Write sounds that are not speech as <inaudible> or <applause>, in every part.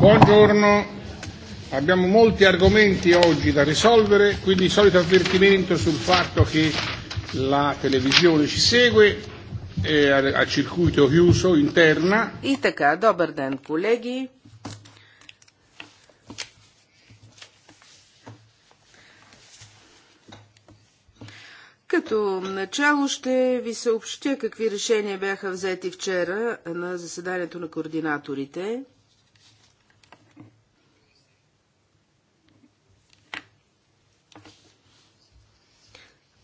Buongiorno. Abbiamo molti argomenti oggi da risolvere, quindi il solito avvertimento sul fatto che la televisione ci segue е а циркуито хюсо интерна. И така, добър ден, колеги. Като начало ще ви съобщя какви решения бяха взети вчера на заседанието на координаторите.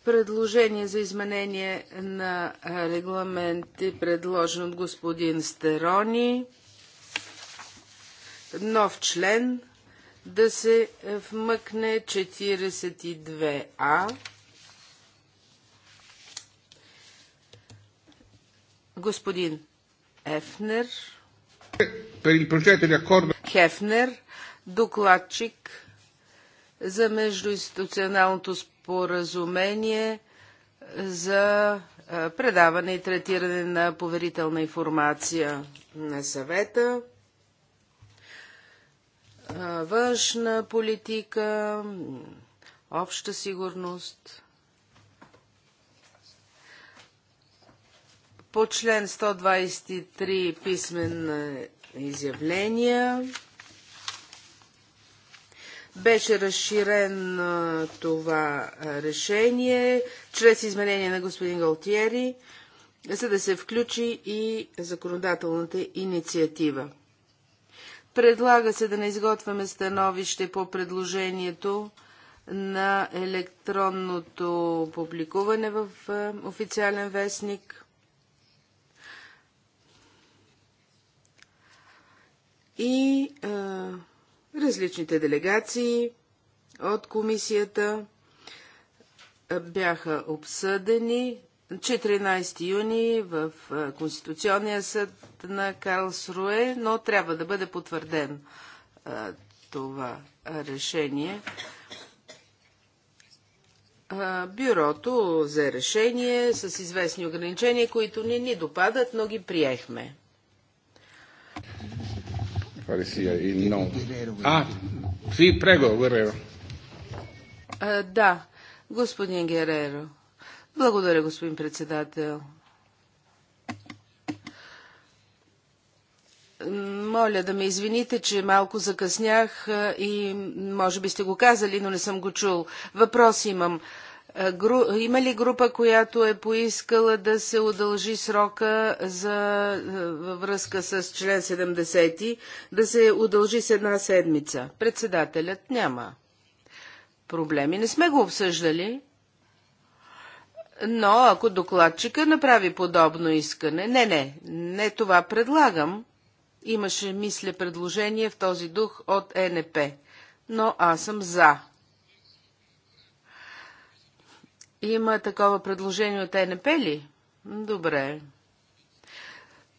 Предложение за изменение на регламент е предложен от господин Стерони. Нов член да се вмъкне 42А. Господин Ефнер. Хефнер, докладчик за междуинституционалното споразумение за предаване и третиране на поверителна информация на съвета, външна политика, обща сигурност. По член 123 писмен изявления беше разширен това решение чрез изменение на господин Галтиери, за да се включи и законодателната инициатива. Предлага се да не изготвяме становище по предложението на електронното публикуване в официален вестник. И Различните делегации от комисията бяха обсъдени 14 юни в Конституционния съд на Карлсруе, но трябва да бъде потвърден това решение. бюрото за решение с известни ограничения, които не ни допадат, но ги приехме quale sia il nome. Ah, sì, prego, Guerrero. А, да, господин Гереро. Благодаря, господин председател. Моля да ме извините, че малко закъснях и може би сте го казали, но не съм го чул. Въпрос имам. Има ли група, която е поискала да се удължи срока за, е, във връзка с член 70, да се удължи с една седмица? Председателят няма проблеми. Не сме го обсъждали. Но ако докладчика направи подобно искане, не, не, не това предлагам. Имаше, мисля, предложение в този дух от ЕНП. Но аз съм за има такова предложение от ЕНП ли? Добре.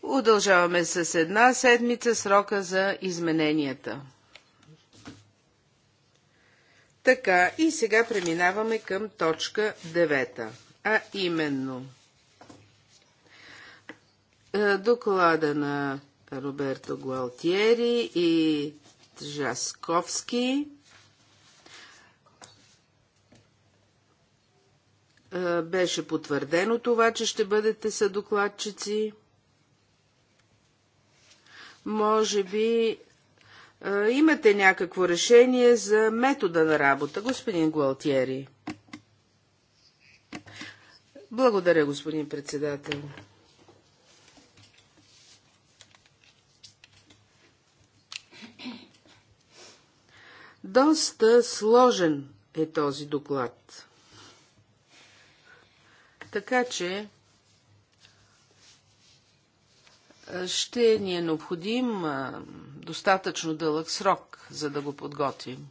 Удължаваме с една седмица срока за измененията. Така, и сега преминаваме към точка 9, а именно е, доклада на Роберто Гуалтиери и Жасковски Е, беше потвърдено това, че ще бъдете съдокладчици. Може би е, имате някакво решение за метода на работа, господин Гуалтиери. Благодаря, господин председател. Доста сложен е този доклад. Така че ще ни е необходим достатъчно дълъг срок, за да го подготвим.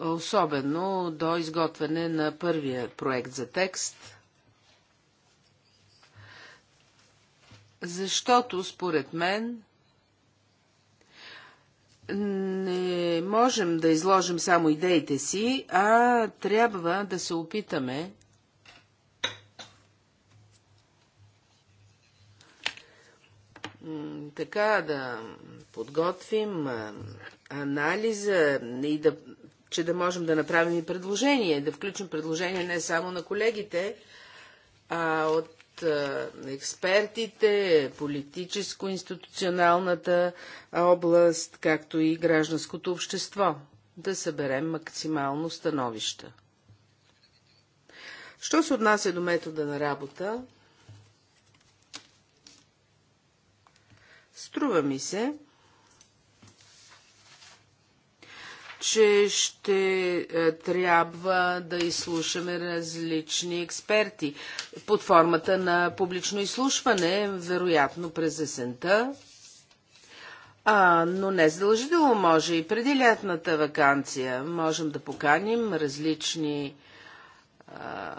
Особено до изготвяне на първия проект за текст, защото според мен не можем да изложим само идеите си, а трябва да се опитаме така да подготвим анализа и да, че да можем да направим и предложение, да включим предложение не само на колегите, а от експертите, политическо-институционалната област, както и гражданското общество. Да съберем максимално становища. Що се отнася до метода на работа, Струва ми се, че ще е, трябва да изслушаме различни експерти под формата на публично изслушване, вероятно през есента. А, но не задължително може и преди лятната вакансия. Можем да поканим различни а, е,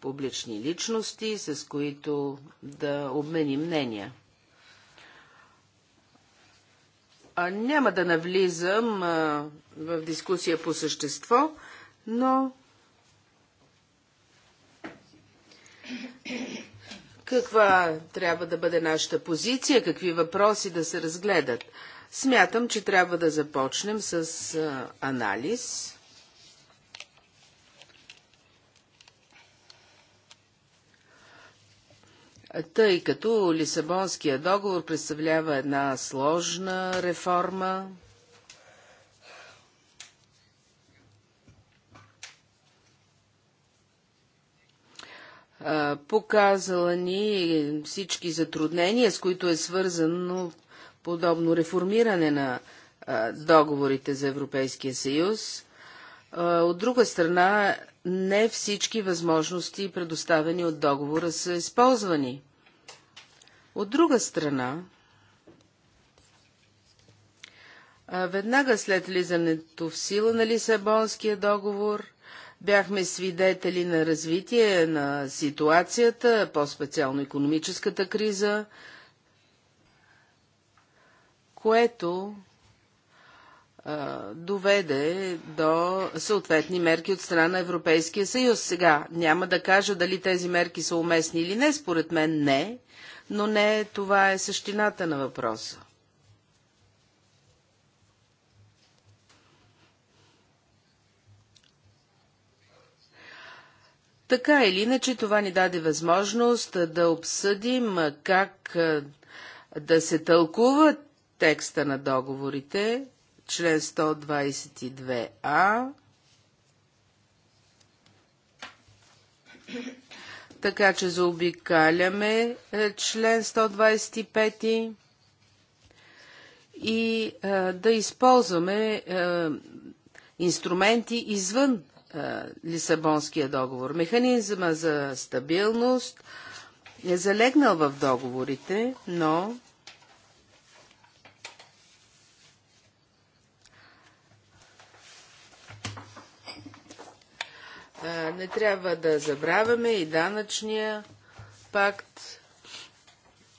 публични личности, с които да обменим мнения. няма да навлизам в дискусия по същество, но каква трябва да бъде нашата позиция, какви въпроси да се разгледат. Смятам, че трябва да започнем с анализ тъй като Лисабонския договор представлява една сложна реформа. Показала ни всички затруднения, с които е свързано подобно реформиране на договорите за Европейския съюз. От друга страна, не всички възможности, предоставени от договора, са използвани. От друга страна, веднага след влизането в сила на Лисабонския договор, бяхме свидетели на развитие на ситуацията, по-специално економическата криза, което доведе до съответни мерки от страна на Европейския съюз. Сега няма да кажа дали тези мерки са уместни или не, според мен не, но не това е същината на въпроса. Така или иначе, това ни даде възможност да обсъдим как да се тълкува текста на договорите, член 122а. Така че заобикаляме е, член 125 и а, е, да използваме а, е, инструменти извън а, Лисабонския договор. Механизма за стабилност е залегнал в договорите, но Не трябва да забравяме и данъчния пакт,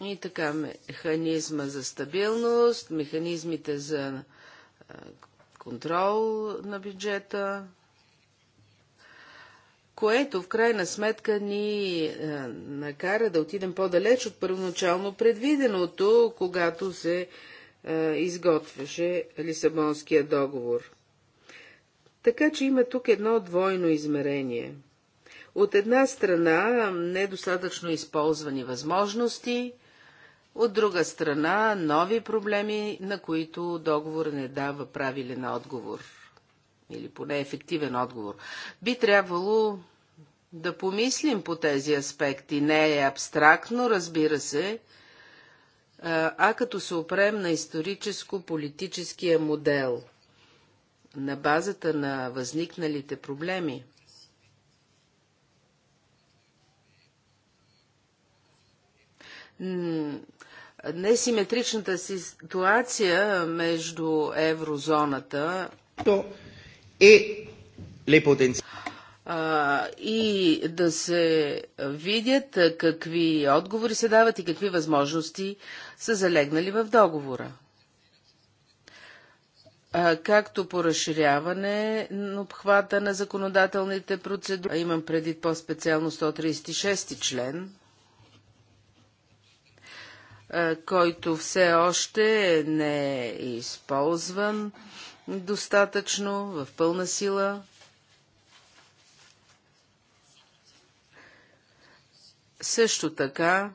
и така механизма за стабилност, механизмите за контрол на бюджета, което в крайна сметка ни накара да отидем по-далеч от първоначално предвиденото, когато се изготвяше Лисабонския договор. Така че има тук едно двойно измерение. От една страна недостатъчно използвани възможности, от друга страна нови проблеми, на които договор не дава правилен отговор или поне ефективен отговор. Би трябвало да помислим по тези аспекти. Не е абстрактно, разбира се, а като се опрем на историческо-политическия модел – на базата на възникналите проблеми. Несиметричната ситуация между еврозоната е и и да се видят какви отговори се дават и какви възможности са залегнали в договора както по разширяване на обхвата на законодателните процедури, имам преди по-специално 136 член, който все още не е използван достатъчно, в пълна сила. Също така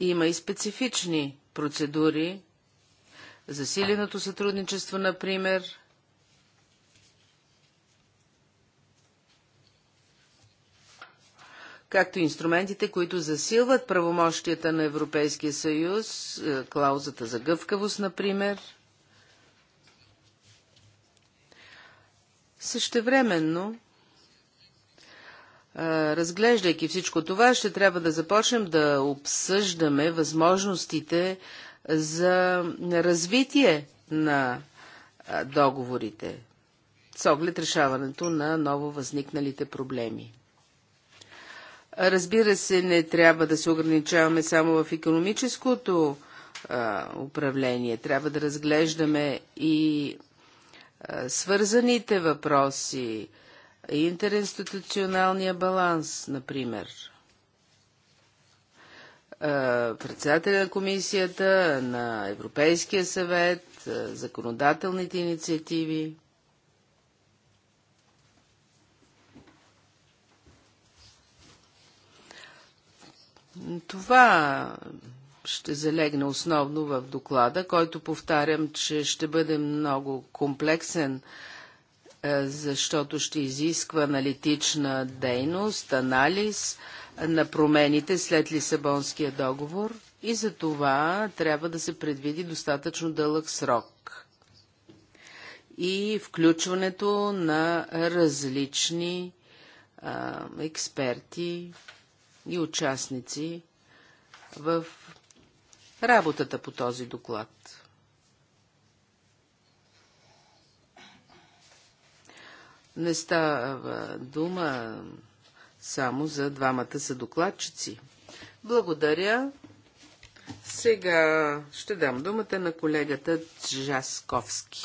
има и специфични процедури, засиленото сътрудничество, например. както инструментите, които засилват правомощията на Европейския съюз, е, клаузата за гъвкавост, например. Същевременно, е, разглеждайки всичко това, ще трябва да започнем да обсъждаме възможностите за развитие на договорите с оглед решаването на ново възникналите проблеми. Разбира се, не трябва да се ограничаваме само в економическото а, управление. Трябва да разглеждаме и а, свързаните въпроси, и интеринституционалния баланс, например. Е, председателя на комисията, на Европейския съвет, е, законодателните инициативи. Това ще залегне основно в доклада, който повтарям, че ще бъде много комплексен, е, защото ще изисква аналитична дейност, анализ, анализ, на промените след Лисабонския договор и за това трябва да се предвиди достатъчно дълъг срок и включването на различни а, експерти и участници в работата по този доклад. Не става дума само за двамата са докладчици. Благодаря. Сега ще дам думата на колегата Джасковски.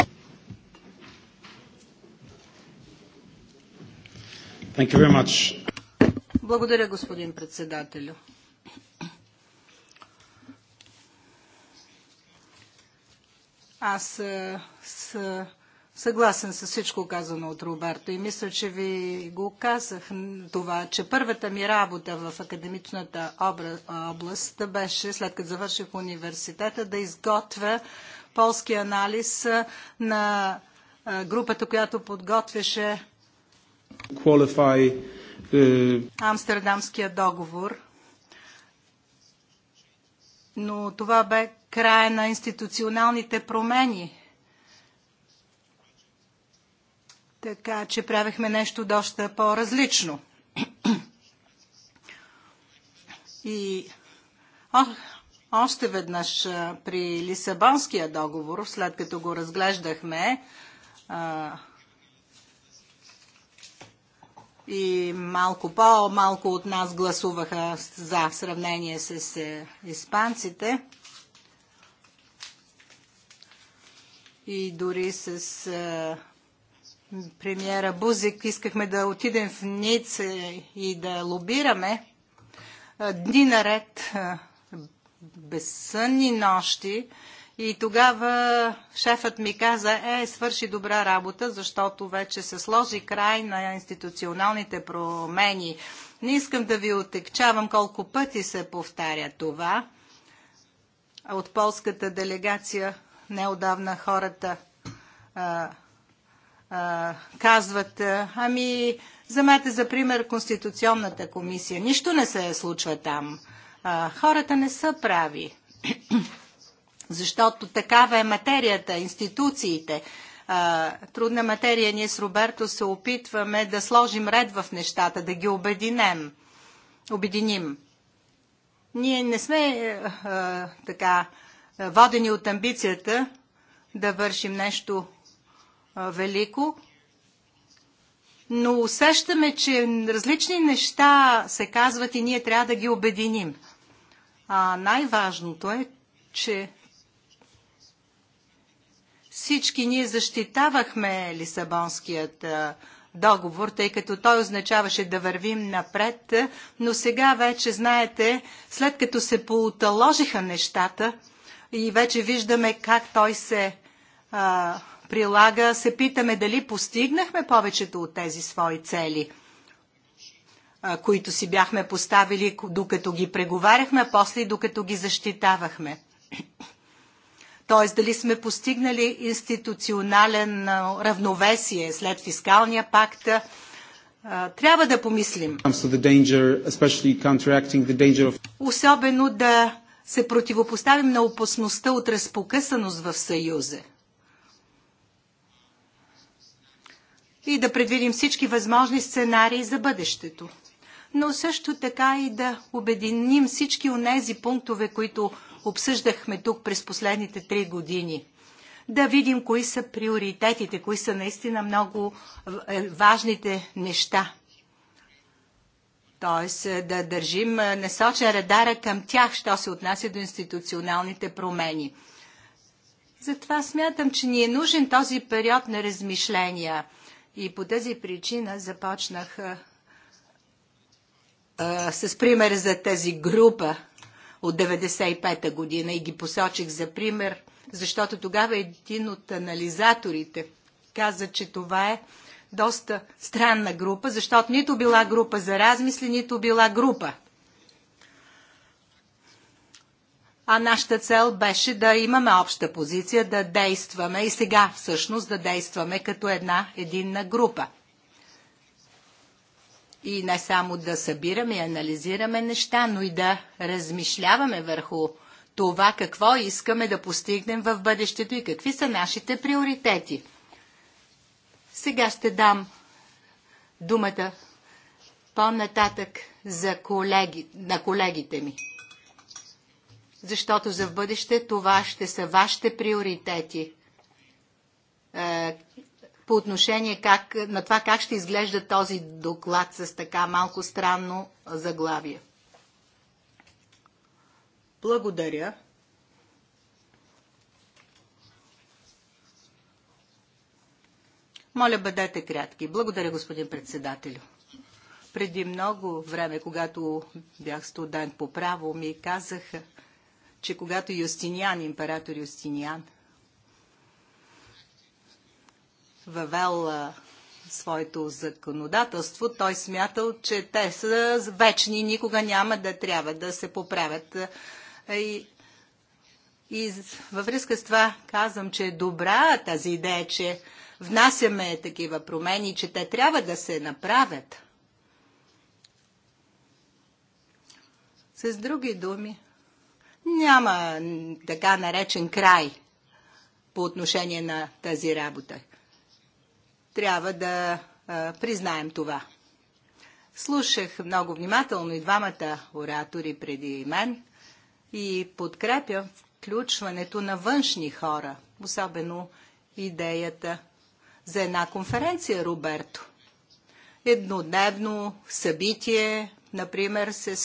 Thank you very much. Благодаря, господин председателю. Аз с Съгласен с всичко казано от Роберто и мисля, че ви го казах това, че първата ми работа в академичната област беше, след като завърших университета, да изготвя полски анализ на групата, която подготвяше е, Амстердамския договор. Но това бе края на институционалните промени Така че правихме нещо доста по-различно. И о, още веднъж при Лисабонския договор, след като го разглеждахме, а, и малко по-малко от нас гласуваха за в сравнение с испанците. И дори с премиера Бузик искахме да отидем в Ниц и да лобираме дни наред, безсънни нощи. И тогава шефът ми каза, е, свърши добра работа, защото вече се сложи край на институционалните промени. Не искам да ви отекчавам колко пъти се повтаря това. От полската делегация неодавна хората а, казват, ами, замете за пример Конституционната комисия. Нищо не се случва там. А, хората не са прави. <clears throat> Защото такава е материята, институциите. А, трудна материя. Ние с Роберто се опитваме да сложим ред в нещата, да ги обединем. Обединим. Ние не сме а, така водени от амбицията да вършим нещо велико, но усещаме, че различни неща се казват и ние трябва да ги обединим. А най-важното е, че всички ние защитавахме Лисабонският договор, тъй като той означаваше да вървим напред, но сега вече, знаете, след като се поуталожиха нещата и вече виждаме как той се а, прилага, се питаме дали постигнахме повечето от тези свои цели, които си бяхме поставили, докато ги преговаряхме, а после и докато ги защитавахме. <clears throat> Тоест, дали сме постигнали институционален равновесие след фискалния пакт, трябва да помислим. Особено да се противопоставим на опасността от разпокъсаност в Съюза. и да предвидим всички възможни сценарии за бъдещето. Но също така и да обединим всички онези пунктове, които обсъждахме тук през последните три години. Да видим кои са приоритетите, кои са наистина много е, важните неща. Т.е. да държим е, насочен радара към тях, що се отнася до институционалните промени. Затова смятам, че ни е нужен този период на размишления – и по тази причина започнах а, с пример за тази група от 95-та година и ги посочих за пример, защото тогава един от анализаторите каза, че това е доста странна група, защото нито била група за размисли, нито била група а нашата цел беше да имаме обща позиция, да действаме и сега всъщност да действаме като една единна група. И не само да събираме и анализираме неща, но и да размишляваме върху това какво искаме да постигнем в бъдещето и какви са нашите приоритети. Сега ще дам думата по-нататък за колеги, на колегите ми защото за в бъдеще това ще са вашите приоритети е, по отношение как, на това как ще изглежда този доклад с така малко странно заглавие. Благодаря. Моля, бъдете кратки. Благодаря, господин председателю. Преди много време, когато бях студент по право, ми казаха, че когато Юстиниан, император Юстиниан, въвел своето законодателство, той смятал, че те са вечни, никога няма да трябва да се поправят. И, и във връзка с това казвам, че е добра тази идея, че внасяме такива промени, че те трябва да се направят. С други думи, няма така наречен край по отношение на тази работа. Трябва да а, признаем това. Слушах много внимателно и двамата оратори преди мен и подкрепя включването на външни хора, особено идеята за една конференция, Роберто. Еднодневно събитие, например, с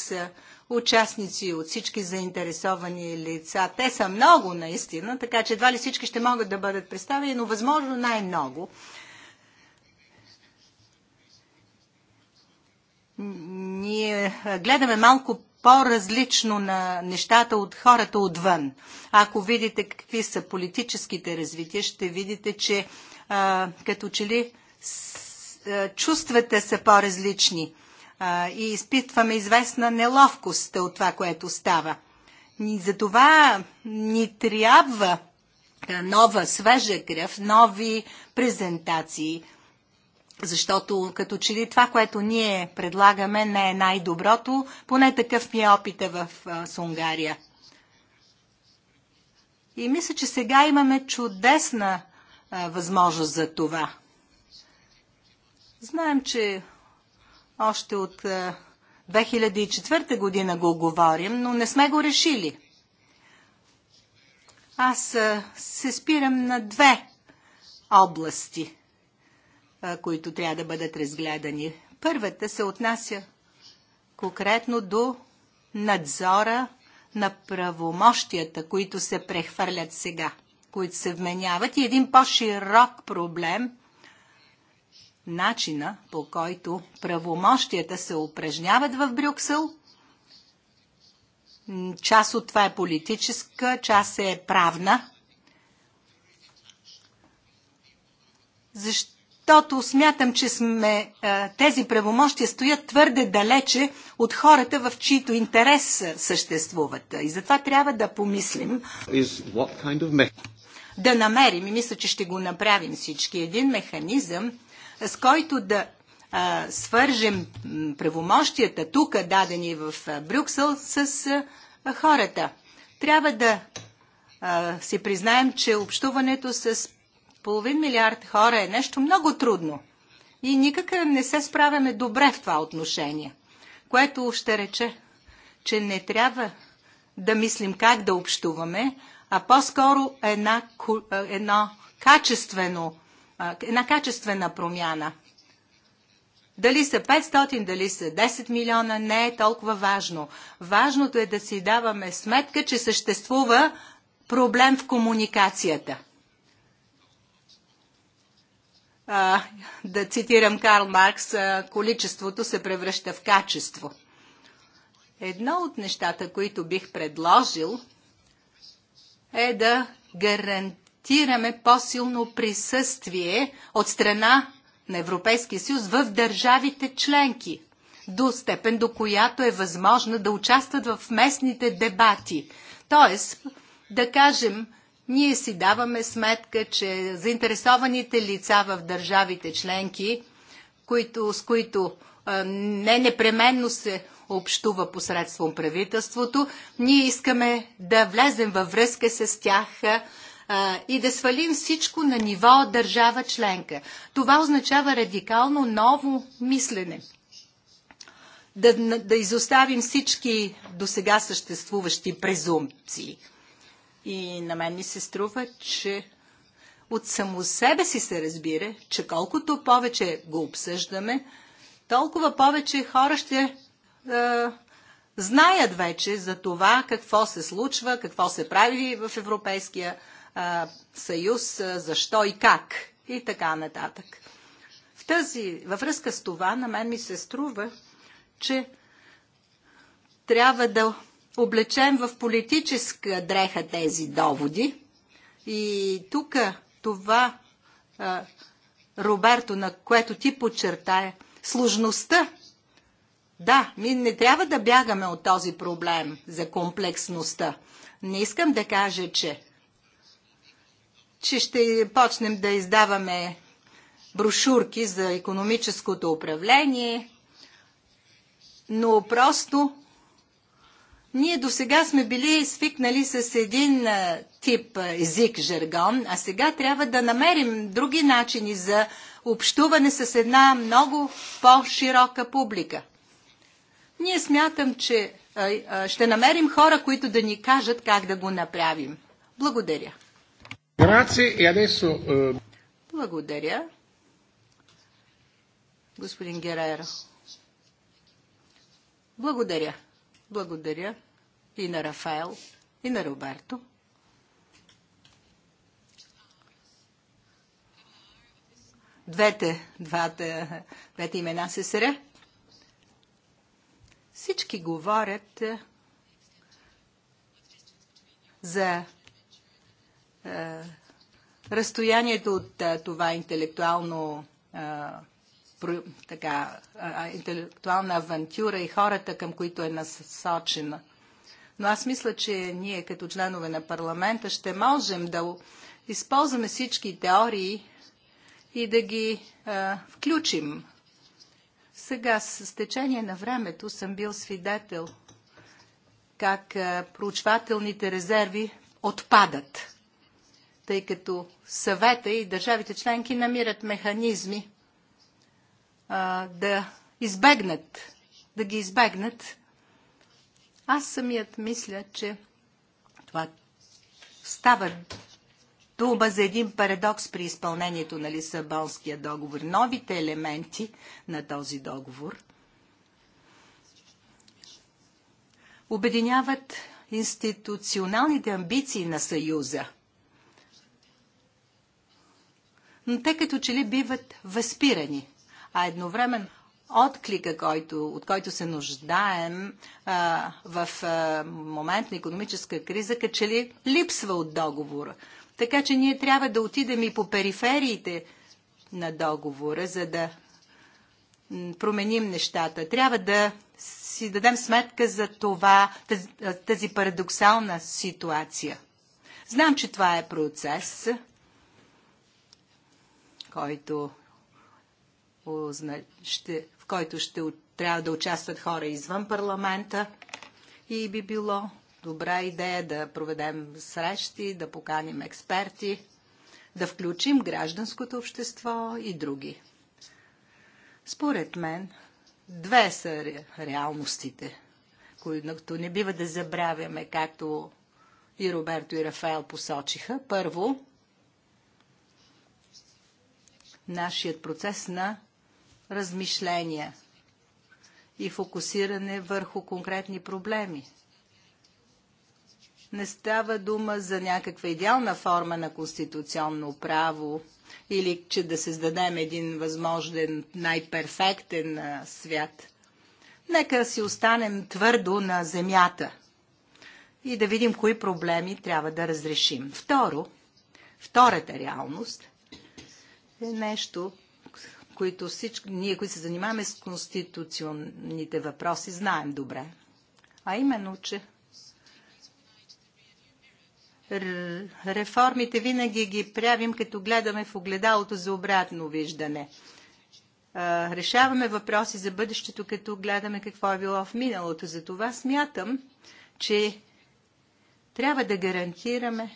участници, от всички заинтересовани лица. Те са много наистина, така че едва ли всички ще могат да бъдат представени, но възможно най-много. Ние гледаме малко по-различно на нещата от хората отвън. Ако видите какви са политическите развития, ще видите, че а, като че ли с, а, чувствата са по-различни а, и изпитваме известна неловкост от това, което става. И затова ни трябва нова, свежа кръв, нови презентации, защото като че ли това, което ние предлагаме, не е най-доброто, поне такъв ми е опита в а, с Унгария. И мисля, че сега имаме чудесна а, възможност за това. Знаем, че още от 2004 е, година го говорим, но не сме го решили. Аз е, се спирам на две области, е, които трябва да бъдат разгледани. Първата се отнася конкретно до надзора на правомощията, които се прехвърлят сега, които се вменяват и един по-широк проблем начина по който правомощията се упражняват в Брюксел. Част от това е политическа, част е правна. Защото смятам, че сме, е, тези правомощия стоят твърде далече от хората, в чието интерес е, съществуват. И затова трябва да помислим да намерим, и мисля, че ще го направим всички, един механизъм, с който да свържем правомощията тук, дадени в Брюксел, с хората. Трябва да си признаем, че общуването с половин милиард хора е нещо много трудно. И никак не се справяме добре в това отношение, което ще рече, че не трябва да мислим как да общуваме, а по-скоро едно качествено една качествена промяна. Дали са 500, дали са 10 милиона, не е толкова важно. Важното е да си даваме сметка, че съществува проблем в комуникацията. А, да цитирам Карл Маркс, количеството се превръща в качество. Едно от нещата, които бих предложил, е да гарантираме гарантираме по-силно присъствие от страна на Европейския съюз в държавите членки, до степен до която е възможно да участват в местните дебати. Тоест, да кажем, ние си даваме сметка, че заинтересованите лица в държавите членки, които, с които а, не непременно се общува посредством правителството, ние искаме да влезем във връзка с тях а, а, и да свалим всичко на ниво държава членка. Това означава радикално ново мислене. Да, да изоставим всички до сега съществуващи презумпции. И на мен ми се струва, че от само себе си се разбира, че колкото повече го обсъждаме, толкова повече хора ще е, знаят вече за това какво се случва, какво се прави в Европейския а, съюз, а, защо и как и така нататък. В тази, във връзка с това, на мен ми се струва, че трябва да облечем в политическа дреха тези доводи. И тук това, а, Роберто, на което ти подчертая, сложността да, ние не трябва да бягаме от този проблем за комплексността. Не искам да кажа, че че ще почнем да издаваме брошурки за економическото управление, но просто ние до сега сме били свикнали с един тип език, жаргон, а сега трябва да намерим други начини за общуване с една много по-широка публика. Ние смятам, че ще намерим хора, които да ни кажат как да го направим. Благодаря. E eh, Благодаря. Господин Герайер. Благодаря. Благодаря и на Рафаел, и на Роберто. Двете, двата, двете имена се сре. Всички говорят е, за е, разстоянието от е, това интелектуално е, така, интелектуална авантюра и хората, към които е насочена. Но аз мисля, че ние като членове на парламента ще можем да използваме всички теории и да ги а, включим. Сега с течение на времето съм бил свидетел как а, проучвателните резерви отпадат тъй като съвета и държавите членки намират механизми а, да избегнат, да ги избегнат. Аз самият мисля, че това става дума за един парадокс при изпълнението на Лисабонския договор. Новите елементи на този договор обединяват институционалните амбиции на Съюза – но те като че ли биват възпирани. А едновременно отклика, който, от който се нуждаем а, в а, момент на економическа криза, като че ли липсва от договора. Така че ние трябва да отидем и по перифериите на договора, за да променим нещата. Трябва да си дадем сметка за това, тази, тази парадоксална ситуация. Знам, че това е процес, който ще, в който ще трябва да участват хора извън парламента и би било добра идея да проведем срещи, да поканим експерти, да включим гражданското общество и други. Според мен, две са ре, реалностите, които не бива да забравяме, както и Роберто и Рафаел посочиха. Първо, нашият процес на размишления и фокусиране върху конкретни проблеми. Не става дума за някаква идеална форма на конституционно право или че да създадем един възможен най-перфектен свят. Нека си останем твърдо на земята и да видим кои проблеми трябва да разрешим. Второ, втората реалност е нещо, които всички, ние, които се занимаваме с конституционните въпроси, знаем добре. А именно, че реформите винаги ги правим, като гледаме в огледалото за обратно виждане. Решаваме въпроси за бъдещето, като гледаме какво е било в миналото. Затова смятам, че трябва да гарантираме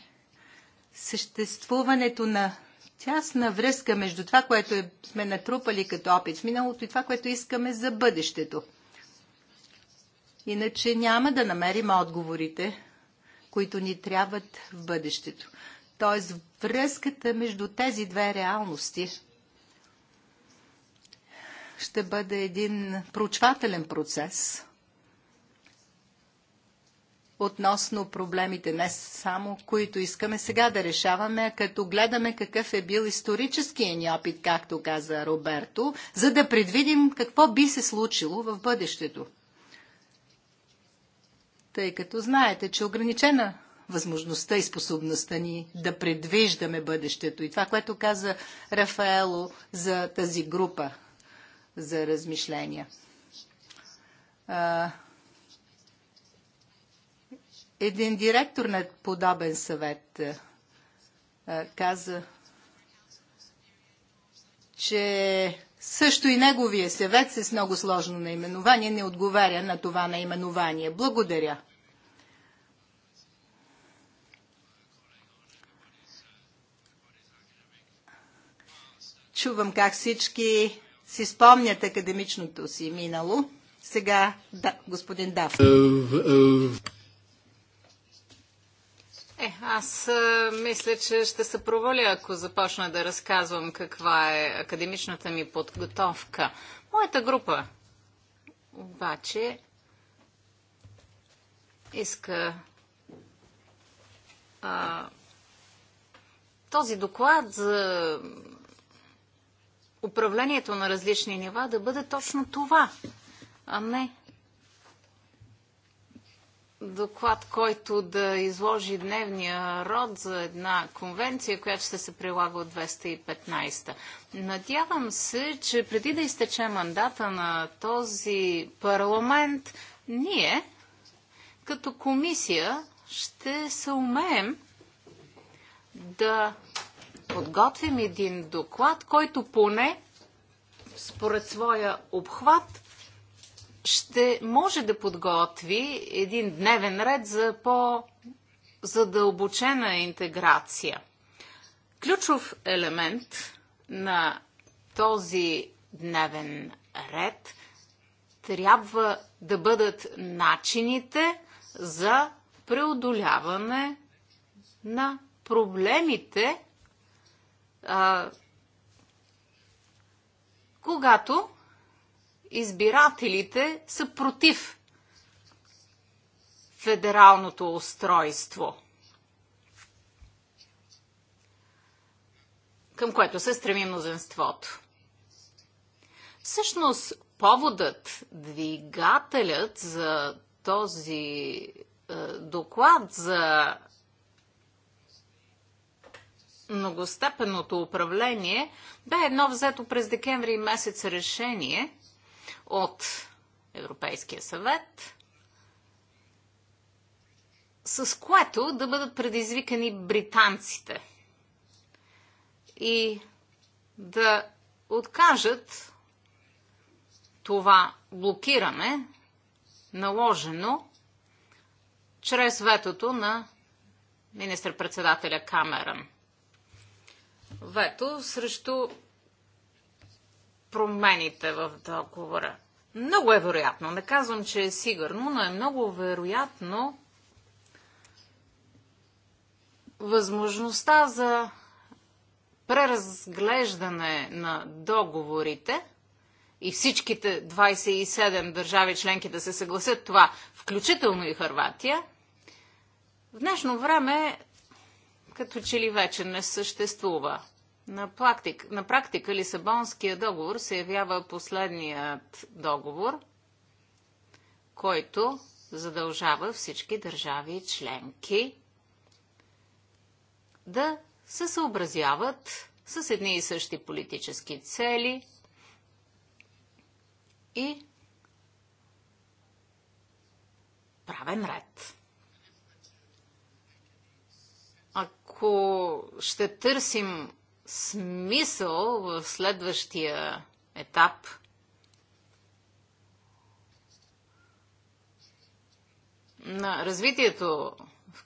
съществуването на тясна връзка между това, което е- сме натрупали като опит в миналото и това, което искаме за бъдещето. Иначе няма да намерим отговорите, които ни трябват в бъдещето. Тоест връзката между тези две реалности ще бъде един проучвателен процес – относно проблемите, не само които искаме сега да решаваме, а като гледаме какъв е бил историческия ни опит, както каза Роберто, за да предвидим какво би се случило в бъдещето. Тъй като знаете, че ограничена възможността и способността ни да предвиждаме бъдещето. И това, което каза Рафаело за тази група за размишления един директор на подобен съвет е, е, каза, че също и неговия съвет с много сложно наименование не отговаря на това наименование. Благодаря. Чувам как всички си спомнят академичното си минало. Сега да, господин Даф. Е, е, аз а, мисля, че ще се проваля, ако започна да разказвам каква е академичната ми подготовка. Моята група обаче иска а, този доклад за управлението на различни нива да бъде точно това, а не доклад, който да изложи дневния род за една конвенция, която ще се прилага от 215. Надявам се, че преди да изтече мандата на този парламент, ние, като комисия, ще се умеем да подготвим един доклад, който поне според своя обхват ще може да подготви един дневен ред за по-задълбочена интеграция. Ключов елемент на този дневен ред трябва да бъдат начините за преодоляване на проблемите, а, когато избирателите са против федералното устройство, към което се стреми мнозинството. Всъщност, поводът, двигателят за този е, доклад за многостепенното управление бе едно взето през декември месец решение – от Европейския съвет, с което да бъдат предизвикани британците и да откажат това блокиране, наложено чрез ветото на министър-председателя Камерън. Вето срещу промените в договора. Много е вероятно, не казвам, че е сигурно, но е много вероятно възможността за преразглеждане на договорите и всичките 27 държави членки да се съгласят това, включително и Харватия, в днешно време като че ли вече не съществува. На, на практика Лисабонския договор се явява последният договор, който задължава всички държави членки да се съобразяват с едни и същи политически цели и правен ред. Ако ще търсим смисъл в следващия етап на развитието в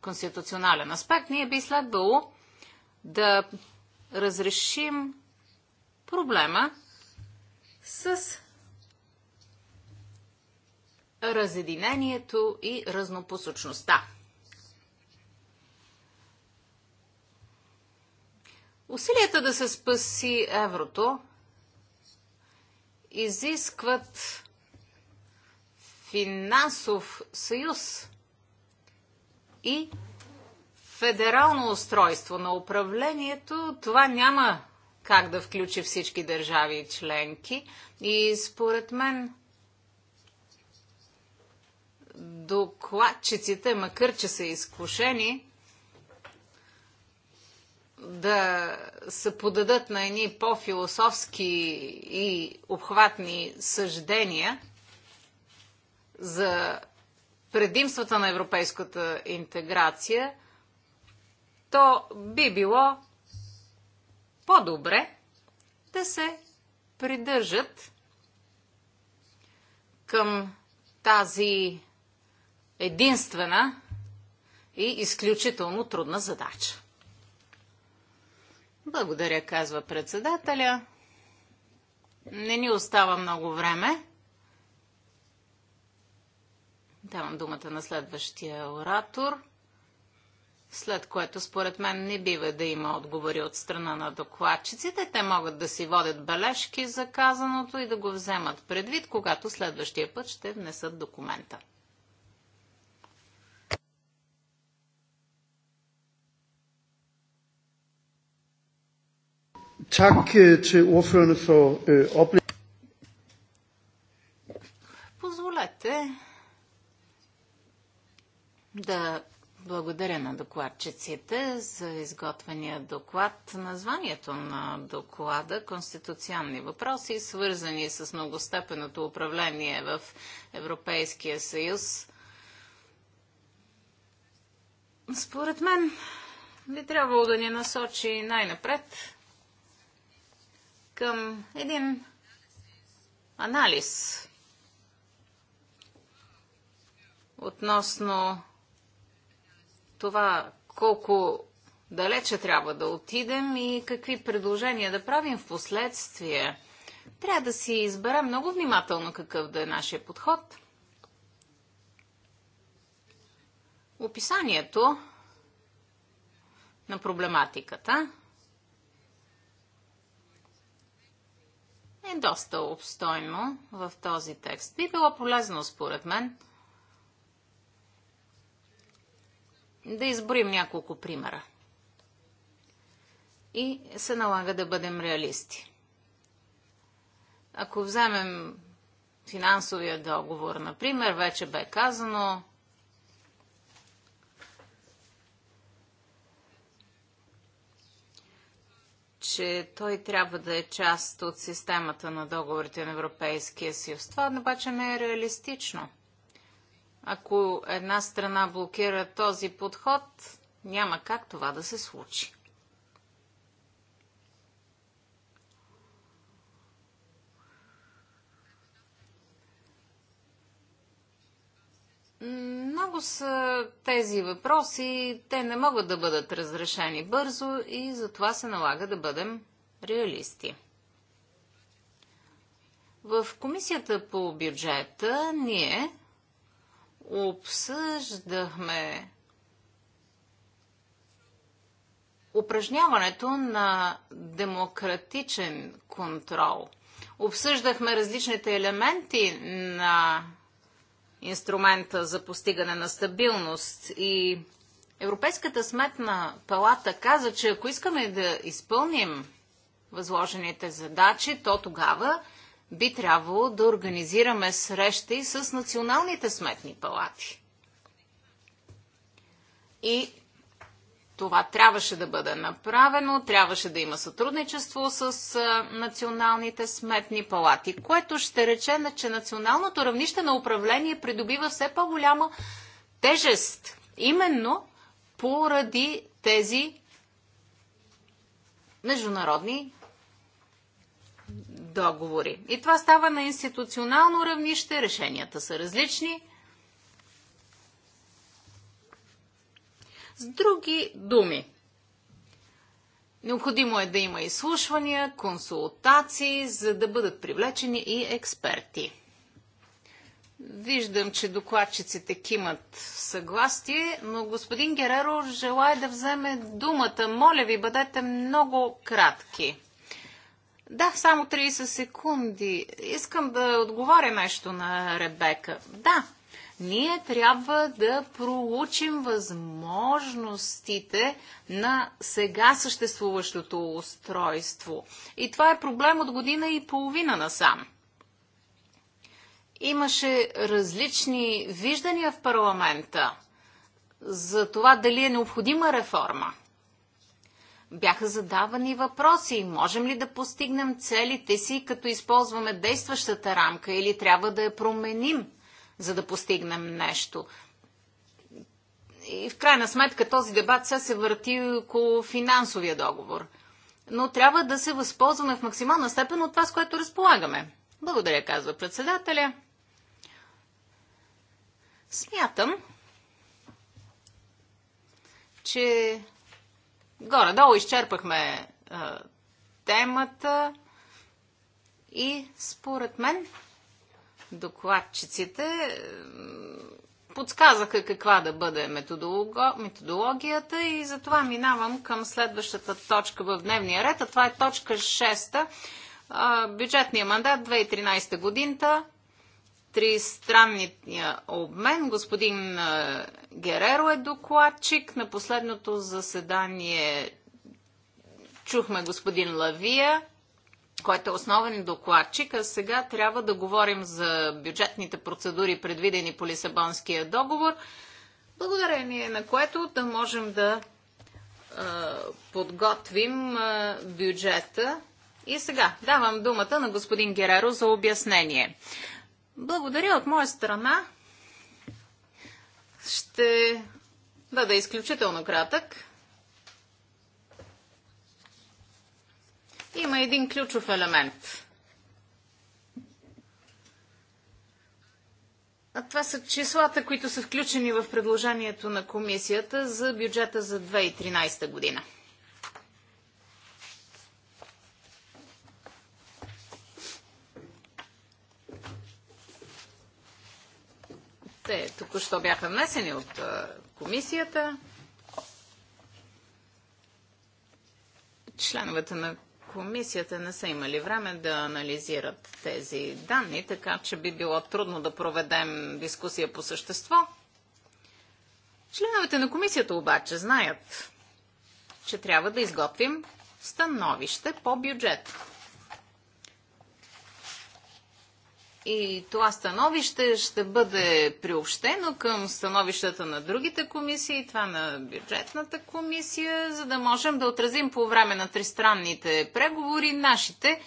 конституционален аспект, ние би следвало да разрешим проблема с разединението и разнопосочността. Усилията да се спаси еврото изискват финансов съюз и федерално устройство на управлението. Това няма как да включи всички държави и членки. И според мен докладчиците, макар че са изкушени, да се подадат на едни по-философски и обхватни съждения за предимствата на европейската интеграция, то би било по-добре да се придържат към тази единствена и изключително трудна задача. Благодаря, казва председателя. Не ни остава много време. Давам думата на следващия оратор, след което според мен не бива да има отговори от страна на докладчиците. Те могат да си водят бележки за казаното и да го вземат предвид, когато следващия път ще внесат документа. Tak øh, til ordførende for øh, Позволете да благодаря на докладчиците за изготвения доклад. Названието на доклада Конституционни въпроси, свързани с многостепеното управление в Европейския съюз, според мен би трябвало да ни насочи най-напред към един анализ относно това колко далече трябва да отидем и какви предложения да правим в последствие. Трябва да си изберем много внимателно какъв да е нашия подход. Описанието на проблематиката – е доста обстойно в този текст. Би било полезно, според мен, да изборим няколко примера. И се налага да бъдем реалисти. Ако вземем финансовия договор, например, вече бе казано, че той трябва да е част от системата на договорите на Европейския съюз. Това обаче не е реалистично. Ако една страна блокира този подход, няма как това да се случи. Много са тези въпроси, те не могат да бъдат разрешени бързо и затова се налага да бъдем реалисти. В комисията по бюджета ние обсъждахме упражняването на демократичен контрол. Обсъждахме различните елементи на инструмента за постигане на стабилност и Европейската сметна палата каза, че ако искаме да изпълним възложените задачи, то тогава би трябвало да организираме срещи с националните сметни палати. И това трябваше да бъде направено, трябваше да има сътрудничество с националните сметни палати, което ще рече, че националното равнище на управление придобива все по-голяма тежест, именно поради тези международни договори. И това става на институционално равнище, решенията са различни – С други думи, необходимо е да има изслушвания, консултации, за да бъдат привлечени и експерти. Виждам, че докладчиците кимат съгласие, но господин Гереро желая да вземе думата. Моля ви, бъдете много кратки. Да, само 30 секунди. Искам да отговоря нещо на Ребека. Да, ние трябва да проучим възможностите на сега съществуващото устройство. И това е проблем от година и половина насам. Имаше различни виждания в парламента за това дали е необходима реформа бяха задавани въпроси. Можем ли да постигнем целите си, като използваме действащата рамка или трябва да я променим? за да постигнем нещо. И в крайна сметка този дебат сега се върти около финансовия договор. Но трябва да се възползваме в максимална степен от това, с което разполагаме. Благодаря, казва председателя. Смятам, че горе-долу изчерпахме а, темата и според мен докладчиците е, подсказаха каква да бъде методологията и затова минавам към следващата точка в дневния ред, а това е точка 6. Е, бюджетния мандат 2013 три тристранния обмен. Господин е, Гереро е докладчик. На последното заседание чухме господин Лавия който е основен докладчик, а сега трябва да говорим за бюджетните процедури, предвидени по Лисабонския договор, благодарение на което да можем да е, подготвим е, бюджета. И сега давам думата на господин Гереро за обяснение. Благодаря от моя страна. Ще е изключително кратък. има един ключов елемент. А това са числата, които са включени в предложението на комисията за бюджета за 2013 година. Те току-що бяха внесени от комисията. Членовете на комисията не са имали време да анализират тези данни, така че би било трудно да проведем дискусия по същество. Членовете на комисията обаче знаят, че трябва да изготвим становище по бюджет. И това становище ще бъде приобщено към становищата на другите комисии, това на бюджетната комисия, за да можем да отразим по време на тристранните преговори нашите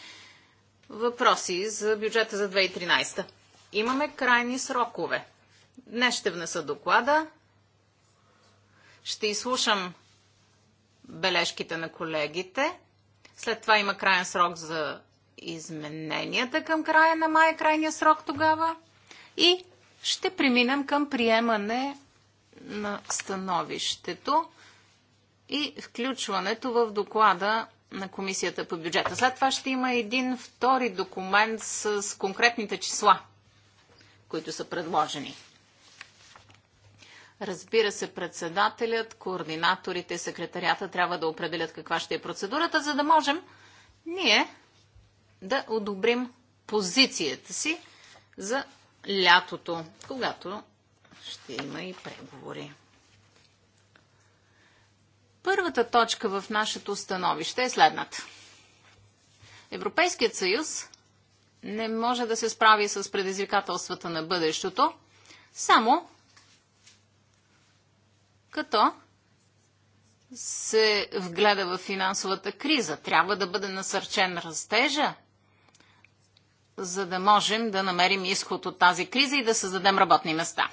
въпроси за бюджета за 2013. Имаме крайни срокове. Днес ще внеса доклада, ще изслушам бележките на колегите, след това има крайен срок за измененията към края на май, крайния срок тогава. И ще преминем към приемане на становището и включването в доклада на Комисията по бюджета. След това ще има един втори документ с конкретните числа, които са предложени. Разбира се, председателят, координаторите и секретарията трябва да определят каква ще е процедурата, за да можем ние да одобрим позицията си за лятото, когато ще има и преговори. Първата точка в нашето становище е следната. Европейският съюз не може да се справи с предизвикателствата на бъдещето, само като се вгледа в финансовата криза. Трябва да бъде насърчен растежа, за да можем да намерим изход от тази криза и да създадем работни места.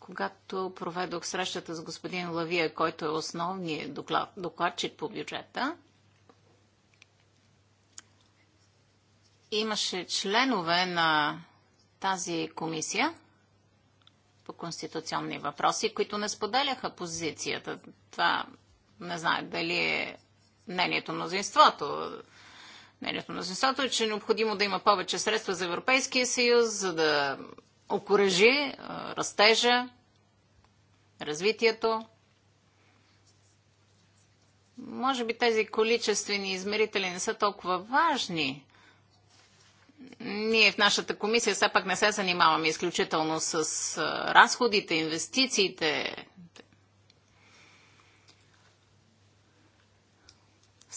Когато проведох срещата с господин Лавия, който е основният доклад, докладчик по бюджета, имаше членове на тази комисия по конституционни въпроси, които не споделяха позицията. Това не знае дали е мнението на зинството. Мнението на зинството е, че е необходимо да има повече средства за Европейския съюз, за да окоръжи растежа, развитието. Може би тези количествени измерители не са толкова важни. Ние в нашата комисия все пак не се занимаваме изключително с разходите, инвестициите,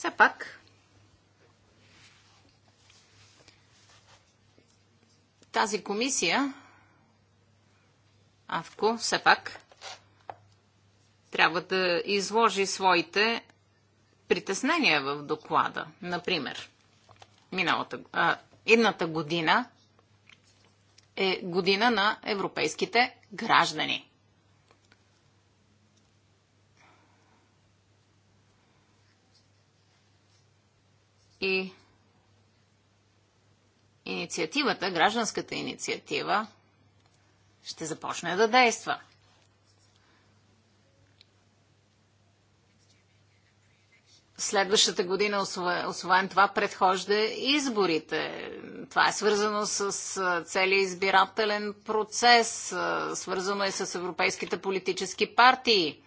Все пак, тази комисия, Авко, все пак, трябва да изложи своите притеснения в доклада. Например, миналата, а, едната година е година на европейските граждани. И инициативата, гражданската инициатива, ще започне да действа. Следващата година, освен това, предхожда изборите. Това е свързано с целият избирателен процес, свързано е с европейските политически партии.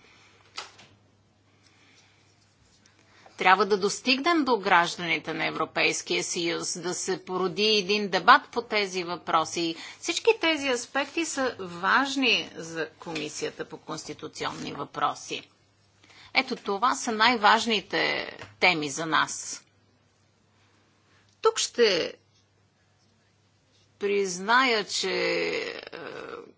Трябва да достигнем до гражданите на Европейския съюз, да се породи един дебат по тези въпроси. Всички тези аспекти са важни за Комисията по конституционни въпроси. Ето това са най-важните теми за нас. Тук ще призная, че е,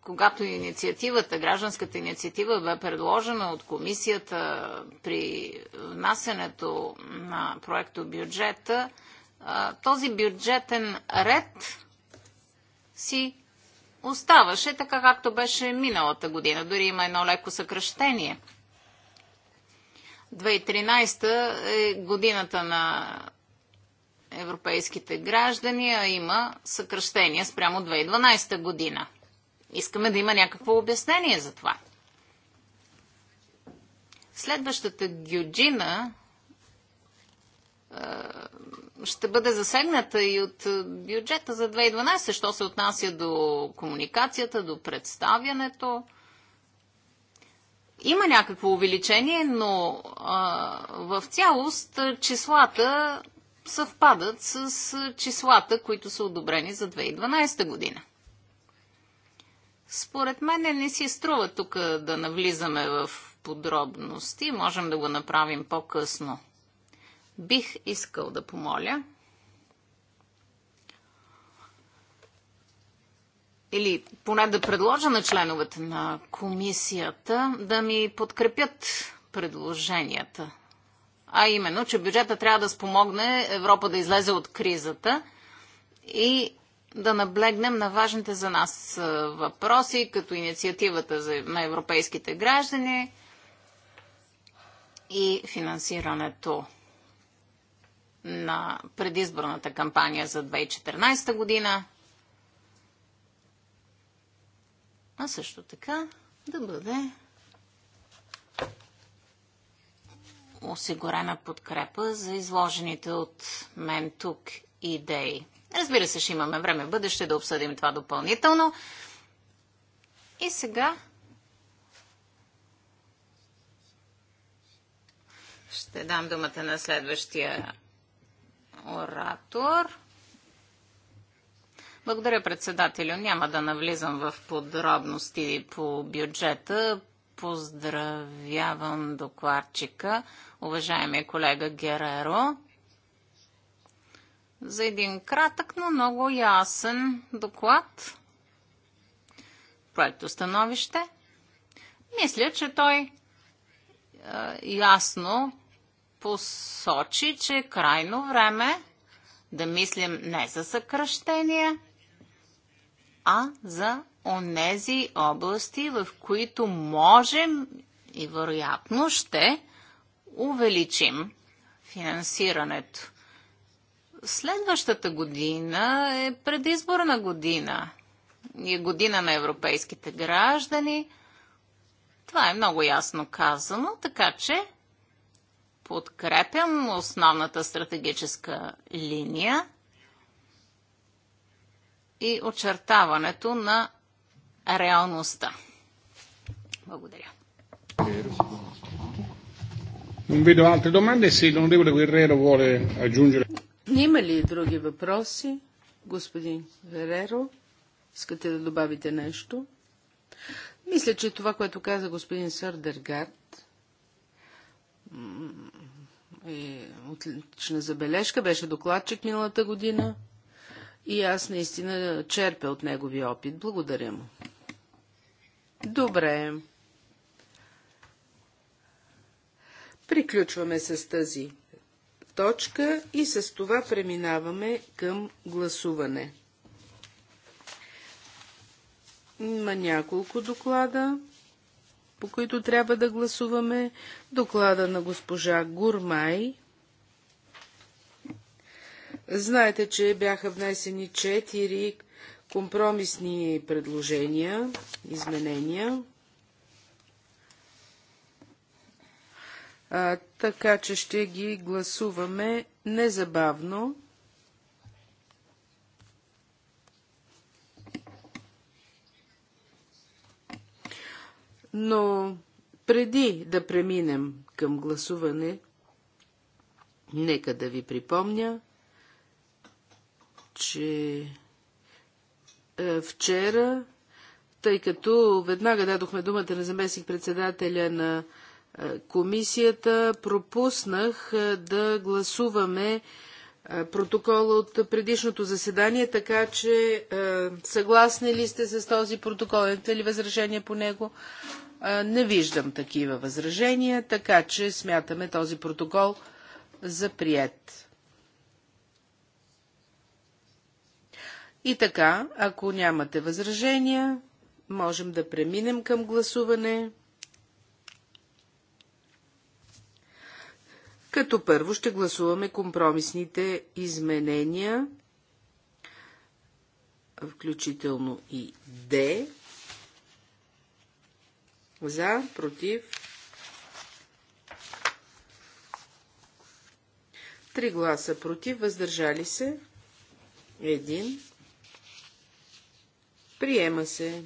когато инициативата, гражданската инициатива бе предложена от комисията при внасенето на проекто бюджета, този бюджетен ред си оставаше така както беше миналата година. Дори има едно леко съкръщение. 2013 е годината на европейските граждани, а има съкръщение спрямо 2012 година. Искаме да има някакво обяснение за това. Следващата гюджина ще бъде засегната и от бюджета за 2012, що се отнася до комуникацията, до представянето. Има някакво увеличение, но а, в цялост числата съвпадат с числата, които са одобрени за 2012 година. Според мен не си струва тук да навлизаме в подробности. Можем да го направим по-късно. Бих искал да помоля или поне да предложа на членовете на комисията да ми подкрепят предложенията. А именно, че бюджета трябва да спомогне Европа да излезе от кризата и да наблегнем на важните за нас въпроси, като инициативата на европейските граждани и финансирането на предизборната кампания за 2014 година, а също така да бъде осигурена подкрепа за изложените от мен тук идеи. Разбира се, ще имаме време в бъдеще да обсъдим това допълнително. И сега ще дам думата на следващия оратор. Благодаря, председателю. Няма да навлизам в подробности по бюджета. Поздравявам докладчика, уважаемия колега Гереро за един кратък, но много ясен доклад, проекто становище. Мисля, че той е, ясно посочи, че е крайно време да мислим не за съкръщения, а за онези области, в които можем и вероятно ще увеличим финансирането. Следващата година е предизборна година. И е година на европейските граждани. Това е много ясно казано, така че подкрепям основната стратегическа линия и очертаването на реалността. Благодаря. Non vedo altre domande, se l'onorevole Guerrero vuole aggiungere. Има ли други въпроси? Господин Вереро, искате да добавите нещо? Мисля, че това, което каза господин Сърдергард, е отлична забележка. Беше докладчик миналата година и аз наистина черпя от неговия опит. Благодаря му. Добре. Приключваме с тази точка и с това преминаваме към гласуване. Има няколко доклада, по които трябва да гласуваме. Доклада на госпожа Гурмай. Знаете, че бяха внесени четири компромисни предложения, изменения. а, така че ще ги гласуваме незабавно. Но преди да преминем към гласуване, нека да ви припомня, че е, вчера, тъй като веднага дадохме думата на заместник председателя на е, комисията пропуснах е, да гласуваме е, протокола от предишното заседание, така че съгласни ли сте с този протокол? Имате ли възражения по него? Не виждам такива възражения, така че смятаме този протокол за прият. И така, ако нямате възражения, можем да преминем към гласуване. като първо ще гласуваме компромисните изменения, включително и Д. За, против. Три гласа против, въздържали се. Един. Приема се.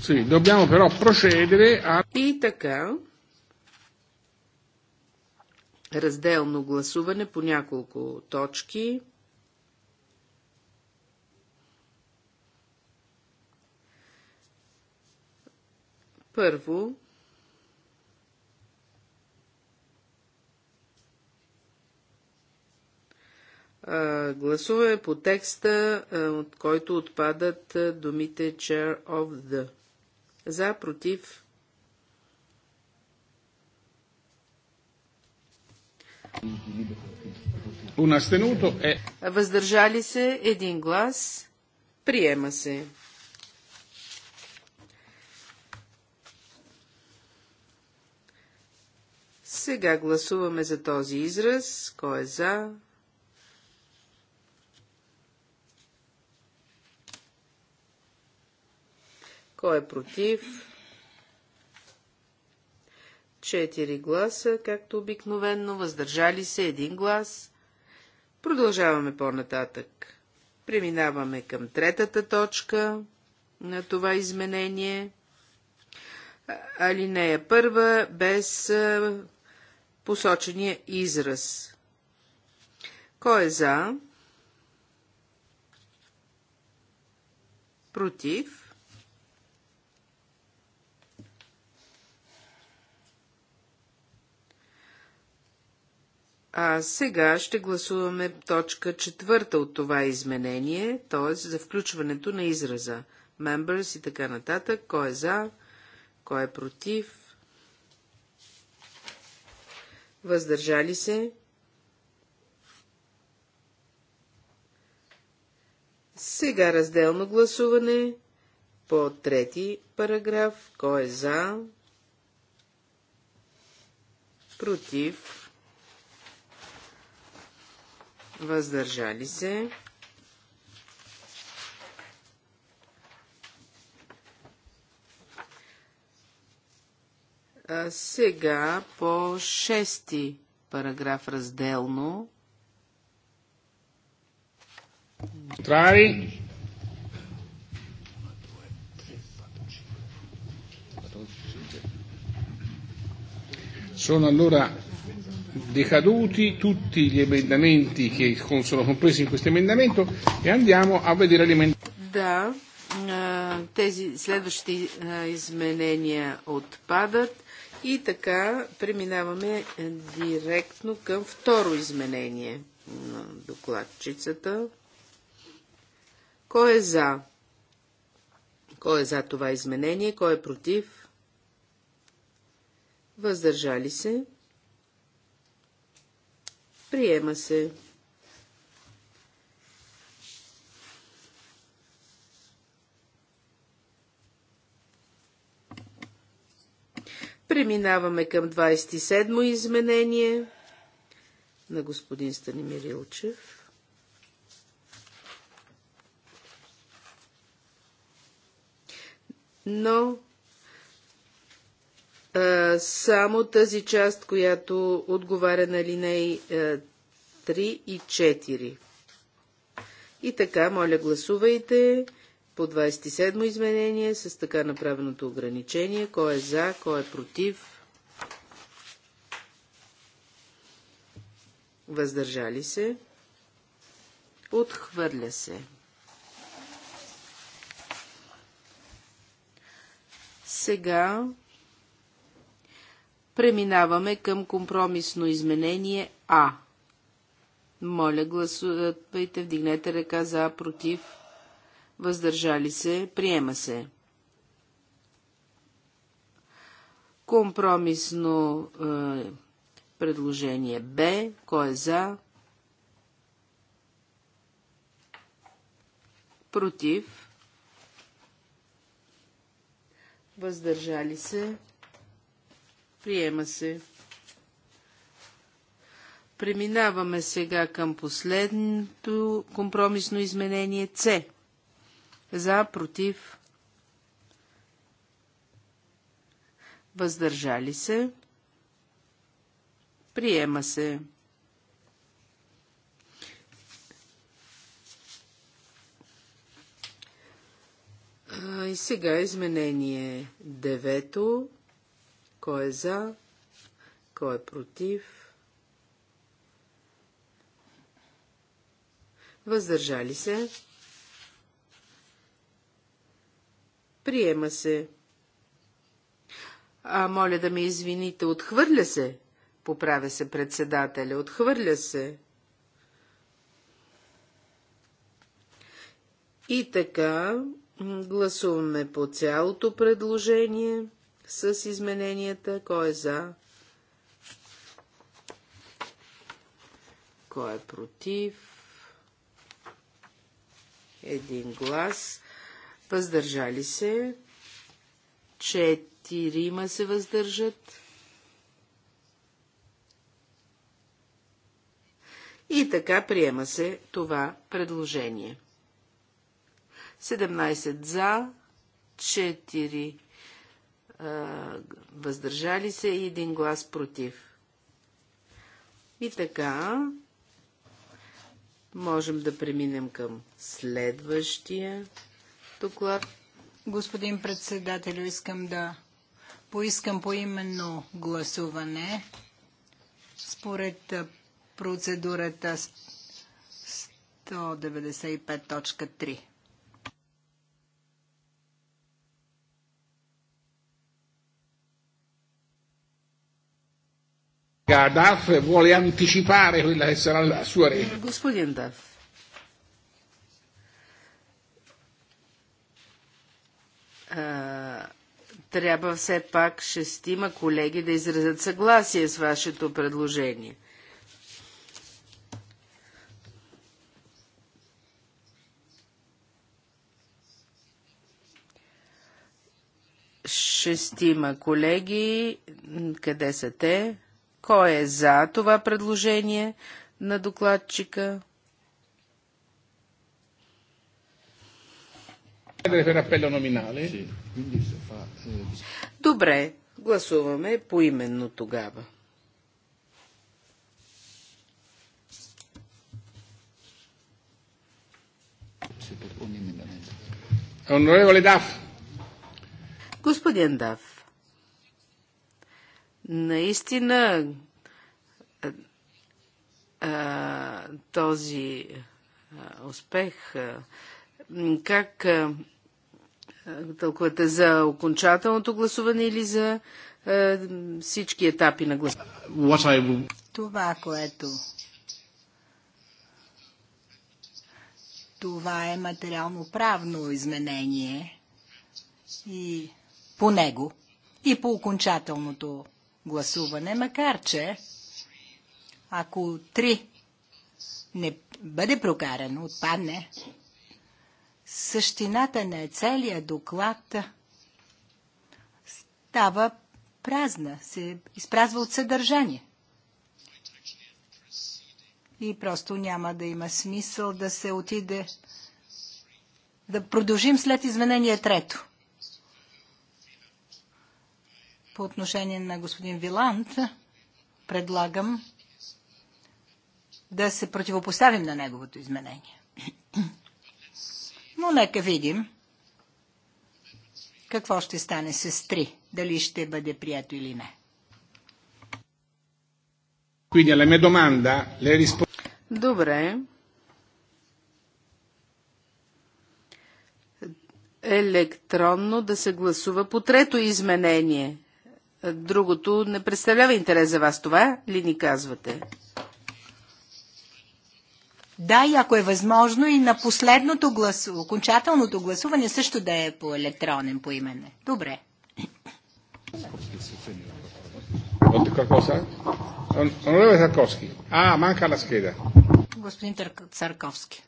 Sì, dobbiamo però procedere a... И така, разделно гласуване по няколко точки. Първо, гласуваме по текста, от който отпадат думите chair of the. За, против. E Въздържали се един глас. Приема се. Сега гласуваме за този израз. Кой е за? Кой е против? Четири гласа, както обикновенно, въздържали се един глас. Продължаваме по-нататък. Преминаваме към третата точка на това изменение. Алинея първа без посочения израз. Кой е за? Против? А сега ще гласуваме точка четвърта от това изменение, т.е. за включването на израза members и така нататък, кой е за, кой е против, въздържали се. Сега разделно гласуване по трети параграф, кой е за, против, въздържали се. А сега по шести параграф разделно. Трави. Sono allora decaduti tutti gli emendamenti che sono compresi in questo emendamento e andiamo a vedere gli emendamenti. Да, е, тези следващи е, изменения отпадат и така преминаваме е, директно към второ изменение на докладчицата. Кой е за? Кой е за това изменение? Кой е против? Въздържали се? Приема се. Преминаваме към 27-мо изменение на господин Станимир Илчев. Но а, само тази част, която отговаря на линеи 3 и 4. И така, моля, гласувайте по 27 изменение с така направеното ограничение. Кой е за, кой е против? Въздържали се? Отхвърля се. Сега Преминаваме към компромисно изменение А. Моля, гласувайте, вдигнете ръка за, против, въздържали се, приема се. Компромисно е, предложение Б. Кой е за? Против. Въздържали се. Приема се. Преминаваме сега към последното компромисно изменение С. За, против, въздържали се, приема се. И сега изменение девето кой е за? Кой е против? Въздържали се? Приема се. А, моля да ме извините, отхвърля се, поправя се председателя, отхвърля се. И така, гласуваме по цялото предложение с измененията. Кой е за? Кой е против? Един глас. Въздържали се. Четирима се въздържат. И така приема се това предложение. 17 за, 4 въздържали се и един глас против. И така, можем да преминем към следващия доклад. Господин председател, искам да поискам поименно гласуване. Според процедурата 195.3. vuole anticipare quella che sarà la sua Господин Дав. трябва все пак шестима колеги да изразят съгласие с вашето предложение. Шестима колеги, къде са те? Кой е за това предложение на докладчика? Е eh, Добре, гласуваме поименно тогава. Господин Дав. Наистина този успех, как тълкувате за окончателното гласуване или за всички етапи на гласуване? Това, което това е материално-правно изменение и по него, и по окончателното гласуване, макар че ако три не бъде прокарано, отпадне, същината на целия доклад става празна, се изпразва от съдържание. И просто няма да има смисъл да се отиде да продължим след изменение трето. По отношение на господин Виланд, предлагам да се противопоставим на неговото изменение. Но нека видим какво ще стане с три, дали ще бъде прието или не. Добре. Електронно да се гласува по трето изменение. Другото не представлява интерес за вас това ли ни казвате? Да, и ако е възможно и на последното гласуване, окончателното гласуване също да е по електронен по имене. Добре. Е а, манка la scheda. Господин Царковски.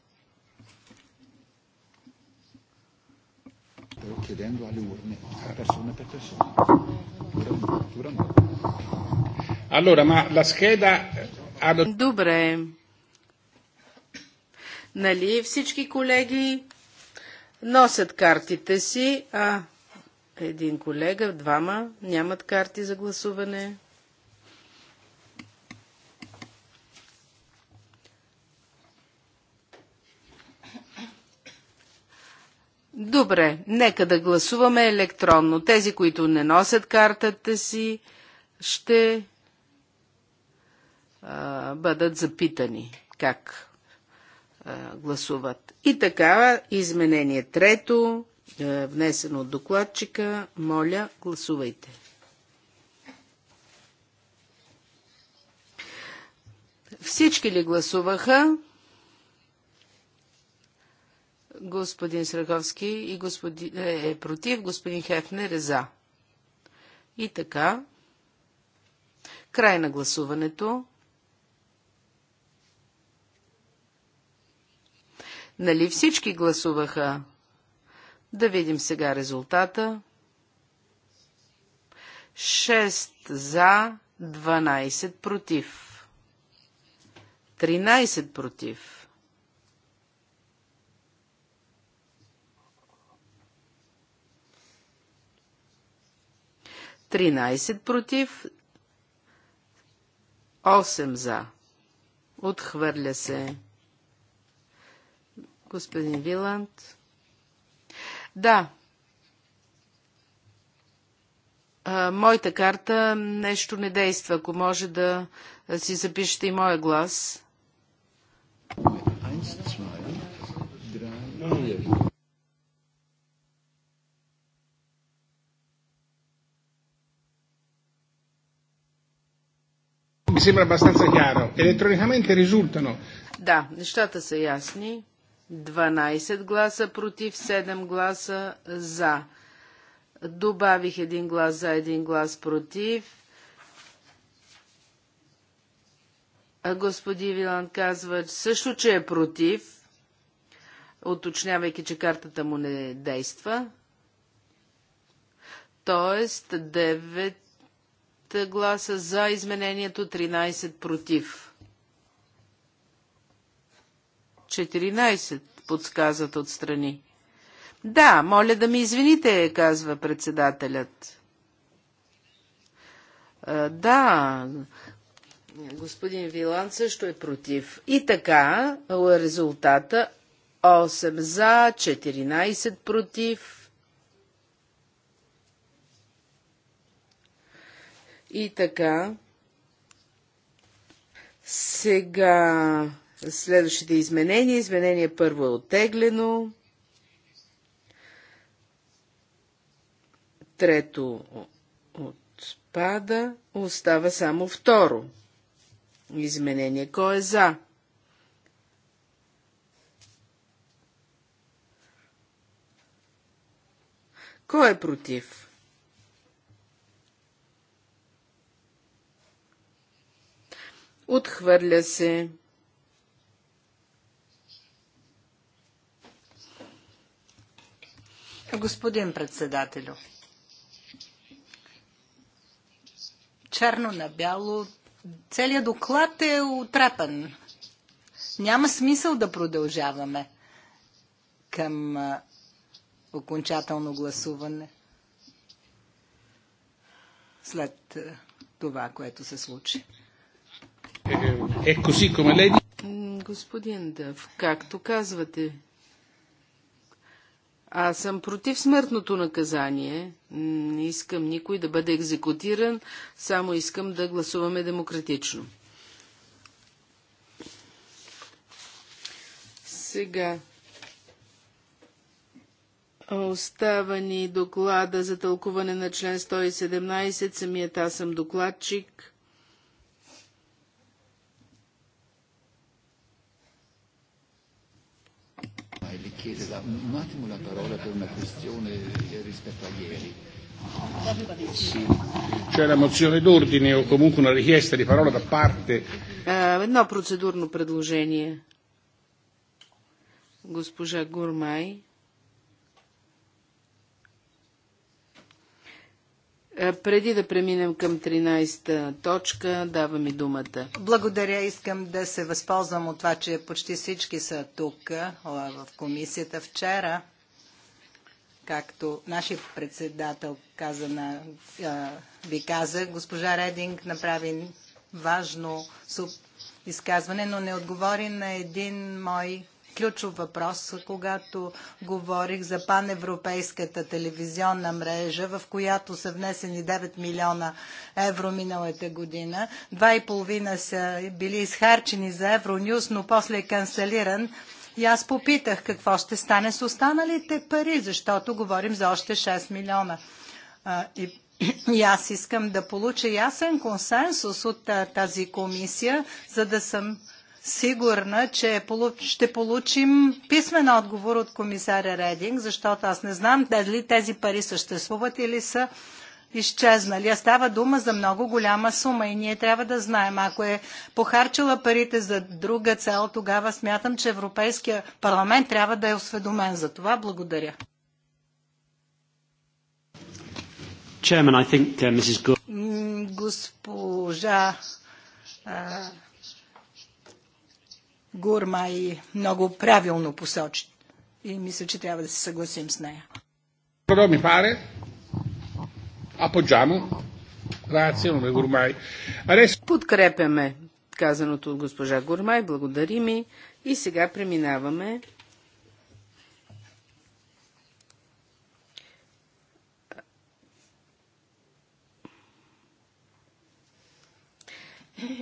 Chiedendo alle urne, persona per persona. Allora, ma la scheda... Добре. Нали всички колеги носят картите си, а един колега, двама нямат карти за гласуване. Добре, нека да гласуваме електронно. Тези, които не носят картата си, ще а, бъдат запитани как а, гласуват. И така, изменение трето, е, внесено от докладчика, моля, гласувайте. Всички ли гласуваха? Господин Сраговски и господин, е, е против, господин Хефнер е за. И така. Край на гласуването. Нали всички гласуваха? Да видим сега резултата. 6 за, 12 против. 13 против. 13 против, 8 за. Отхвърля се. Господин Виланд. Да. А, моята карта нещо не действа. Ако може да си запишете и моя глас. 1, 2, Mi sembra abbastanza chiaro. Електроnicamente risultano. Да, нещата са ясни. 12 гласа против, 7 гласа за. Добавих един глас за, един глас против. А господин Вилан казва също, че е против, уточнявайки, че картата му не действа. Тоест, 9 9 гласа за изменението, 13 против. 14 подсказват отстрани. Да, моля да ми извините, казва председателят. А, да, господин Вилан също е против. И така, резултата 8 за, 14 против, И така, сега следващите изменения. Изменение първо е оттеглено. Трето отпада. Остава само второ. Изменение. Кой е за? Кой е против? Отхвърля се. Господин председателю, черно на бяло, целият доклад е отрепан. Няма смисъл да продължаваме към окончателно гласуване след това, което се случи. Е, е, е коси, come lei Господин Дъв, както казвате, аз съм против смъртното наказание. Не искам никой да бъде екзекутиран, само искам да гласуваме демократично. Сега остава ни доклада за тълкуване на член 117. Самият аз съм докладчик. chiede da un attimo la parola per una questione rispetto a ieri. Sì. C'è la mozione d'ordine o comunque una richiesta di parola da parte. Uh, no, procedurno predloženie. Госпожа Гурмай Е, преди да преминем към 13-та точка, давам и думата. Благодаря. Искам да се възползвам от това, че почти всички са тук в комисията вчера. Както нашия председател каза на, ви каза, госпожа Рединг направи важно изказване, но не отговори на един мой ключов въпрос, когато говорих за паневропейската телевизионна мрежа, в която са внесени 9 милиона евро миналата година. Два и половина са били изхарчени за Евронюс, но после е канцелиран. И аз попитах какво ще стане с останалите пари, защото говорим за още 6 милиона. И <clears throat> и аз искам да получа ясен консенсус от тази комисия, за да съм сигурна, че ще получим писмен отговор от комисаря Рединг, защото аз не знам дали тези пари съществуват или са изчезнали. А става дума за много голяма сума и ние трябва да знаем. Ако е похарчила парите за друга цел, тогава смятам, че Европейския парламент трябва да е осведомен за това. Благодаря. Uh, госпожа Гурма и много правилно посочи. И мисля, че трябва да се съгласим с нея. Però mi pare, appoggiamo. Grazie, onorevole Гурмай. Подкрепяме казаното от госпожа Гурмай, благодарим и И сега преминаваме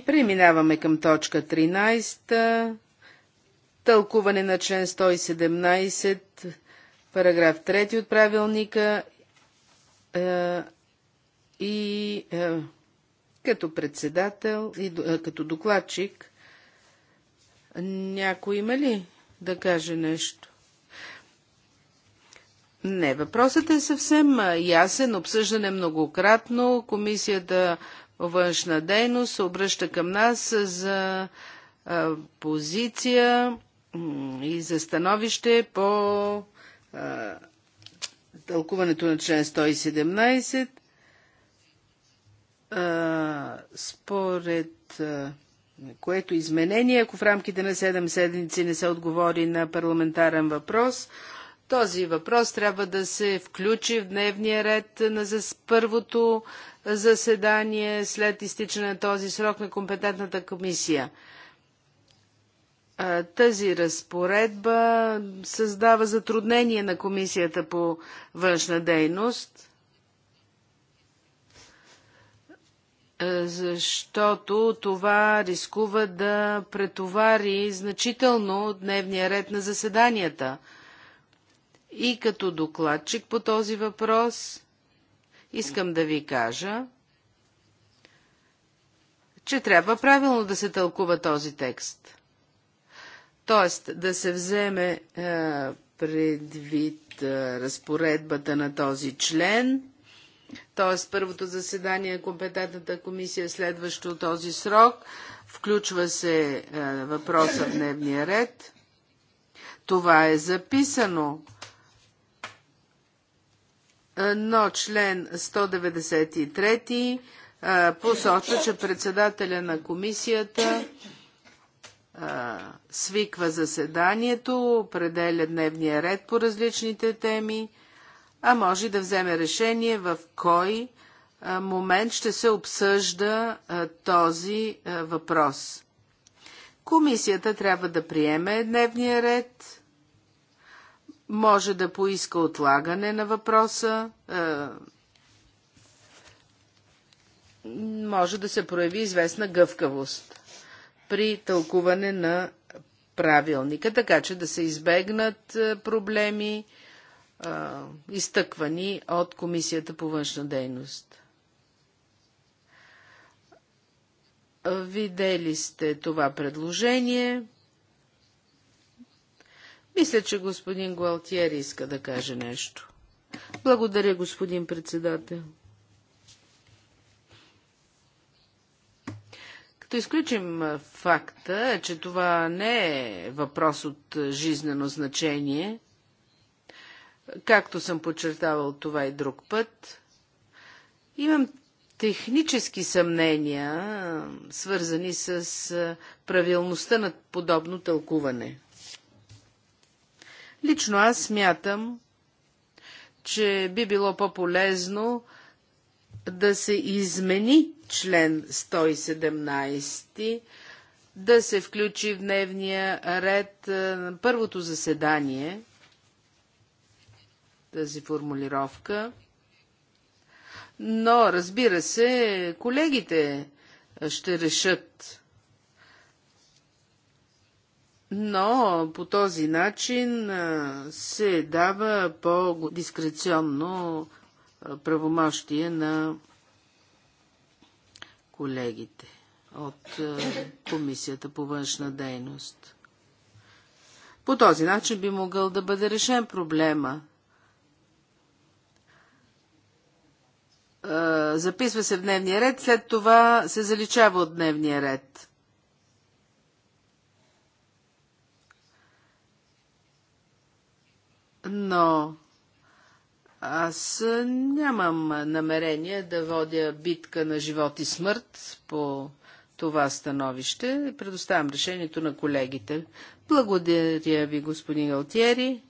Преминаваме към точка 13 тълкуване на член 117, параграф 3 от правилника е, и е, като председател и е, като докладчик. Някой има ли да каже нещо? Не, въпросът е съвсем ясен, обсъждане многократно. Комисията външна дейност обръща към нас за позиция и за становище по а, тълкуването на член 117. А, според а, което изменение, ако в рамките на 7 седмици не се отговори на парламентарен въпрос, този въпрос трябва да се включи в дневния ред на зас... първото заседание след изтичане на този срок на компетентната комисия тази разпоредба създава затруднение на Комисията по външна дейност, защото това рискува да претовари значително дневния ред на заседанията. И като докладчик по този въпрос искам да ви кажа, че трябва правилно да се тълкува този текст. Тоест да се вземе а, е, предвид а, е, разпоредбата на този член, т.е. първото заседание на компетентната комисия е следващо този срок, включва се а, въпроса в дневния ред. Това е записано. Но член 193 посочва, че председателя на комисията свиква заседанието, определя дневния ред по различните теми, а може да вземе решение в кой момент ще се обсъжда този въпрос. Комисията трябва да приеме дневния ред, може да поиска отлагане на въпроса, може да се прояви известна гъвкавост при тълкуване на правилника, така че да се избегнат е, проблеми, е, изтъквани от Комисията по външна дейност. Видели сте това предложение. Мисля, че господин Гуалтиер иска да каже нещо. Благодаря, господин председател. Като изключим факта, че това не е въпрос от жизнено значение, както съм подчертавал това и друг път, имам технически съмнения, свързани с правилността на подобно тълкуване. Лично аз смятам, че би било по-полезно да се измени член 117, да се включи в дневния ред на е, първото заседание тази формулировка. Но, разбира се, колегите е, ще решат. Но по този начин е, се дава по-дискреционно правомощие на колегите от е, Комисията по външна дейност. По този начин би могъл да бъде решен проблема. Е, записва се в дневния ред, след това се заличава от дневния ред. Но аз нямам намерение да водя битка на живот и смърт по това становище. Предоставям решението на колегите. Благодаря ви, господин Алтиери.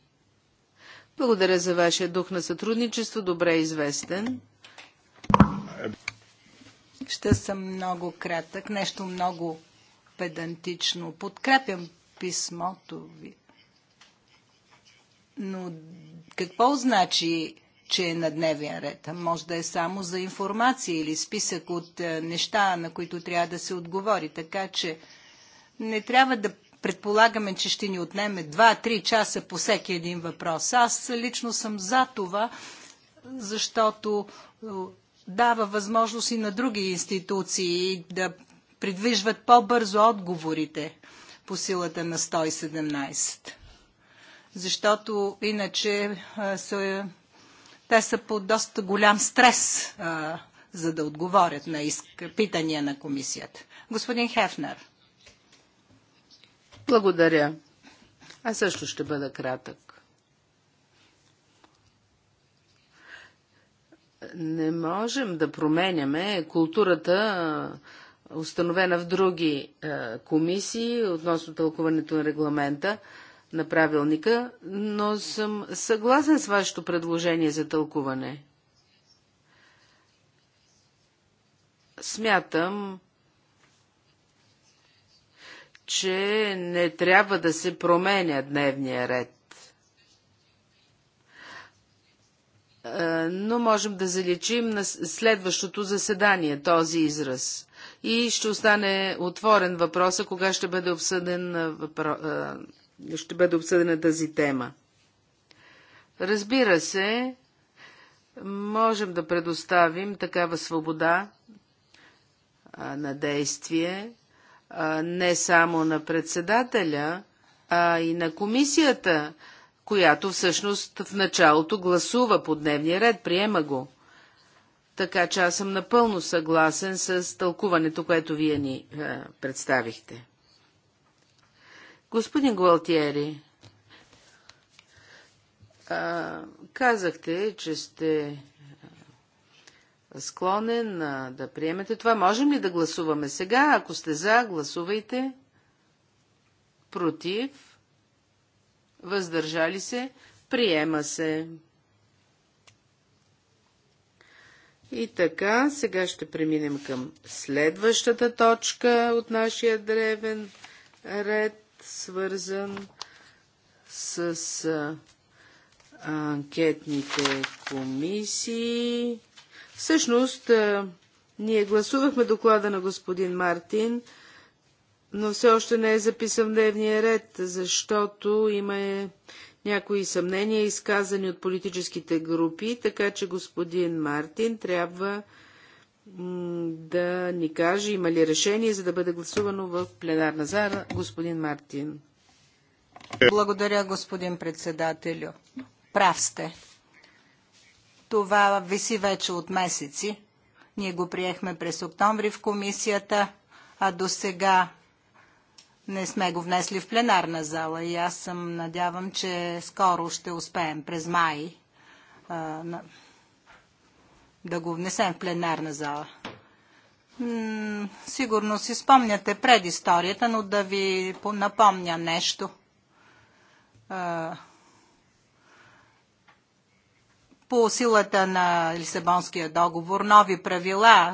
Благодаря за вашия дух на сътрудничество, добре известен. Ще съм много кратък, нещо много педантично. Подкрепям писмото ви. Но какво значи че е на дневен ред. Може да е само за информация или списък от е, неща, на които трябва да се отговори. Така че не трябва да предполагаме, че ще ни отнеме 2-3 часа по всеки един въпрос. Аз лично съм за това, защото е, дава възможност и на други институции да придвижват по-бързо отговорите по силата на 117. Защото иначе е, се те са под доста голям стрес, а, за да отговорят на питания на комисията. Господин Хефнер. Благодаря. Аз също ще бъда кратък. Не можем да променяме културата, установена в други комисии относно тълкуването на регламента на правилника, но съм съгласен с вашето предложение за тълкуване. Смятам, че не трябва да се променя дневния ред. Е, но можем да заличим на следващото заседание този израз. И ще остане отворен въпроса, кога ще бъде обсъден е, въпро... Е, ще бъде обсъдена тази тема. Разбира се, можем да предоставим такава свобода на действие не само на председателя, а и на комисията, която всъщност в началото гласува по дневния ред, приема го. Така че аз съм напълно съгласен с тълкуването, което вие ни представихте. Господин Гуалтиери, казахте, че сте склонен а, да приемете това. Можем ли да гласуваме сега? Ако сте за, гласувайте. Против. Въздържали се. Приема се. И така, сега ще преминем към следващата точка от нашия древен ред свързан с анкетните комисии. Всъщност, ние гласувахме доклада на господин Мартин, но все още не е записан в дневния ред, защото има някои съмнения, изказани от политическите групи, така че господин Мартин трябва да ни каже има ли решение, за да бъде гласувано в пленарна зала. Господин Мартин. Благодаря, господин председателю. Прав сте. Това виси вече от месеци. Ние го приехме през октомври в комисията, а до сега не сме го внесли в пленарна зала и аз съм надявам, че скоро ще успеем през май да го внесем в пленарна зала. сигурно си спомняте предисторията, но да ви напомня нещо. По силата на Лисабонския договор нови правила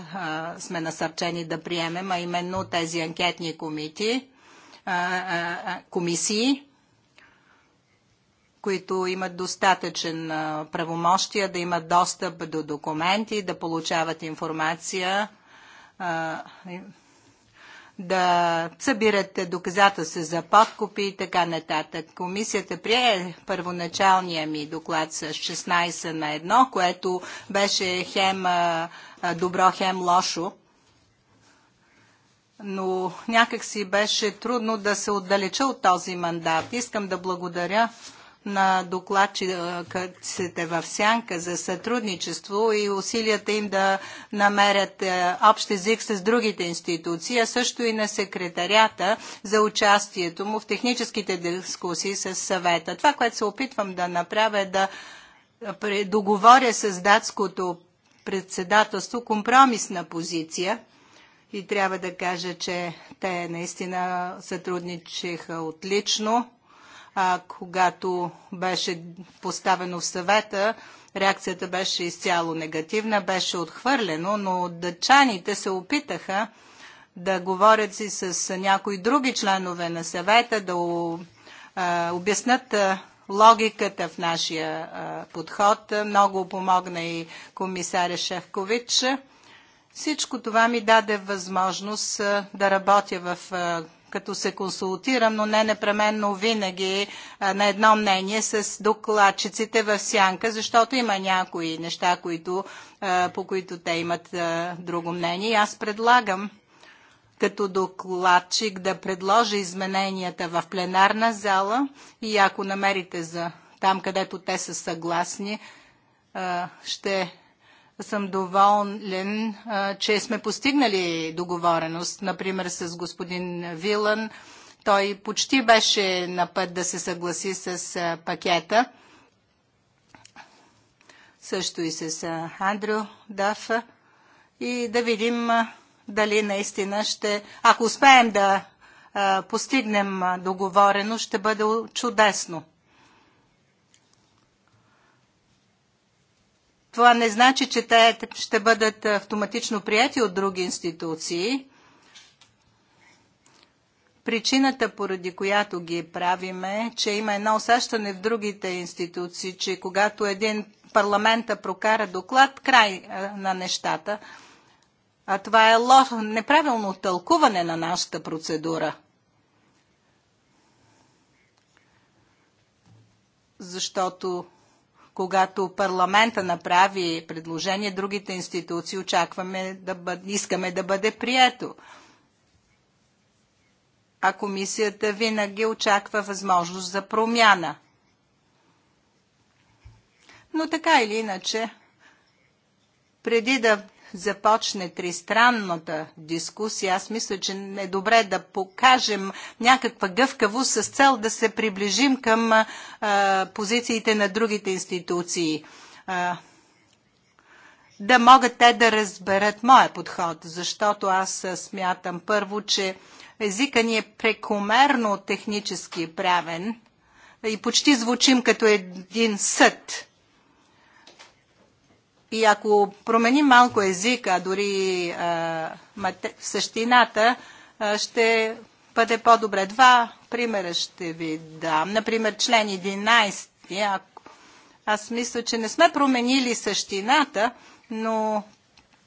сме насърчени да приемем, а именно тези анкетни комисии които имат достатъчен правомощия, да имат достъп до документи, да получават информация, да събират доказателства за подкупи и така нататък. Комисията прие първоначалния ми доклад с 16 на 1, което беше хем добро, хем лошо но някак си беше трудно да се отдалеча от този мандат. Искам да благодаря на докладчиците в сянка за сътрудничество и усилията им да намерят е, общ език с другите институции, а също и на секретарята за участието му в техническите дискусии с съвета. Това, което се опитвам да направя е да договоря с датското председателство компромисна позиция и трябва да кажа, че те наистина сътрудничиха отлично а, когато беше поставено в съвета, реакцията беше изцяло негативна, беше отхвърлено, но дъчаните се опитаха да говорят си с някои други членове на съвета, да а, обяснат логиката в нашия а, подход. Много помогна и комисаря Шевкович. Всичко това ми даде възможност а, да работя в а, като се консултирам, но не непременно винаги на едно мнение с докладчиците в сянка, защото има някои неща, които, по които те имат друго мнение. И аз предлагам като докладчик да предложа измененията в пленарна зала и ако намерите за там, където те са съгласни, ще съм доволен, че сме постигнали договореност, например с господин Вилан. Той почти беше на път да се съгласи с пакета. Също и с Андрю Даф. И да видим дали наистина ще... Ако успеем да постигнем договореност, ще бъде чудесно. Това не значи, че те ще бъдат автоматично прияти от други институции. Причината, поради която ги правиме, че има едно усещане в другите институции, че когато един парламента прокара доклад, край е, на нещата. А това е лошо, неправилно тълкуване на нашата процедура. Защото когато парламента направи предложение, другите институции очакваме да бъде, искаме да бъде прието. А комисията винаги очаква възможност за промяна. Но така или иначе, преди да започне тристранната дискусия, аз мисля, че е добре да покажем някаква гъвкавост с цел да се приближим към а, позициите на другите институции. А, да могат те да разберат моя подход, защото аз смятам първо, че езика ни е прекомерно технически правен и почти звучим като един съд и ако променим малко езика, дори а, същината, а, ще бъде по-добре. Два примера ще ви дам. Например, член 11. Ако, аз мисля, че не сме променили същината, но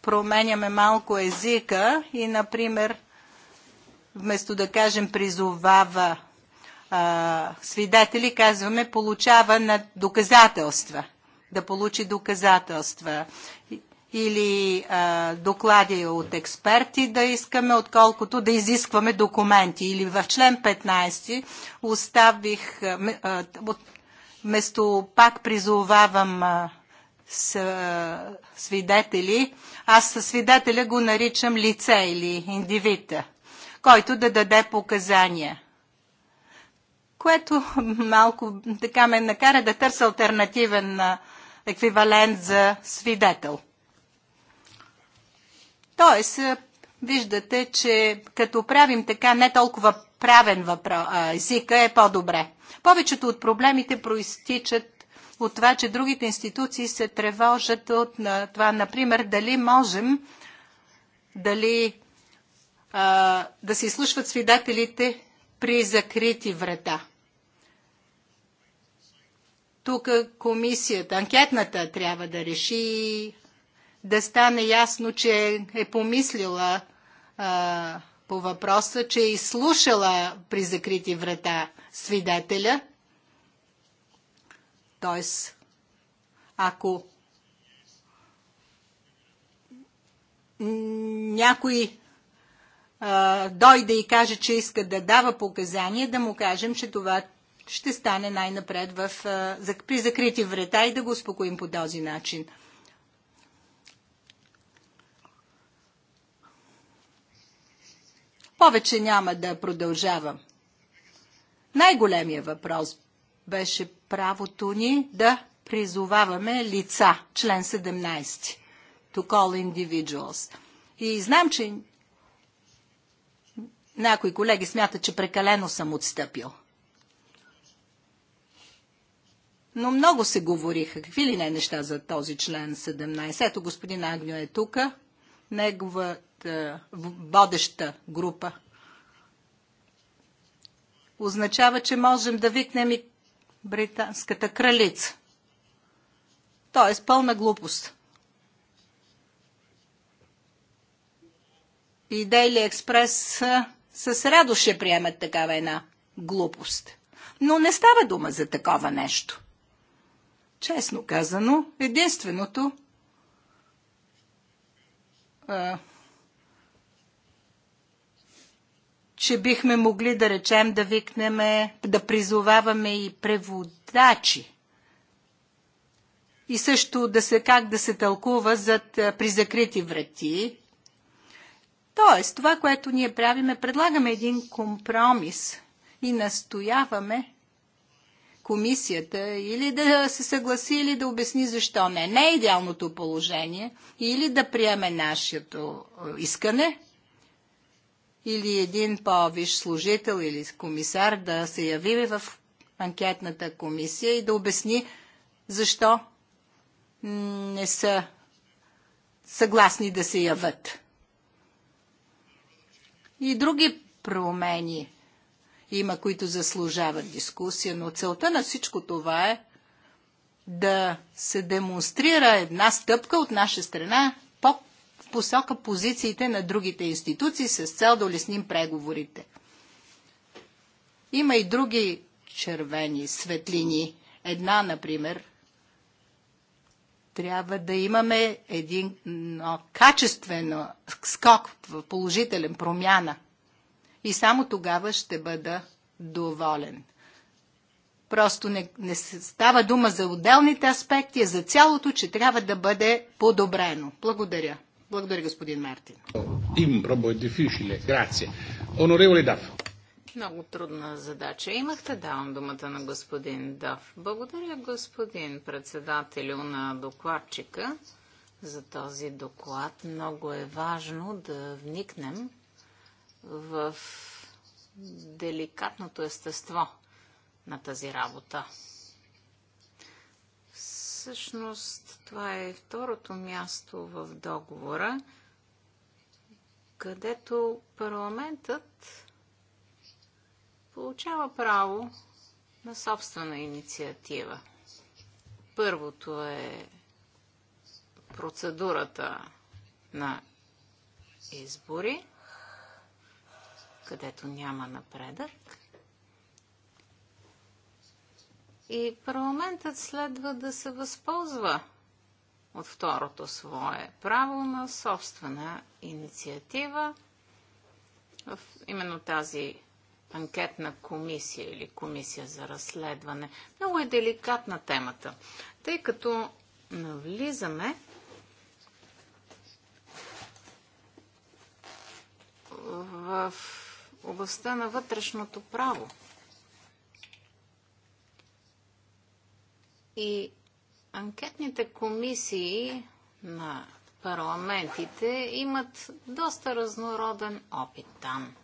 променяме малко езика и, например, вместо да кажем призовава а, свидетели, казваме получава на доказателства – да получи доказателства или а, доклади от експерти да искаме, отколкото да изискваме документи. Или в член 15 оставих, вместо пак призовавам а, с, а, свидетели, аз със свидетеля го наричам лице или индивид, който да даде показания. Което малко така ме накара да търся альтернативен а, еквивалент за свидетел. Тоест, виждате, че като правим така не толкова правен въпрос, езика е по-добре. Повечето от проблемите проистичат от това, че другите институции се тревожат от на това, например, дали можем дали а, да се изслушват свидетелите при закрити врата. Тук комисията, анкетната трябва да реши, да стане ясно, че е помислила а, по въпроса, че е изслушала при закрити врата свидетеля. Тоест, ако някой а, дойде и каже, че иска да дава показания, да му кажем, че това ще стане най-напред в, при закрити врата и да го успокоим по този начин. Повече няма да продължавам. Най-големия въпрос беше правото ни да призоваваме лица, член 17, to call individuals. И знам, че някои колеги смятат, че прекалено съм отстъпил – но много се говориха. Какви ли не неща за този член 17? Ето господин Агньо е тук. Неговата водеща група означава, че можем да викнем и британската кралица. Тоест пълна глупост. И Дейли Експрес с радост ще приемат такава една глупост. Но не става дума за такова нещо. Честно казано, единственото, а, че бихме могли да речем да викнеме, да призоваваме и преводачи. И също да се, как да се тълкува зад, при закрити врати. Тоест, това, което ние правиме, предлагаме един компромис и настояваме комисията или да се съгласи или да обясни защо не. Не е идеалното положение или да приеме нашето е, искане или един по-виш служител или комисар да се яви в анкетната комисия и да обясни защо не са съгласни да се яват. И други промени – има, които заслужават дискусия, но целта на всичко това е да се демонстрира една стъпка от наша страна по посока позициите на другите институции с цел да улесним преговорите. Има и други червени светлини. Една, например, трябва да имаме един качествен скок в положителен промяна и само тогава ще бъда доволен. Просто не, не става дума за отделните аспекти, а за цялото, че трябва да бъде подобрено. Благодаря. Благодаря, господин Мартин. Импробо е дефишиле. Грация. Дав. Много трудна задача. Имахте, давам думата на господин Дав. Благодаря, господин председателю на докладчика за този доклад. Много е важно да вникнем в деликатното естество на тази работа. Всъщност, това е второто място в договора, където парламентът получава право на собствена инициатива. Първото е процедурата на избори където няма напредък. И парламентът следва да се възползва от второто свое право на собствена инициатива в именно тази анкетна комисия или комисия за разследване. Много е деликатна темата, тъй като навлизаме в областта на вътрешното право. И анкетните комисии на парламентите имат доста разнороден опит там.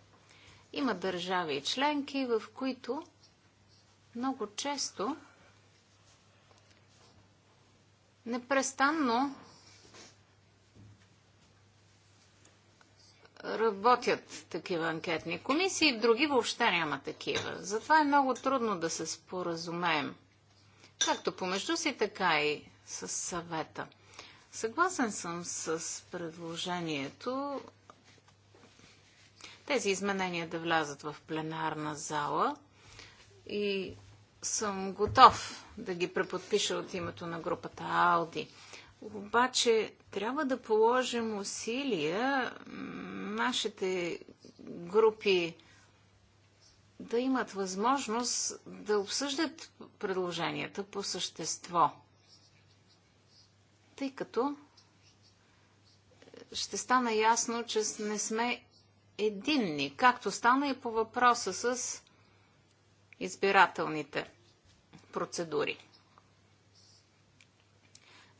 Има държави и членки, в които много често непрестанно работят такива анкетни комисии, други въобще няма такива. Затова е много трудно да се споразумеем. Както помежду си, така и с съвета. Съгласен съм с предложението тези изменения да влязат в пленарна зала и съм готов да ги преподпиша от името на групата Ауди. Обаче трябва да положим усилия нашите групи да имат възможност да обсъждат предложенията по същество. Тъй като ще стана ясно, че не сме единни, както стана и по въпроса с избирателните процедури.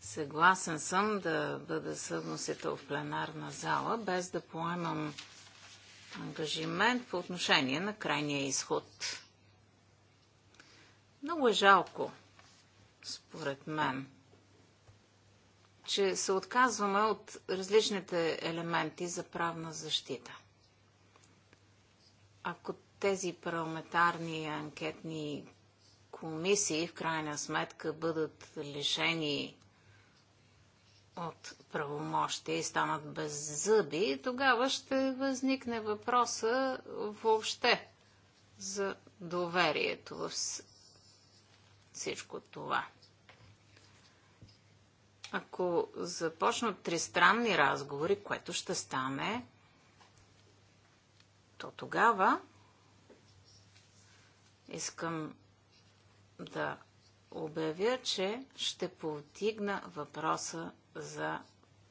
Съгласен съм да бъда съвносител в пленарна зала, без да поемам ангажимент по отношение на крайния изход. Много е жалко, според мен, че се отказваме от различните елементи за правна защита. Ако тези парламентарни анкетни комисии в крайна сметка бъдат лишени от правомощия и станат без зъби, тогава ще възникне въпроса въобще за доверието в всичко това. Ако започнат тристранни разговори, което ще стане, то тогава искам да обявя, че ще повдигна въпроса за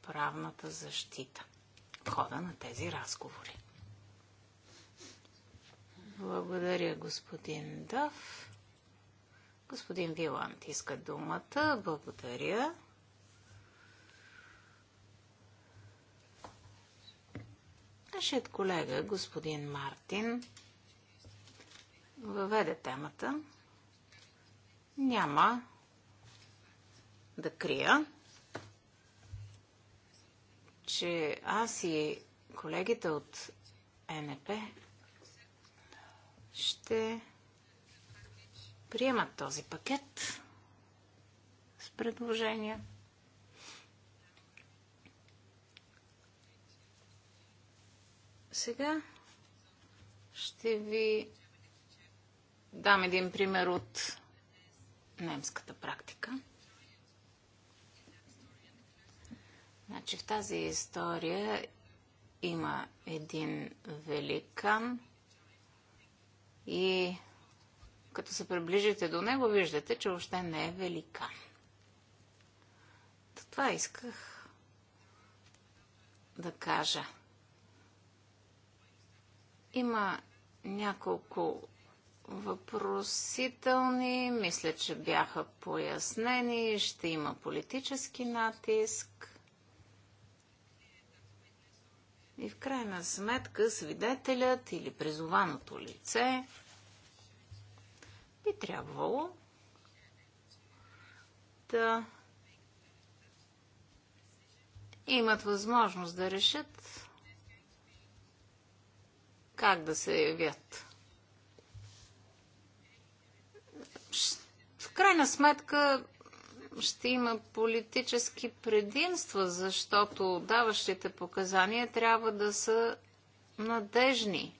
правната защита в хода на тези разговори. Благодаря, господин Дъв. Господин Виланд иска думата. Благодаря. Нашият колега, господин Мартин, въведе темата. Няма да крия че аз и колегите от НП ще приемат този пакет с предложения. Сега ще ви дам един пример от немската практика. Значи в тази история има един великан и като се приближите до него, виждате, че още не е великан. Това исках да кажа. Има няколко въпросителни, мисля, че бяха пояснени, ще има политически натиск. И в крайна сметка свидетелят или призованото лице би трябвало да имат възможност да решат как да се явят. В крайна сметка ще има политически предимства, защото даващите показания трябва да са надежни.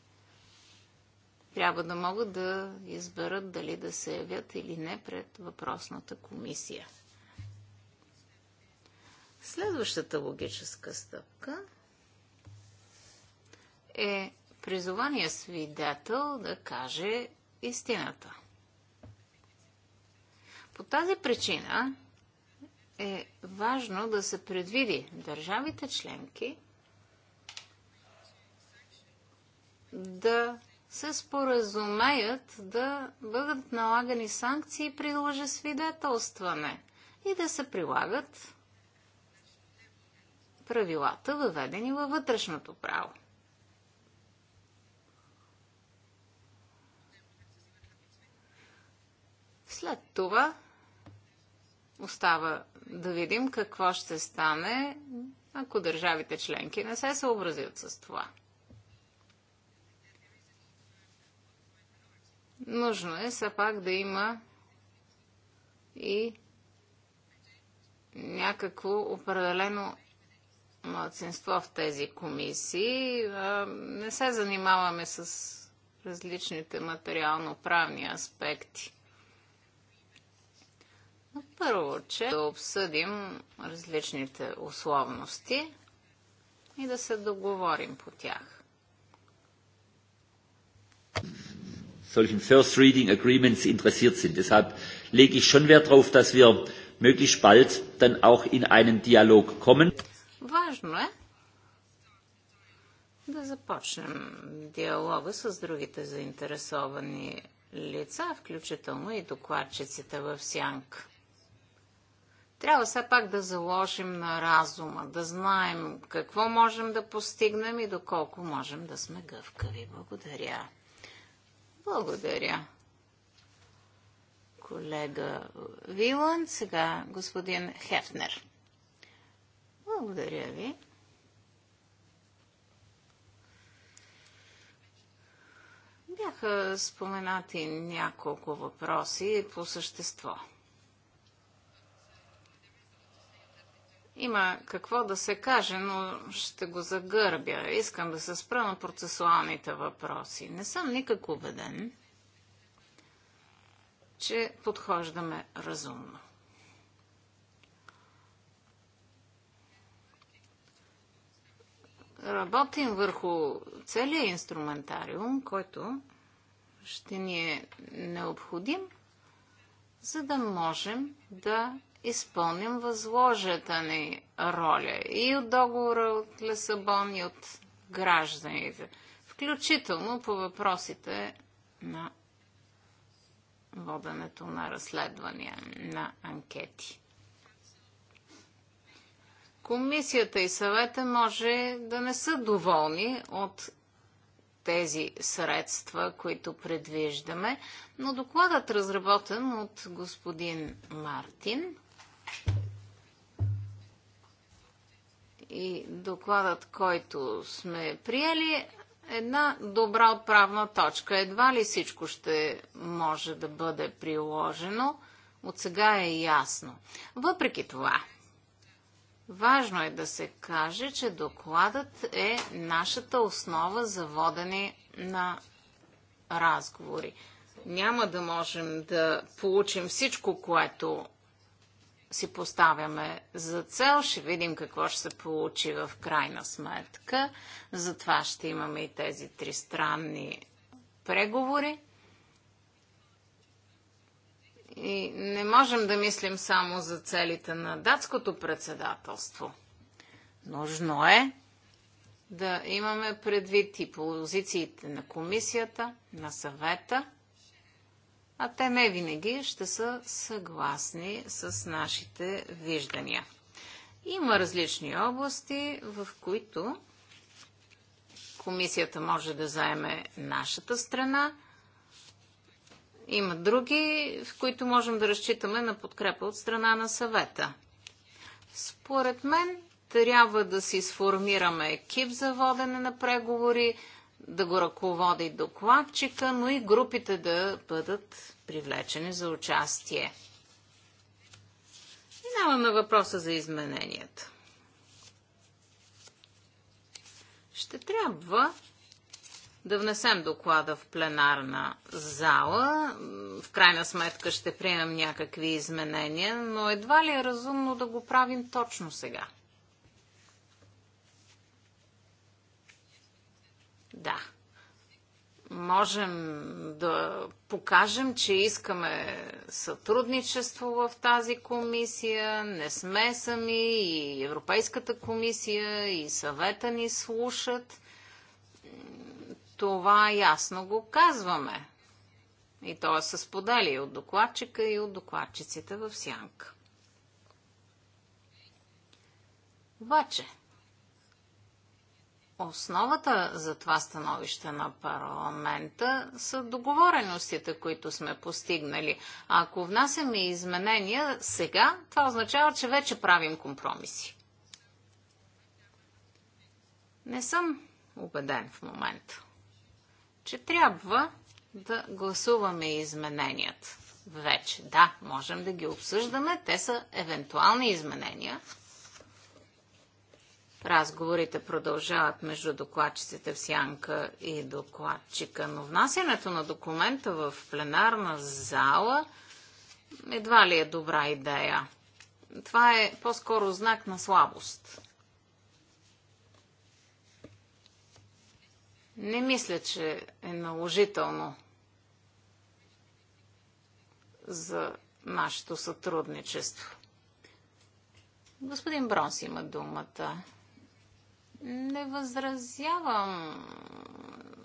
Трябва да могат да изберат дали да се явят или не пред въпросната комисия. Следващата логическа стъпка е призования свидетел да каже истината. По тази причина е важно да се предвиди държавите членки да се споразумеят да бъдат налагани санкции при лъжесвидетелстване и да се прилагат правилата, въведени във вътрешното право. След това остава да видим какво ще стане, ако държавите членки не се съобразят с това. Нужно е все пак да има и някакво определено младсинство в тези комисии. Не се занимаваме с различните материално-правни аспекти. Първо, че да обсъдим различните условности и да се договорим по тях. solchen First Reading Agreements interessiert sind. Deshalb lege ich schon Wert darauf, dass wir möglichst bald dann auch in einen Dialog kommen. Важно е да започнем диалога с другите заинтересовани лица, включително и докладчиците в Сянка. Трябва все пак да заложим на разума, да знаем какво можем да постигнем и доколко можем да сме гъвкави. Благодаря. Благодаря. Колега Вилан, сега господин Хефнер. Благодаря ви. Бяха споменати няколко въпроси по същество – Има какво да се каже, но ще го загърбя. Искам да се спра на процесуалните въпроси. Не съм никак убеден, че подхождаме разумно. Работим върху целият инструментариум, който ще ни е необходим, за да можем да изпълним възложата ни роля и от договора от Лесабон и от гражданите, включително по въпросите на воденето на разследвания, на анкети. Комисията и съвета може да не са доволни от тези средства, които предвиждаме, но докладът, разработен от господин Мартин, и докладът, който сме приели, е една добра отправна точка. Едва ли всичко ще може да бъде приложено, от сега е ясно. Въпреки това, важно е да се каже, че докладът е нашата основа за водене на разговори. Няма да можем да получим всичко, което си поставяме за цел. Ще видим какво ще се получи в крайна сметка. Затова ще имаме и тези тристранни преговори. И не можем да мислим само за целите на датското председателство. Нужно е да имаме предвид и позициите на комисията, на съвета – а те не винаги ще са съгласни с нашите виждания. Има различни области, в които комисията може да заеме нашата страна. Има други, в които можем да разчитаме на подкрепа от страна на съвета. Според мен трябва да си сформираме екип за водене на преговори, да го ръководи докладчика, но и групите да бъдат привлечени за участие. Минаваме въпроса за измененията. Ще трябва да внесем доклада в пленарна зала. В крайна сметка ще приемем някакви изменения, но едва ли е разумно да го правим точно сега. Да. Можем да покажем, че искаме сътрудничество в тази комисия, не сме сами и Европейската комисия и съвета ни слушат. Това ясно го казваме. И то е с подали от докладчика и от докладчиците в сянка. Обаче, Основата за това становище на парламента са договореностите, които сме постигнали. ако внасяме изменения сега, това означава, че вече правим компромиси. Не съм убеден в момента, че трябва да гласуваме измененията. Вече, да, можем да ги обсъждаме. Те са евентуални изменения – Разговорите продължават между докладчиците в Сянка и докладчика, но внасянето на документа в пленарна зала едва ли е добра идея. Това е по-скоро знак на слабост. Не мисля, че е наложително за нашето сътрудничество. Господин Бронс има думата. Не възразявам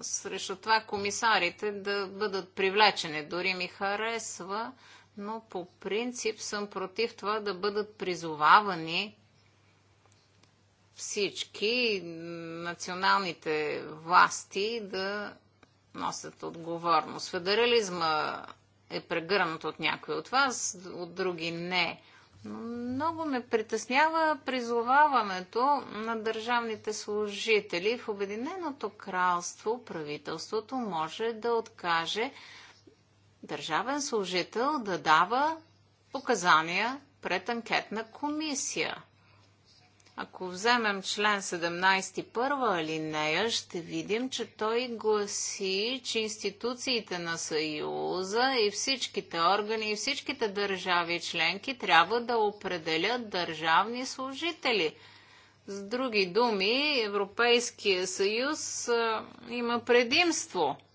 срещу това комисарите да бъдат привлечени. Дори ми харесва, но по принцип съм против това да бъдат призовавани всички националните власти да носят отговорност. Федерализма е прегърнат от някои от вас, от други не. Много ме притеснява призоваването на държавните служители. В Обединеното кралство правителството може да откаже държавен служител да дава показания пред анкетна комисия. Ако вземем член 17 първа алинея, ще видим, че той гласи, че институциите на Съюза и всичките органи и всичките държави членки трябва да определят държавни служители. С други думи, Европейския съюз а, има предимство –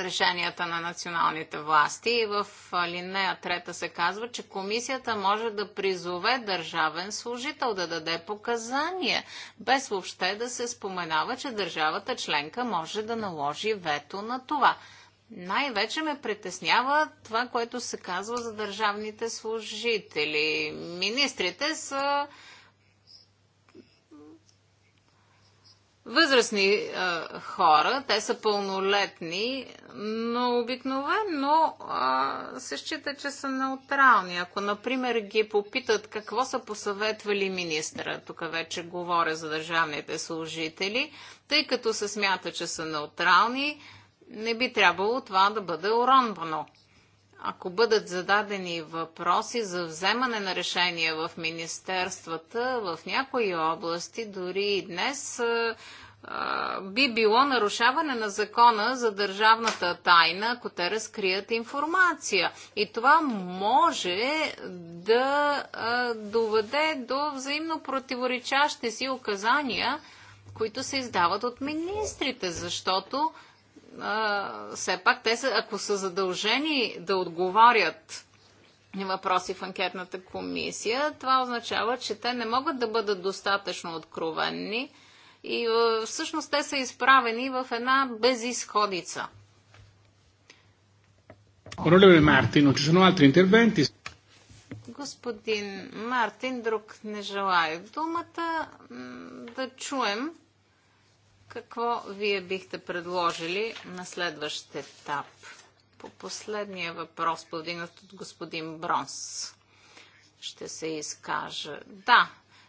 решенията на националните власти. И в линия трета се казва, че комисията може да призове държавен служител да даде показания, без въобще да се споменава, че държавата членка може да наложи вето на това. Най-вече ме притеснява това, което се казва за държавните служители. Министрите са възрастни а, хора, те са пълнолетни, но обикновено а, се счита, че са неутрални. Ако, например, ги попитат какво са посъветвали министра, тук вече говоря за държавните служители, тъй като се смята, че са неутрални, не би трябвало това да бъде уронвано ако бъдат зададени въпроси за вземане на решения в министерствата, в някои области, дори и днес, би било нарушаване на закона за държавната тайна, ако те разкрият информация. И това може да доведе до взаимно противоречащи си указания, които се издават от министрите, защото а, все пак те са, ако са задължени да отговорят въпроси в анкетната комисия, това означава, че те не могат да бъдат достатъчно откровенни и всъщност те са изправени в една безисходица. Onorevole Мартин, non ci sono altri interventi? Господин Мартин, друг не желая думата. Да чуем какво вие бихте предложили на следващ етап? По последния въпрос, повдигнат от господин Бронс, ще се изкажа. Да,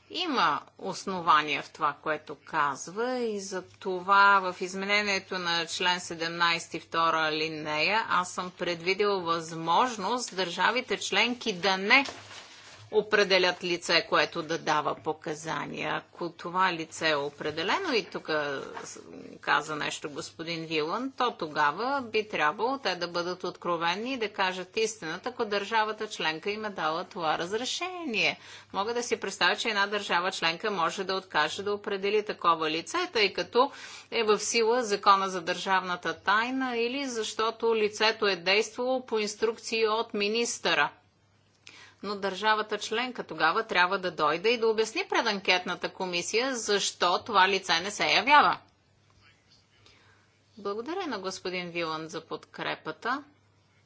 има основания в това, което казва и за това в изменението на член 17 втора линея аз съм предвидил възможност държавите членки да не определят лице, което да дава показания. Ако това лице е определено и тук каза нещо господин Вилан, то тогава би трябвало те да бъдат откровени и да кажат истината, ако държавата членка им е дала това разрешение. Мога да си представя, че една държава членка може да откаже да определи такова лице, тъй като е в сила закона за държавната тайна или защото лицето е действало по инструкции от министъра но държавата членка тогава трябва да дойде и да обясни пред анкетната комисия защо това лице не се явява. Благодаря на господин Вилан за подкрепата.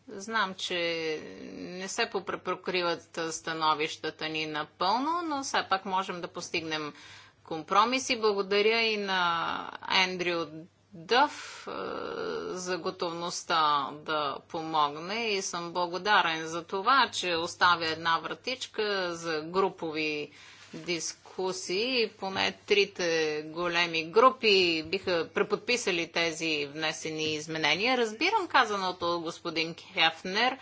Знам, че не се прокриват становищата ни напълно, но все пак можем да постигнем компромиси. Благодаря и на Ендрю Дъв е, за готовността да помогне и съм благодарен за това, че оставя една вратичка за групови дискусии. Поне трите големи групи биха преподписали тези внесени изменения. Разбирам казаното от господин Хефнер.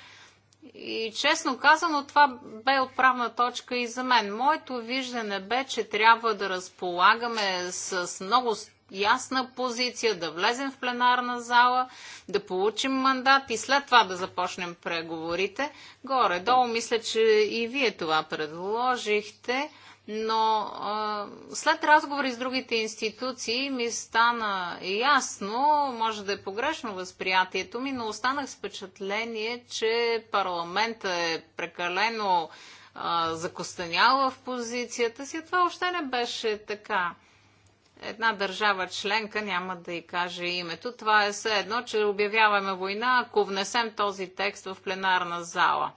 И честно казано, това бе отправна точка и за мен. Моето виждане бе, че трябва да разполагаме с много ясна позиция, да влезем в пленарна зала, да получим мандат и след това да започнем преговорите. Горе-долу мисля, че и вие това предложихте. Но а, след разговори с другите институции ми стана ясно, може да е погрешно възприятието ми, но останах с впечатление, че парламента е прекалено а, закостанял в позицията си. Това още не беше така една държава членка, няма да й каже името. Това е все едно, че обявяваме война, ако внесем този текст в пленарна зала.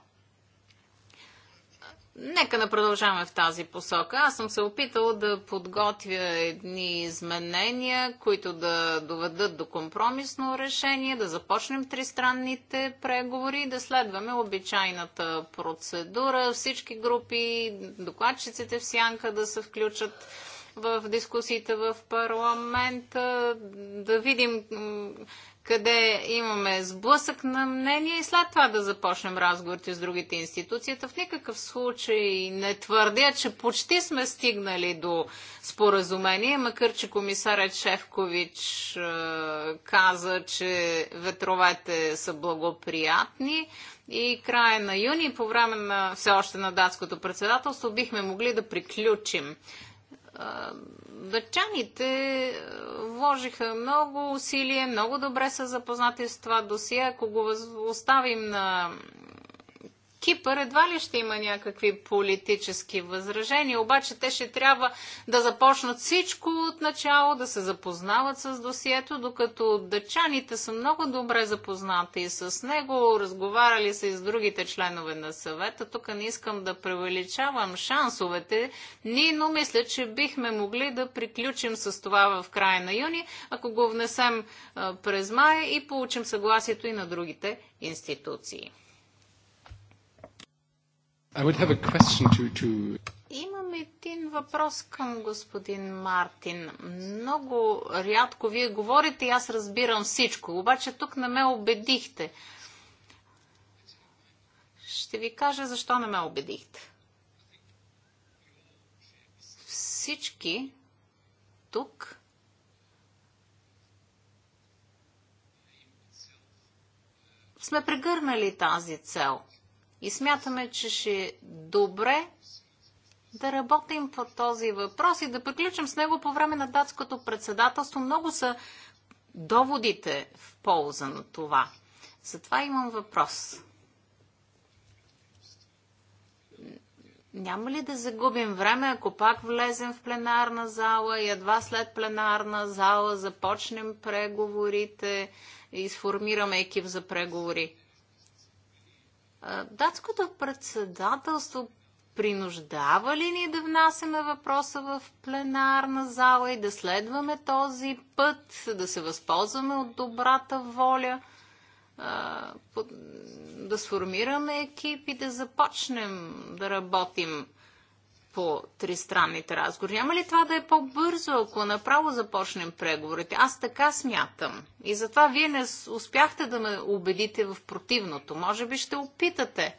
Нека да продължаваме в тази посока. Аз съм се опитала да подготвя едни изменения, които да доведат до компромисно решение, да започнем тристранните преговори да следваме обичайната процедура. Всички групи, докладчиците в сянка да се включат в дискусиите в парламента, да видим къде имаме сблъсък на мнение и след това да започнем разговорите с другите институцията. В никакъв случай не твърдя, че почти сме стигнали до споразумение, макар че комисарят Шефкович е, каза, че ветровете са благоприятни и края на юни, по време на все още на датското председателство, бихме могли да приключим Дъчаните вложиха много усилие, много добре са запознати с това досие. Ако го оставим на Кипър едва ли ще има някакви политически възражения, обаче те ще трябва да започнат всичко от начало, да се запознават с досието, докато дъчаните са много добре запознати и с него, разговаряли са и с другите членове на съвета. Тук не искам да превеличавам шансовете ни, но мисля, че бихме могли да приключим с това в края на юни, ако го внесем през май и получим съгласието и на другите институции. Имам един въпрос към господин Мартин. Много рядко вие говорите и аз разбирам всичко, обаче тук не ме убедихте. Ще ви кажа защо не ме убедихте. Всички тук сме прегърнали тази цел – и смятаме, че ще е добре да работим по този въпрос и да приключим с него по време на датското председателство. Много са доводите в полза на това. Затова имам въпрос. Няма ли да загубим време, ако пак влезем в пленарна зала и едва след пленарна зала започнем преговорите и сформираме екип за преговори? Датското председателство принуждава ли ни да внасяме въпроса в пленарна зала и да следваме този път, да се възползваме от добрата воля, да сформираме екип и да започнем да работим по тристранните разговори. Няма ли това да е по-бързо, ако направо започнем преговорите? Аз така смятам. И затова вие не успяхте да ме убедите в противното. Може би ще опитате.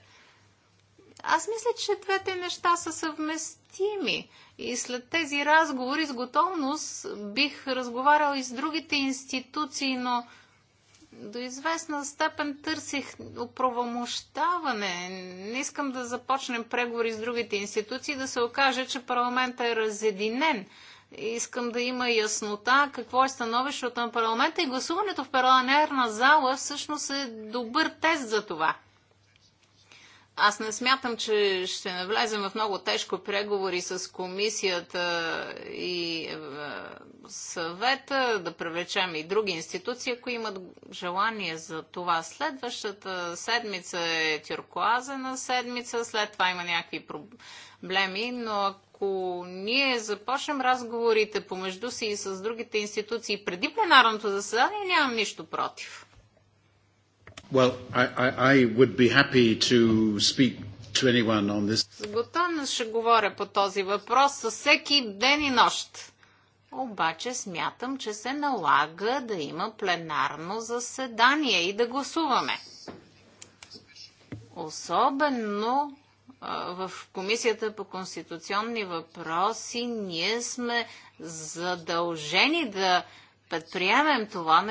Аз мисля, че двете неща са съвместими. И след тези разговори с готовност бих разговарял и с другите институции, но до известна степен търсих оправомощаване. Не искам да започнем преговори с другите институции, да се окаже, че парламентът е разединен. Искам да има яснота какво е становището на парламента и гласуването в парламентарна зала всъщност е добър тест за това. Аз не смятам, че ще навлезем в много тежко преговори с комисията и е, съвета, да привлечем и други институции, ако имат желание за това. Следващата седмица е тюркоазена седмица, след това има някакви проблеми, но ако ние започнем разговорите помежду си и с другите институции преди пленарното заседание, нямам нищо против. Well, I, I, I would be happy to speak to anyone on this. С ще говоря по този въпрос със всеки ден и нощ. Обаче смятам, че се налага да има пленарно заседание и да гласуваме. Особено в Комисията по конституционни въпроси ние сме задължени да предприемем това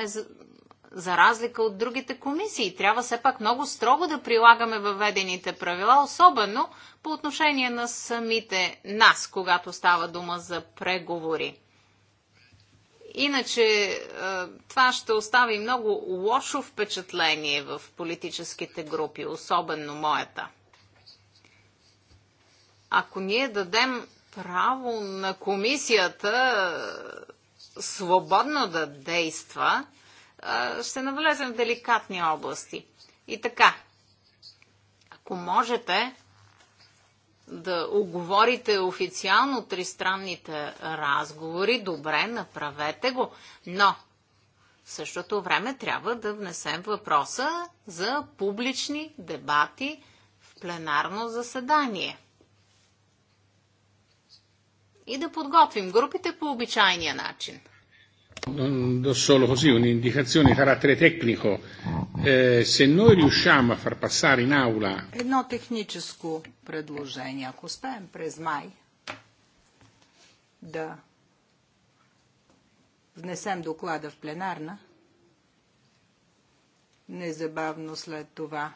за разлика от другите комисии. Трябва все пак много строго да прилагаме въведените правила, особено по отношение на самите нас, когато става дума за преговори. Иначе е, това ще остави много лошо впечатление в политическите групи, особено моята. Ако ние дадем право на комисията е, свободно да действа, ще навлезем в деликатни области. И така, ако можете да оговорите официално тристранните разговори, добре, направете го, но в същото време трябва да внесем въпроса за публични дебати в пленарно заседание. И да подготвим групите по обичайния начин – do solo così un'indicazione di carattere tecnico. Eh, se noi riusciamo a far passare in aula... Едно техническо предложение, ако успеем през май да внесем доклада в пленарна, незабавно след това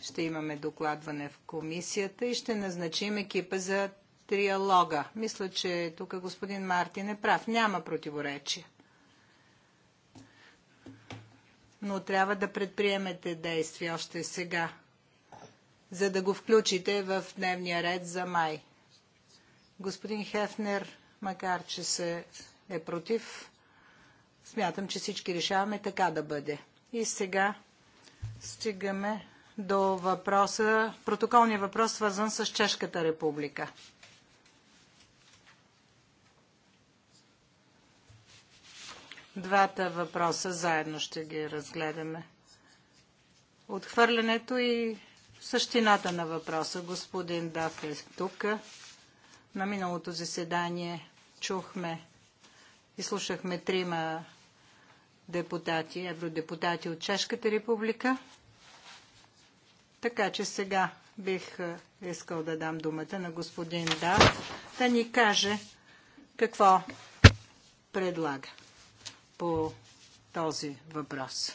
ще имаме докладване в комисията и ще назначим екипа за триалога. Мисля, че тук господин Мартин е прав. Няма противоречие. Но трябва да предприемете действия още сега, за да го включите в дневния ред за май. Господин Хефнер, макар че се е против, смятам, че всички решаваме така да бъде. И сега стигаме до въпроса, протоколния въпрос, свързан с Чешката република. Двата въпроса заедно ще ги разгледаме. Отхвърлянето и същината на въпроса. Господин Даф е тук. На миналото заседание чухме и слушахме трима депутати, евродепутати от Чешката република. Така че сега бих е, искал да дам думата на господин Дав да ни каже какво предлага по този въпрос.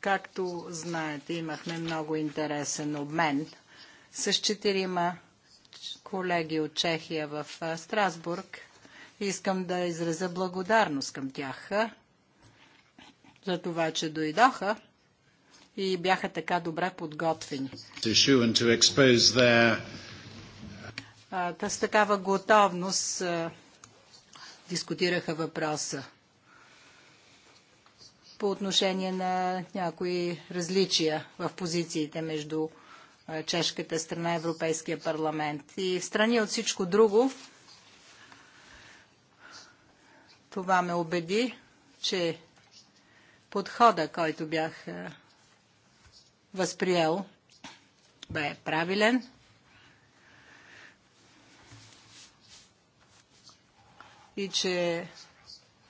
Както знаете, имахме много интересен обмен с четирима колеги от Чехия в Страсбург. Искам да изразя благодарност към тях за това, че дойдоха и бяха така добре подготвени. Та с такава готовност дискутираха въпроса по отношение на някои различия в позициите между чешката страна и Европейския парламент. И в страни от всичко друго, това ме убеди, че подхода, който бях възприел, бе правилен. и че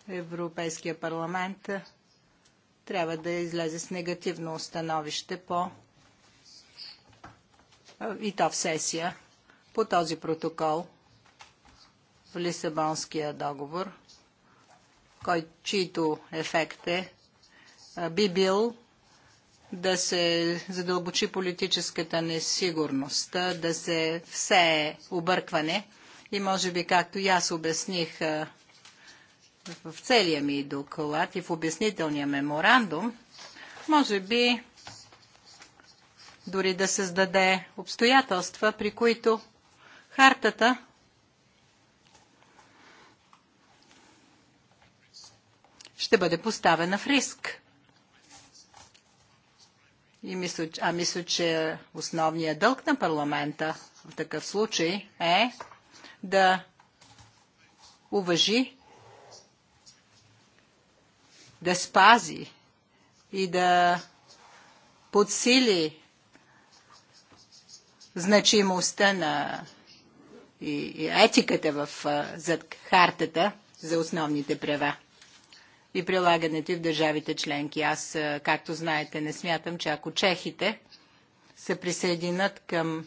Европейския парламент трябва да излезе с негативно установище по и то в сесия по този протокол в Лисабонския договор, кой, чийто ефект е, би бил да се задълбочи политическата несигурност, да се всее объркване и може би, както и аз обясних в целия ми доклад и в обяснителния меморандум, може би дори да създаде обстоятелства, при които хартата ще бъде поставена в риск. И мисля, а мисля, че основният дълг на парламента в такъв случай е да уважи, да спази и да подсили значимостта на и, и етиката в, зад хартата за основните права и прилагането в държавите членки. Аз, както знаете, не смятам, че ако чехите се присъединят към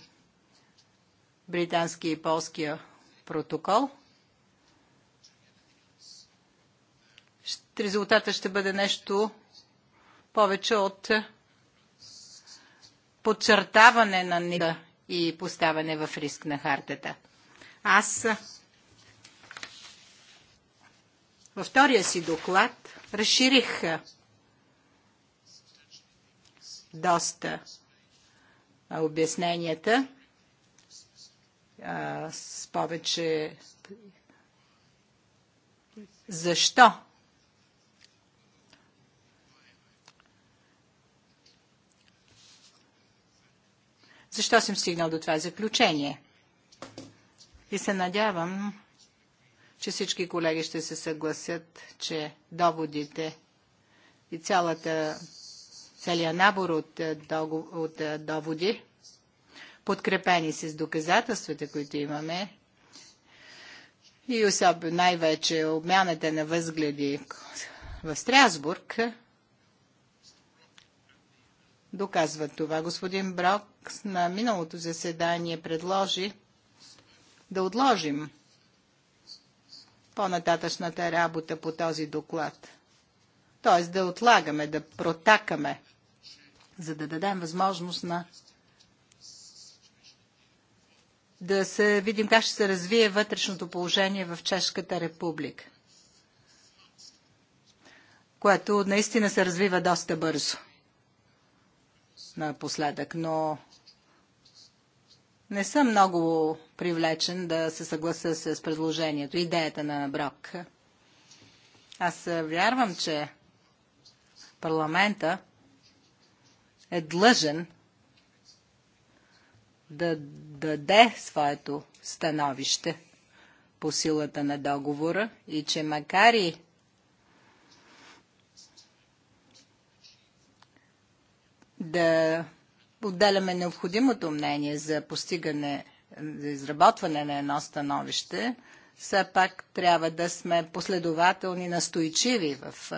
британския и полския протокол. Резултата ще бъде нещо повече от подчертаване на нида и поставяне в риск на хартата. Аз във втория си доклад разширих доста обясненията с повече. Защо? Защо съм стигнал до това заключение? И се надявам, че всички колеги ще се съгласят, че доводите и цялата, целият набор от, е, от е, доводи подкрепени с доказателствата, които имаме. И особено най-вече обмяната на възгледи в Страсбург доказва това. Господин Брок на миналото заседание предложи да отложим по-нататъчната работа по този доклад. Тоест да отлагаме, да протакаме, за да дадем възможност на да се видим как ще се развие вътрешното положение в Чешката република, което наистина се развива доста бързо напоследък, но не съм много привлечен да се съгласа с предложението, идеята на Брок. Аз вярвам, че парламента е длъжен да даде своето становище по силата на договора и че макар и да отделяме необходимото мнение за постигане, за изработване на едно становище, все пак трябва да сме последователни, настойчиви в,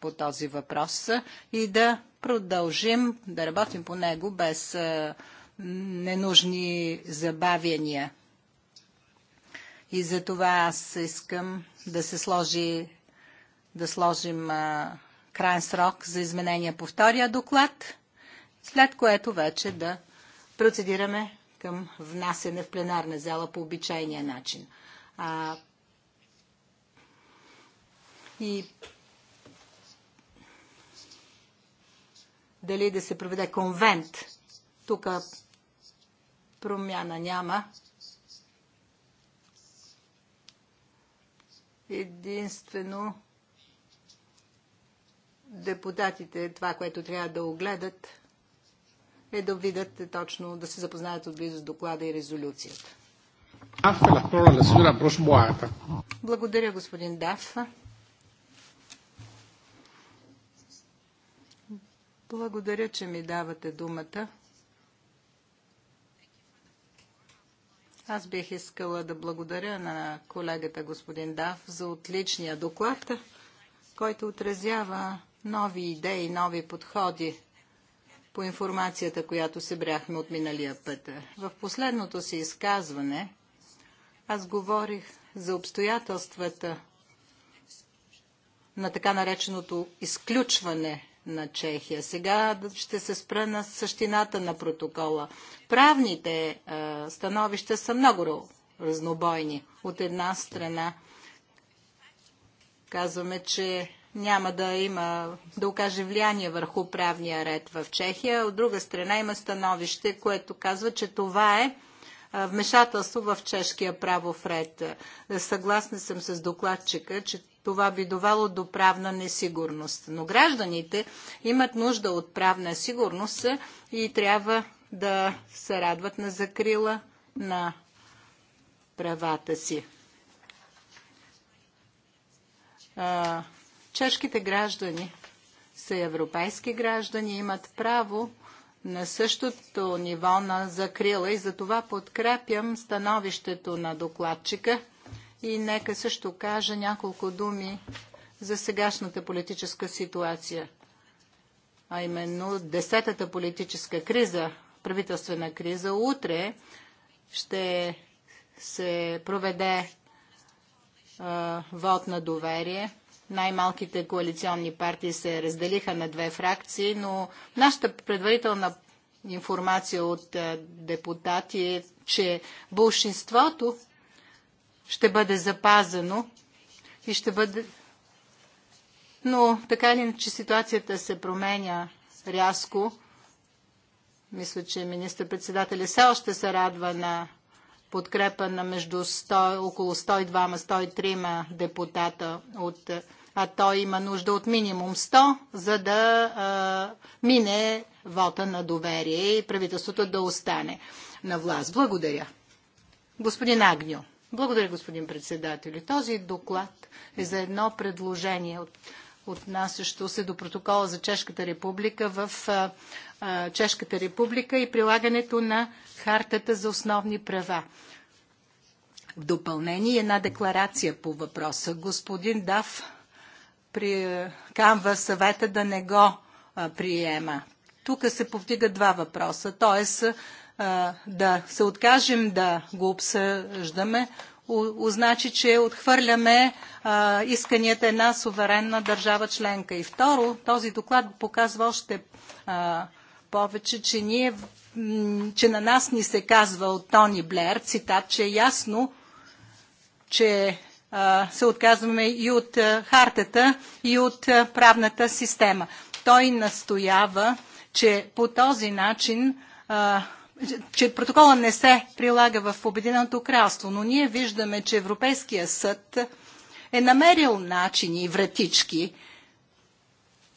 по този въпрос и да продължим да работим по него без ненужни забавяния. И за това аз искам да се сложи, да сложим а, крайен срок за изменения по втория доклад, след което вече да процедираме към внасене в пленарна зала по обичайния начин. А, и дали да се проведе конвент. Тук промяна няма. Единствено депутатите това, което трябва да огледат, е да видят точно, да се запознаят отблизо с доклада и резолюцията. Благодаря, господин Даф. Благодаря, че ми давате думата. Аз бих искала да благодаря на колегата господин Дав за отличния доклад, който отразява нови идеи, нови подходи по информацията, която се бряхме от миналия път. В последното си изказване аз говорих за обстоятелствата на така нареченото изключване на Чехия. Сега ще се спра на същината на протокола. Правните е, становища са много разнобойни. От една страна казваме, че няма да има, да окаже влияние върху правния ред в Чехия. От друга страна има становище, което казва, че това е, е вмешателство в чешкия правов ред. Съгласна съм с докладчика, че това би довело до правна несигурност. Но гражданите имат нужда от правна сигурност и трябва да се радват на закрила на правата си. Чешките граждани са европейски граждани, имат право на същото ниво на закрила и затова подкрепям становището на докладчика – и нека също кажа няколко думи за сегашната политическа ситуация, а именно десетата политическа криза, правителствена криза. Утре ще се проведе а, вод на доверие. Най-малките коалиционни партии се разделиха на две фракции, но нашата предварителна информация от а, депутати е, че большинството ще бъде запазено и ще бъде. Но така или иначе ситуацията се променя рязко. Мисля, че министър-председателя все още се радва на подкрепа на между 100, около 102-103 депутата, от, а той има нужда от минимум 100, за да а, мине вота на доверие и правителството да остане на власт. Благодаря. Господин Агньо. Благодаря, господин председател. Този доклад е за едно предложение от отнасящо се до протокола за Чешката република в а, а, Чешката република и прилагането на Хартата за основни права. В допълнение една декларация по въпроса. Господин Дав приканва съвета да не го а, приема. Тук се повдига два въпроса, Тоест, да се откажем да го обсъждаме, означи, че отхвърляме а, исканията една суверенна държава членка. И второ, този доклад показва още а, повече, че, ние, че на нас ни се казва от Тони Блер, цитат, че е ясно, че а, се отказваме и от а, хартата, и от а, правната система. Той настоява, че по този начин а, че протокола не се прилага в Обединеното кралство, но ние виждаме, че Европейския съд е намерил начини и вратички,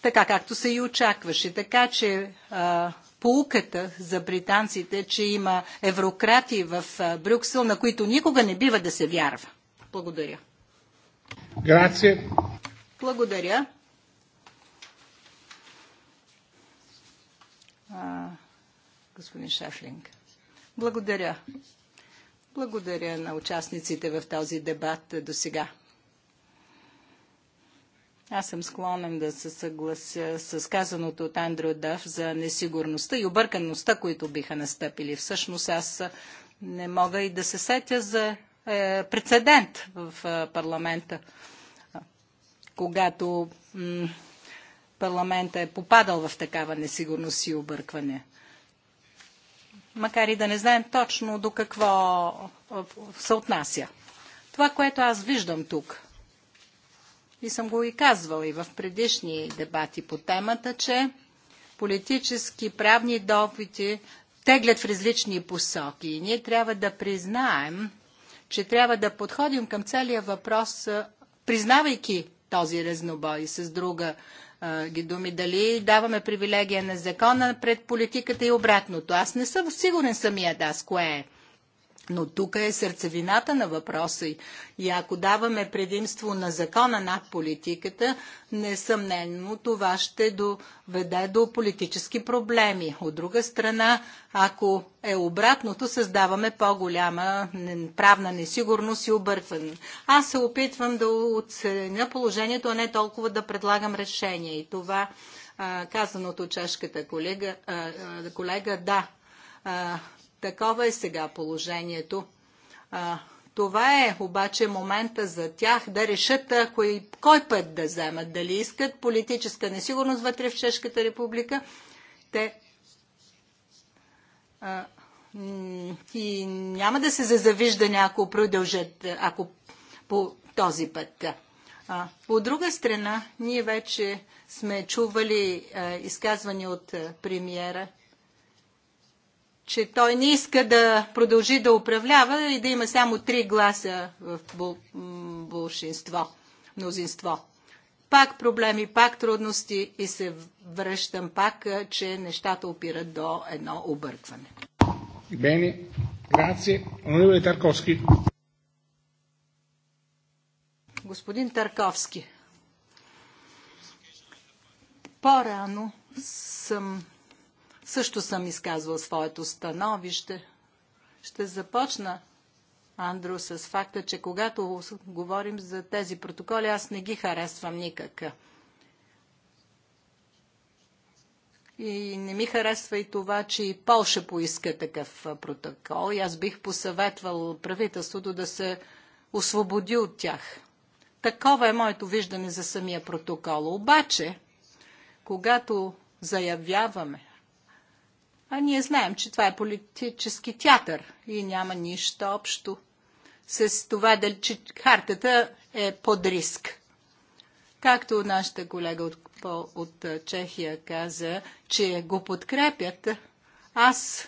така както се и очакваше. Така че а, полуката за британците, че има еврократи в Брюксел, на които никога не бива да се вярва. Благодаря. Грация. Благодаря. А, господин Шафлинг. Благодаря. Благодаря на участниците в този дебат до сега. Аз съм склонен да се съглася с казаното от Андрю Дъв за несигурността и объркаността, които биха настъпили. Всъщност аз не мога и да се сетя за е, прецедент в е, парламента, когато парламента е попадал в такава несигурност и объркване макар и да не знаем точно до какво се отнася. Това, което аз виждам тук, и съм го и казвала и в предишни дебати по темата, че политически, правни допити теглят в различни посоки. И ние трябва да признаем, че трябва да подходим към целия въпрос, признавайки този разнобой с друга ги думи, дали даваме привилегия на закона пред политиката и обратното. Аз не съм сигурен самият аз кое е. Но тук е сърцевината на въпроса и ако даваме предимство на закона над политиката, несъмнено това ще доведе до политически проблеми. От друга страна, ако е обратното, създаваме по-голяма правна несигурност и объркване. Аз се опитвам да оценя положението, а не толкова да предлагам решение. И това казаното от чешката колега, колега да, Такова е сега положението. А, това е обаче момента за тях да решат кой, кой път да вземат. Дали искат политическа несигурност вътре в Чешката република. Те а, и няма да се зазавижда, някои продължат, ако по този път. от друга страна, ние вече сме чували изказвания от премиера, че той не иска да продължи да управлява и да има само три гласа в большинство, мнозинство. Пак проблеми, пак трудности и се връщам пак, че нещата опират до едно объркване. Бени, грация. Онливе Тарковски. Господин Тарковски, по-рано съм също съм изказвал своето становище. Ще започна, Андро, с факта, че когато говорим за тези протоколи, аз не ги харесвам никак. И не ми харесва и това, че и Полша поиска такъв протокол. И аз бих посъветвал правителството да се освободи от тях. Такова е моето виждане за самия протокол. Обаче, когато заявяваме, а ние знаем, че това е политически театър и няма нищо общо с това да че хартата е под риск. Както нашата колега от, от Чехия каза, че го подкрепят, аз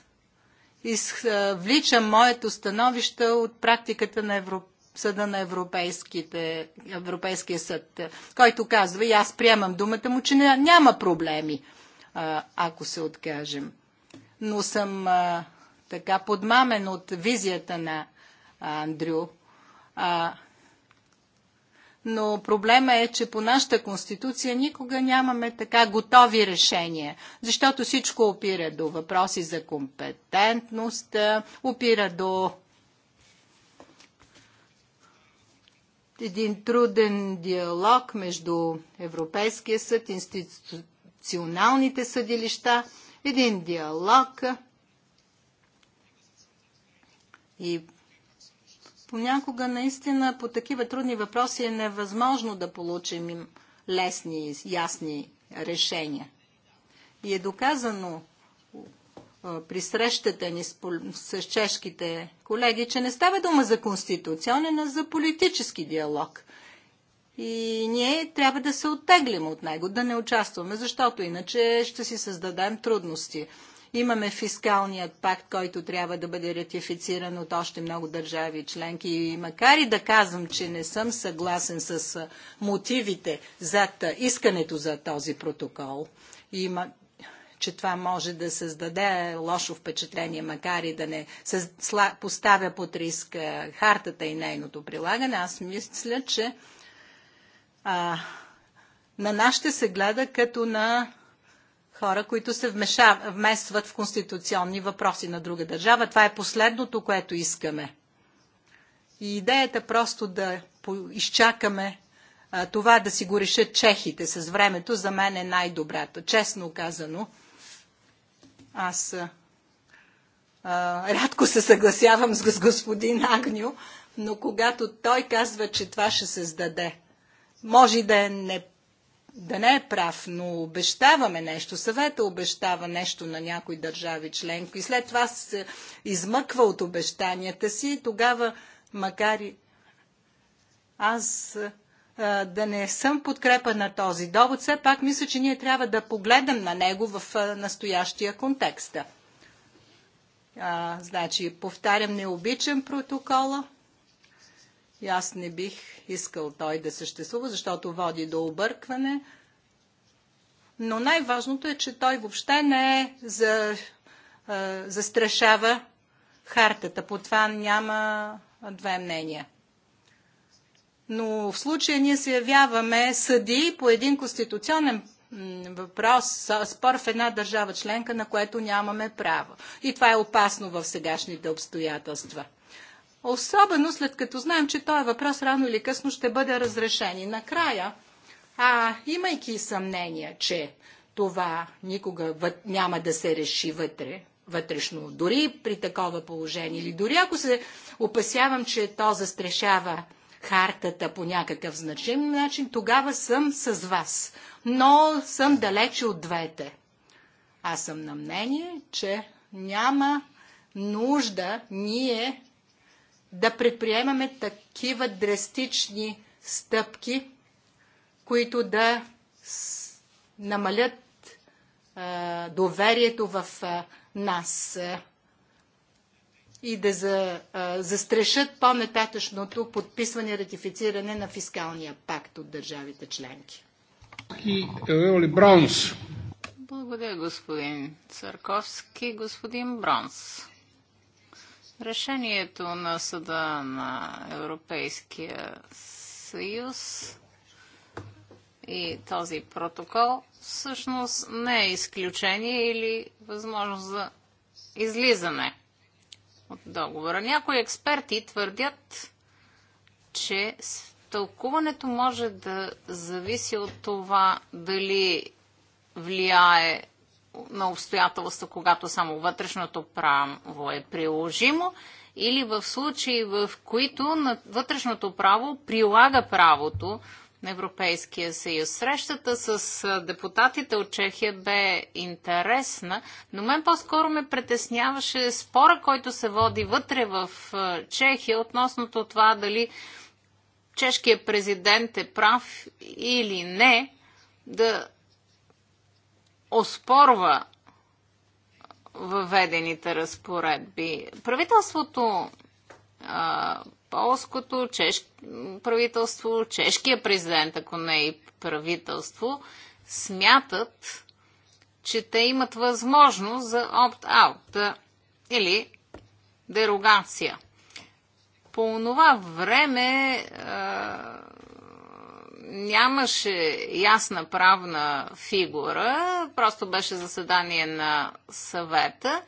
извличам моето становище от практиката на Европа съда на Европейските, Европейския съд, който казва, и аз приемам думата му, че няма проблеми, ако се откажем но съм а, така подмамен от визията на Андрю. А, но проблема е, че по нашата конституция никога нямаме така готови решения, защото всичко опира до въпроси за компетентност, опира до един труден диалог между Европейския съд, институционалните съдилища – един диалог и понякога наистина по такива трудни въпроси е невъзможно да получим лесни, и ясни решения. И е доказано при срещата ни с, с чешките колеги, че не става дума за конституционен, а за политически диалог и ние трябва да се оттеглим от него, да не участваме, защото иначе ще си създадем трудности. Имаме фискалният пакт, който трябва да бъде ратифициран от още много държави членки. И макар и да казвам, че не съм съгласен с мотивите за искането за този протокол, има, че това може да създаде лошо впечатление, макар и да не поставя под риск хартата и нейното прилагане, аз мисля, че а, на нас ще се гледа като на хора, които се вместват в конституционни въпроси на друга държава. Това е последното, което искаме. И идеята просто да изчакаме а, това да си го решат чехите с времето, за мен е най-добрата. Честно казано, аз а, рядко се съгласявам с господин Агню, но когато той казва, че това ще се сдаде – може да е не да не е прав, но обещаваме нещо, съвета обещава нещо на някои държави членко и след това се измъква от обещанията си, тогава макар и аз да не съм подкрепа на този довод, все пак мисля, че ние трябва да погледнем на него в настоящия контекст. А, значи, повтарям, не обичам протокола и аз не бих искал той да съществува, защото води до объркване. Но най-важното е, че той въобще не е за, е, застрашава хартата. По това няма две мнения. Но в случая ние се явяваме съди по един конституционен въпрос, спор в една държава членка, на което нямаме право. И това е опасно в сегашните обстоятелства. Особено след като знаем, че този въпрос рано или късно ще бъде разрешен. И накрая, а, имайки съмнение, че това никога няма да се реши вътре, вътрешно, дори при такова положение, или дори ако се опасявам, че то застрешава хартата по някакъв значим начин, тогава съм с вас. Но съм далече от двете. Аз съм на мнение, че няма нужда ние да предприемаме такива драстични стъпки, които да намалят а, доверието в а, нас а, и да за, а, застрешат по-нататъчното подписване и ратифициране на фискалния пакт от държавите членки. И е, Благодаря, господин Църковски. Господин Бронс. Решението на съда на Европейския съюз и този протокол всъщност не е изключение или възможност за излизане от договора. Някои експерти твърдят, че тълкуването може да зависи от това дали влияе на обстоятелство, когато само вътрешното право е приложимо, или в случаи, в които на вътрешното право прилага правото на Европейския съюз. Срещата с депутатите от Чехия бе интересна, но мен по-скоро ме притесняваше спора, който се води вътре в Чехия относно това дали чешкият президент е прав или не да оспорва въведените разпоредби. Правителството а, полското, чеш... правителство, чешкия президент, ако не и правителство, смятат, че те имат възможност за опт-аут или дерогация. По това време а, нямаше ясна правна фигура, просто беше заседание на съвета,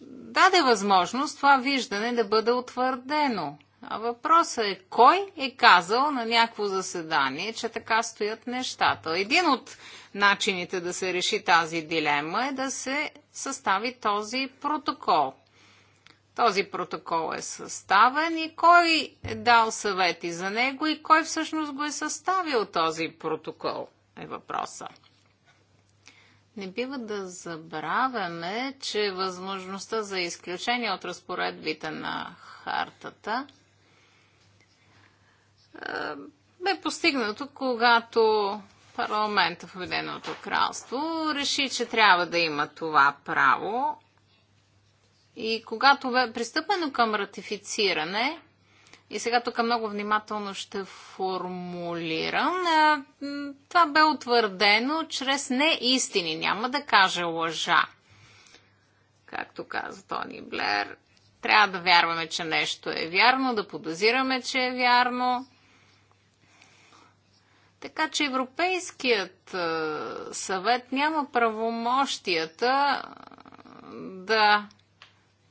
даде възможност това виждане да бъде утвърдено. А въпросът е кой е казал на някакво заседание, че така стоят нещата. Един от начините да се реши тази дилема е да се състави този протокол. Този протокол е съставен и кой е дал съвети за него и кой всъщност го е съставил този протокол е въпроса. Не бива да забравяме, че възможността за изключение от разпоредбите на хартата бе е постигнато, когато парламентът в Обединеното кралство реши, че трябва да има това право и когато бе пристъпено към ратифициране, и сега тук много внимателно ще формулирам, това бе утвърдено чрез неистини, няма да кажа лъжа. Както каза Тони Блер, трябва да вярваме, че нещо е вярно, да подозираме, че е вярно. Така че Европейският съвет няма правомощията да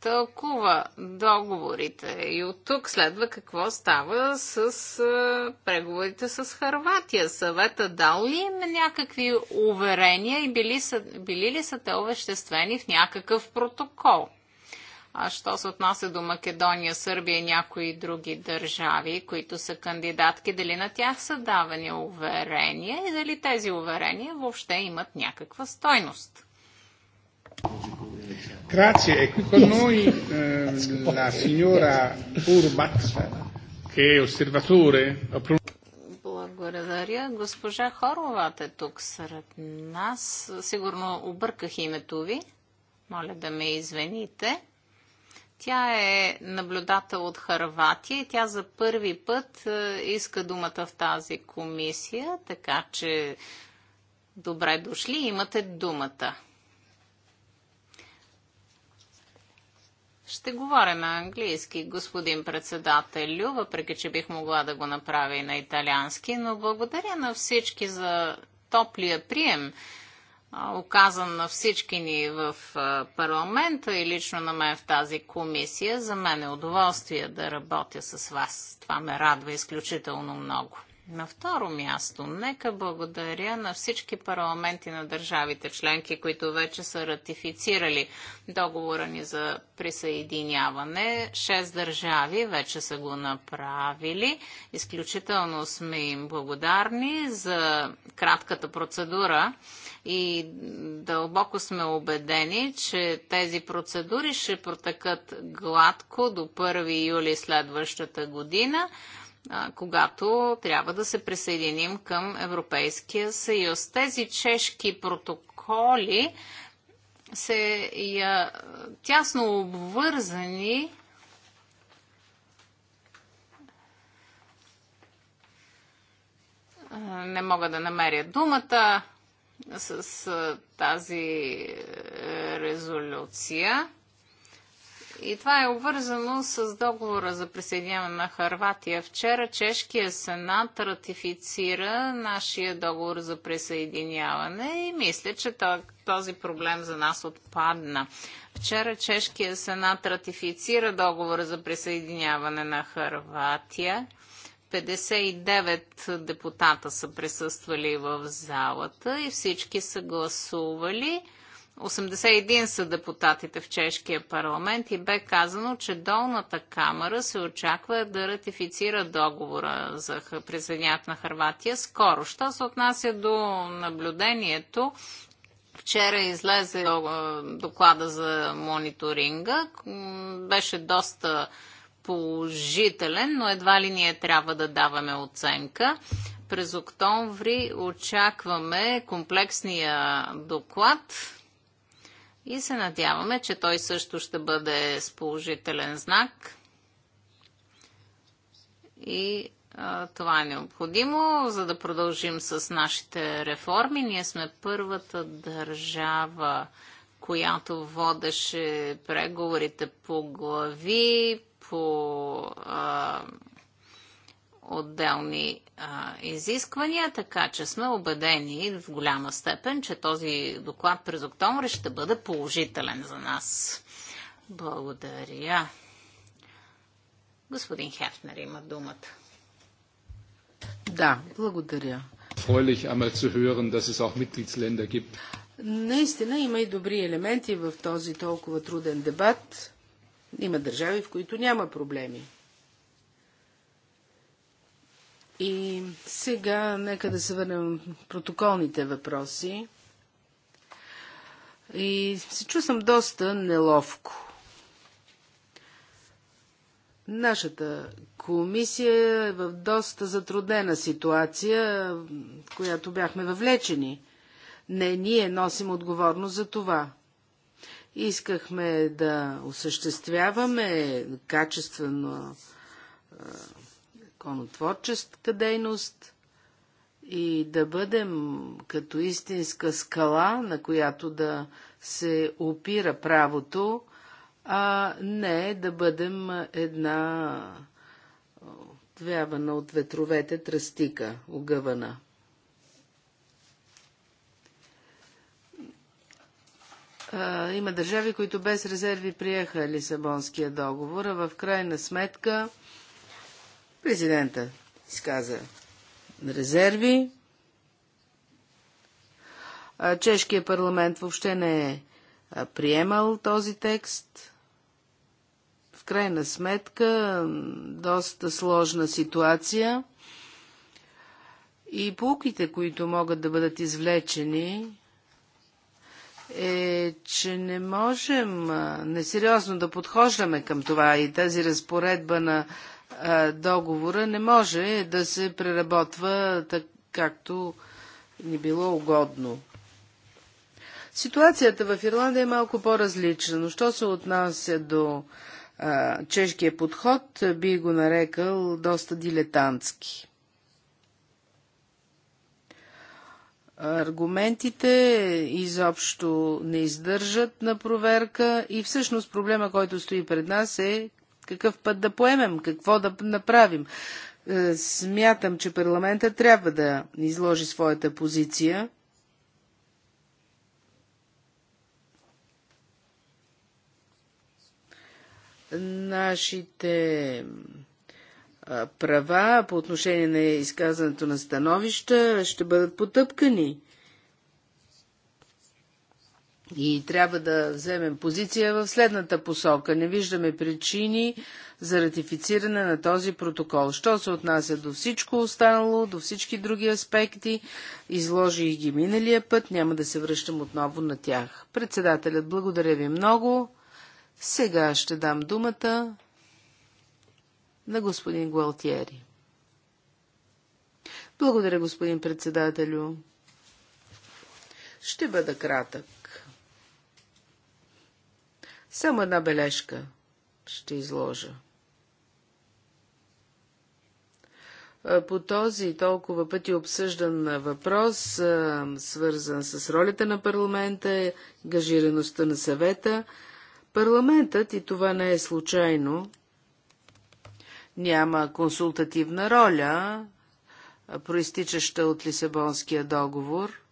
тълкува договорите. И от тук следва какво става с а, преговорите с Харватия. Съвета дал ли им някакви уверения и били, са, били ли са те овеществени в някакъв протокол? А що се отнася до Македония, Сърбия и някои други държави, които са кандидатки, дали на тях са давани уверения и дали тези уверения въобще имат някаква стойност? Grazie, è e qui con noi eh, la signora Urbat, che è osservatore. Благодаря. Госпожа Хорват е тук сред нас. Сигурно обърках името ви. Моля да ме извините. Тя е наблюдател от Харватия и тя за първи път е, иска думата в тази комисия, така че добре дошли, имате думата. Ще говоря на английски, господин председателю, въпреки че бих могла да го направя и на италиански, но благодаря на всички за топлия прием, оказан на всички ни в парламента и лично на мен в тази комисия. За мен е удоволствие да работя с вас. Това ме радва изключително много. На второ място, нека благодаря на всички парламенти на държавите членки, които вече са ратифицирали договора ни за присъединяване. Шест държави вече са го направили. Изключително сме им благодарни за кратката процедура и дълбоко сме убедени, че тези процедури ще протекат гладко до 1 юли следващата година когато трябва да се присъединим към Европейския съюз. Тези чешки протоколи се я, тясно обвързани не мога да намеря думата с тази резолюция. И това е обвързано с договора за присъединяване на Харватия. Вчера Чешкия сенат ратифицира нашия договор за присъединяване и мисля, че този проблем за нас отпадна. Вчера Чешкия сенат ратифицира договора за присъединяване на Харватия. 59 депутата са присъствали в залата и всички са гласували. 81 са депутатите в чешкия парламент и бе казано, че долната камера се очаква да ратифицира договора за присъединяването на Харватия скоро. Що се отнася до наблюдението, Вчера излезе доклада за мониторинга. Беше доста положителен, но едва ли ние трябва да даваме оценка. През октомври очакваме комплексния доклад и се надяваме, че той също ще бъде с положителен знак. И а, това е необходимо, за да продължим с нашите реформи. Ние сме първата държава, която водеше преговорите по глави, по а, отделни а, изисквания, така че сме убедени в голяма степен, че този доклад през октомври ще бъде положителен за нас. Благодаря. Господин Хефнер има думата. Да, благодаря. Наистина има и добри елементи в този толкова труден дебат. Има държави, в които няма проблеми. И сега нека да се върнем протоколните въпроси. И се чувствам доста неловко. Нашата комисия е в доста затруднена ситуация, в която бяхме въвлечени. Не ние носим отговорност за това. Искахме да осъществяваме качествено законотворческа дейност и да бъдем като истинска скала, на която да се опира правото, а не да бъдем една отвявана от ветровете тръстика, огъвана. Има държави, които без резерви приеха Лисабонския договор, а в крайна сметка Президента изказа резерви. Чешкият парламент въобще не е приемал този текст. В крайна сметка, доста сложна ситуация. И полуките, които могат да бъдат извлечени, е, че не можем несериозно да подхождаме към това и тази разпоредба на договора не може да се преработва так, както ни било угодно. Ситуацията в Ирландия е малко по-различна, но що се отнася до а, чешкия подход, би го нарекал доста дилетантски. Аргументите изобщо не издържат на проверка и всъщност проблема, който стои пред нас е какъв път да поемем, какво да направим. Е, смятам, че парламента трябва да изложи своята позиция. Нашите права по отношение на изказването на становища ще бъдат потъпкани. И трябва да вземем позиция в следната посока. Не виждаме причини за ратифициране на този протокол. Що се отнася до всичко останало, до всички други аспекти, изложих ги миналия път, няма да се връщам отново на тях. Председателят, благодаря ви много. Сега ще дам думата на господин Гуалтиери. Благодаря, господин председателю. Ще бъда кратък. Само една бележка ще изложа. По този толкова пъти обсъждан въпрос, свързан с ролята на парламента, гажираността на съвета, парламентът, и това не е случайно, няма консултативна роля, проистичаща от Лисабонския договор –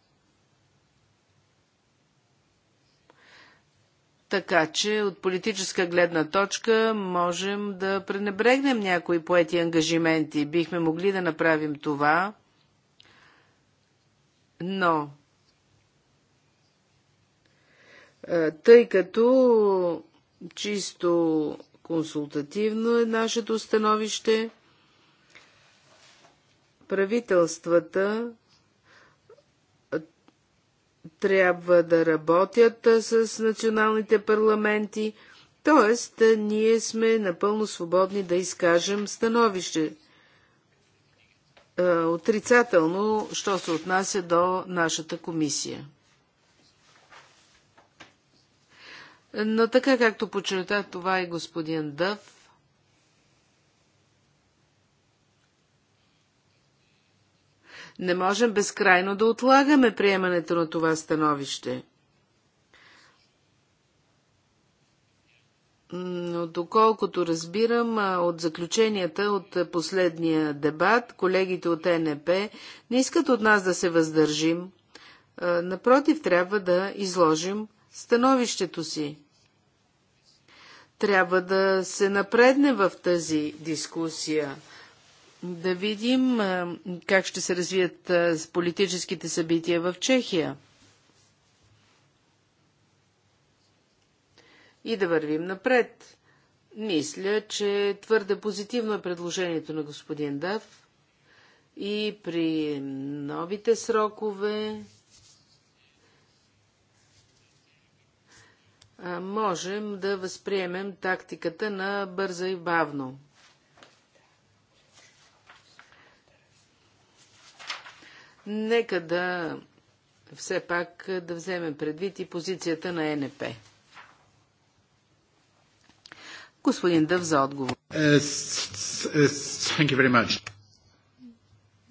Така че от политическа гледна точка можем да пренебрегнем някои поети ангажименти. Бихме могли да направим това, но е, тъй като чисто консултативно е нашето становище, правителствата трябва да работят с националните парламенти, т.е. ние сме напълно свободни да изкажем становище отрицателно, що се отнася до нашата комисия. Но така както почерта това и господин Дъв, Не можем безкрайно да отлагаме приемането на това становище. Но доколкото разбирам от заключенията от последния дебат, колегите от ЕНП не искат от нас да се въздържим. Напротив, трябва да изложим становището си. Трябва да се напредне в тази дискусия да видим как ще се развият политическите събития в Чехия. И да вървим напред. Мисля, че твърде позитивно е предложението на господин Дав. И при новите срокове можем да възприемем тактиката на бърза и бавно. Нека да все пак е, да вземем предвид и позицията на е НП. Господин Дъв за отговор. Е,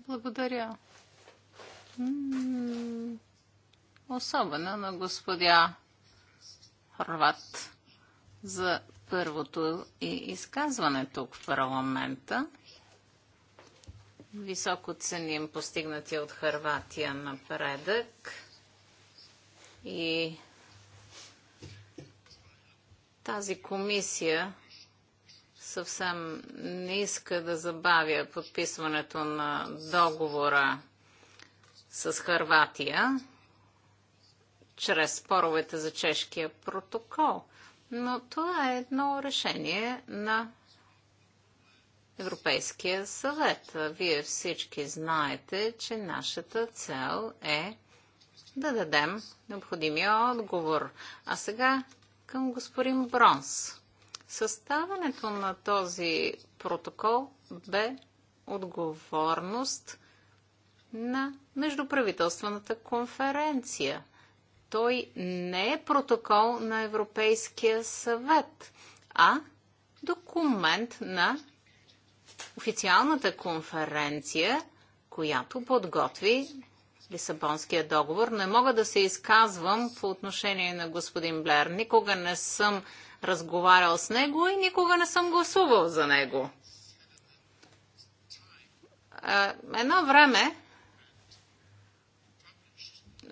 Благодаря. Особено на господя Хорват за първото и изказване тук в парламента Високо ценим постигнатия от Харватия напредък и тази комисия съвсем не иска да забавя подписването на договора с Харватия чрез споровете за чешкия протокол. Но това е едно решение на Европейския съвет. Вие всички знаете, че нашата цел е да дадем необходимия отговор. А сега към господин Бронс. Съставането на този протокол бе отговорност на Междуправителствената конференция. Той не е протокол на Европейския съвет, а документ на официалната конференция, която подготви Лисабонския договор. Не мога да се изказвам по отношение на господин Блер. Никога не съм разговарял с него и никога не съм гласувал за него. Едно време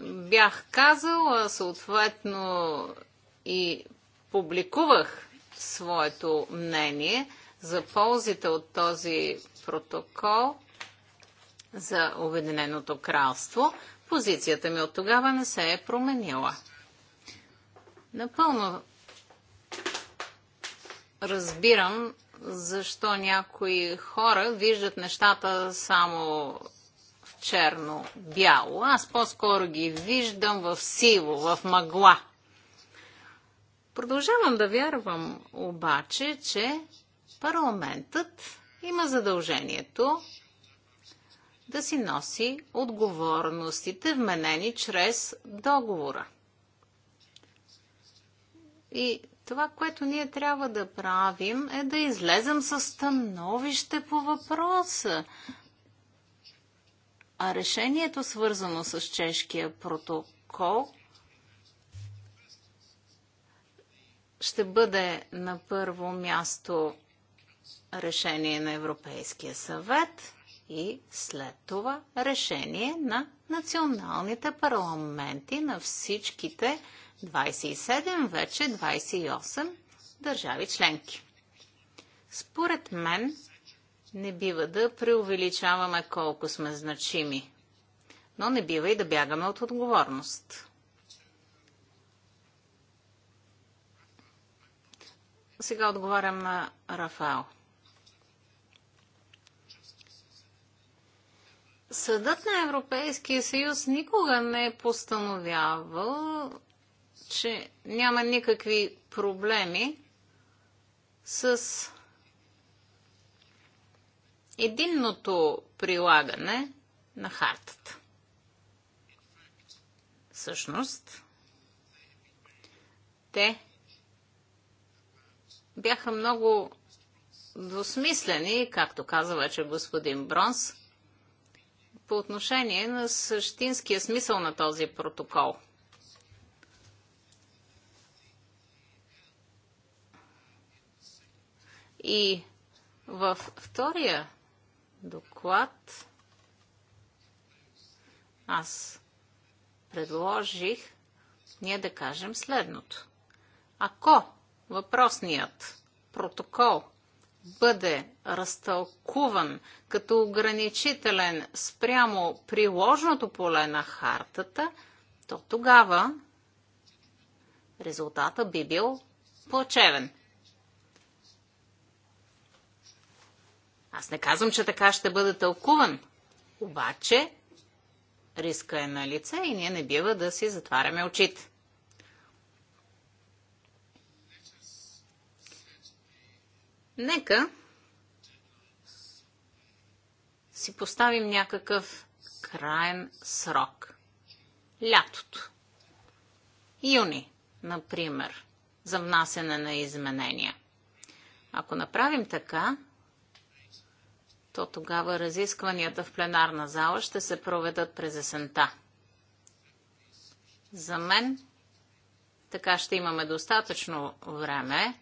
бях казал, съответно и публикувах своето мнение – за ползите от този протокол за Обединеното кралство, позицията ми от тогава не се е променила. Напълно разбирам защо някои хора виждат нещата само в черно-бяло. Аз по-скоро ги виждам в сиво, в мъгла. Продължавам да вярвам обаче, че Парламентът има задължението да си носи отговорностите, вменени чрез договора. И това, което ние трябва да правим, е да излезем с становище по въпроса. А решението, свързано с чешкия протокол, ще бъде на първо място решение на Европейския съвет и след това решение на националните парламенти на всичките 27, вече 28 държави членки. Според мен не бива да преувеличаваме колко сме значими, но не бива и да бягаме от отговорност. Сега отговарям на Рафао. Съдът на Европейския съюз никога не е постановявал, че няма никакви проблеми с единното прилагане на хартата. Всъщност, те бяха много двусмислени, както каза вече господин Бронс, по отношение на същинския смисъл на този протокол. И във втория доклад аз предложих ние да кажем следното. Ако въпросният протокол бъде разтълкуван като ограничителен спрямо приложното поле на хартата, то тогава резултата би бил плачевен. Аз не казвам, че така ще бъде тълкуван. Обаче, риска е на лице и ние не бива да си затваряме очите. Нека си поставим някакъв краен срок. Лятото. Юни, например, за внасене на изменения. Ако направим така, то тогава разискванията в пленарна зала ще се проведат през есента. За мен така ще имаме достатъчно време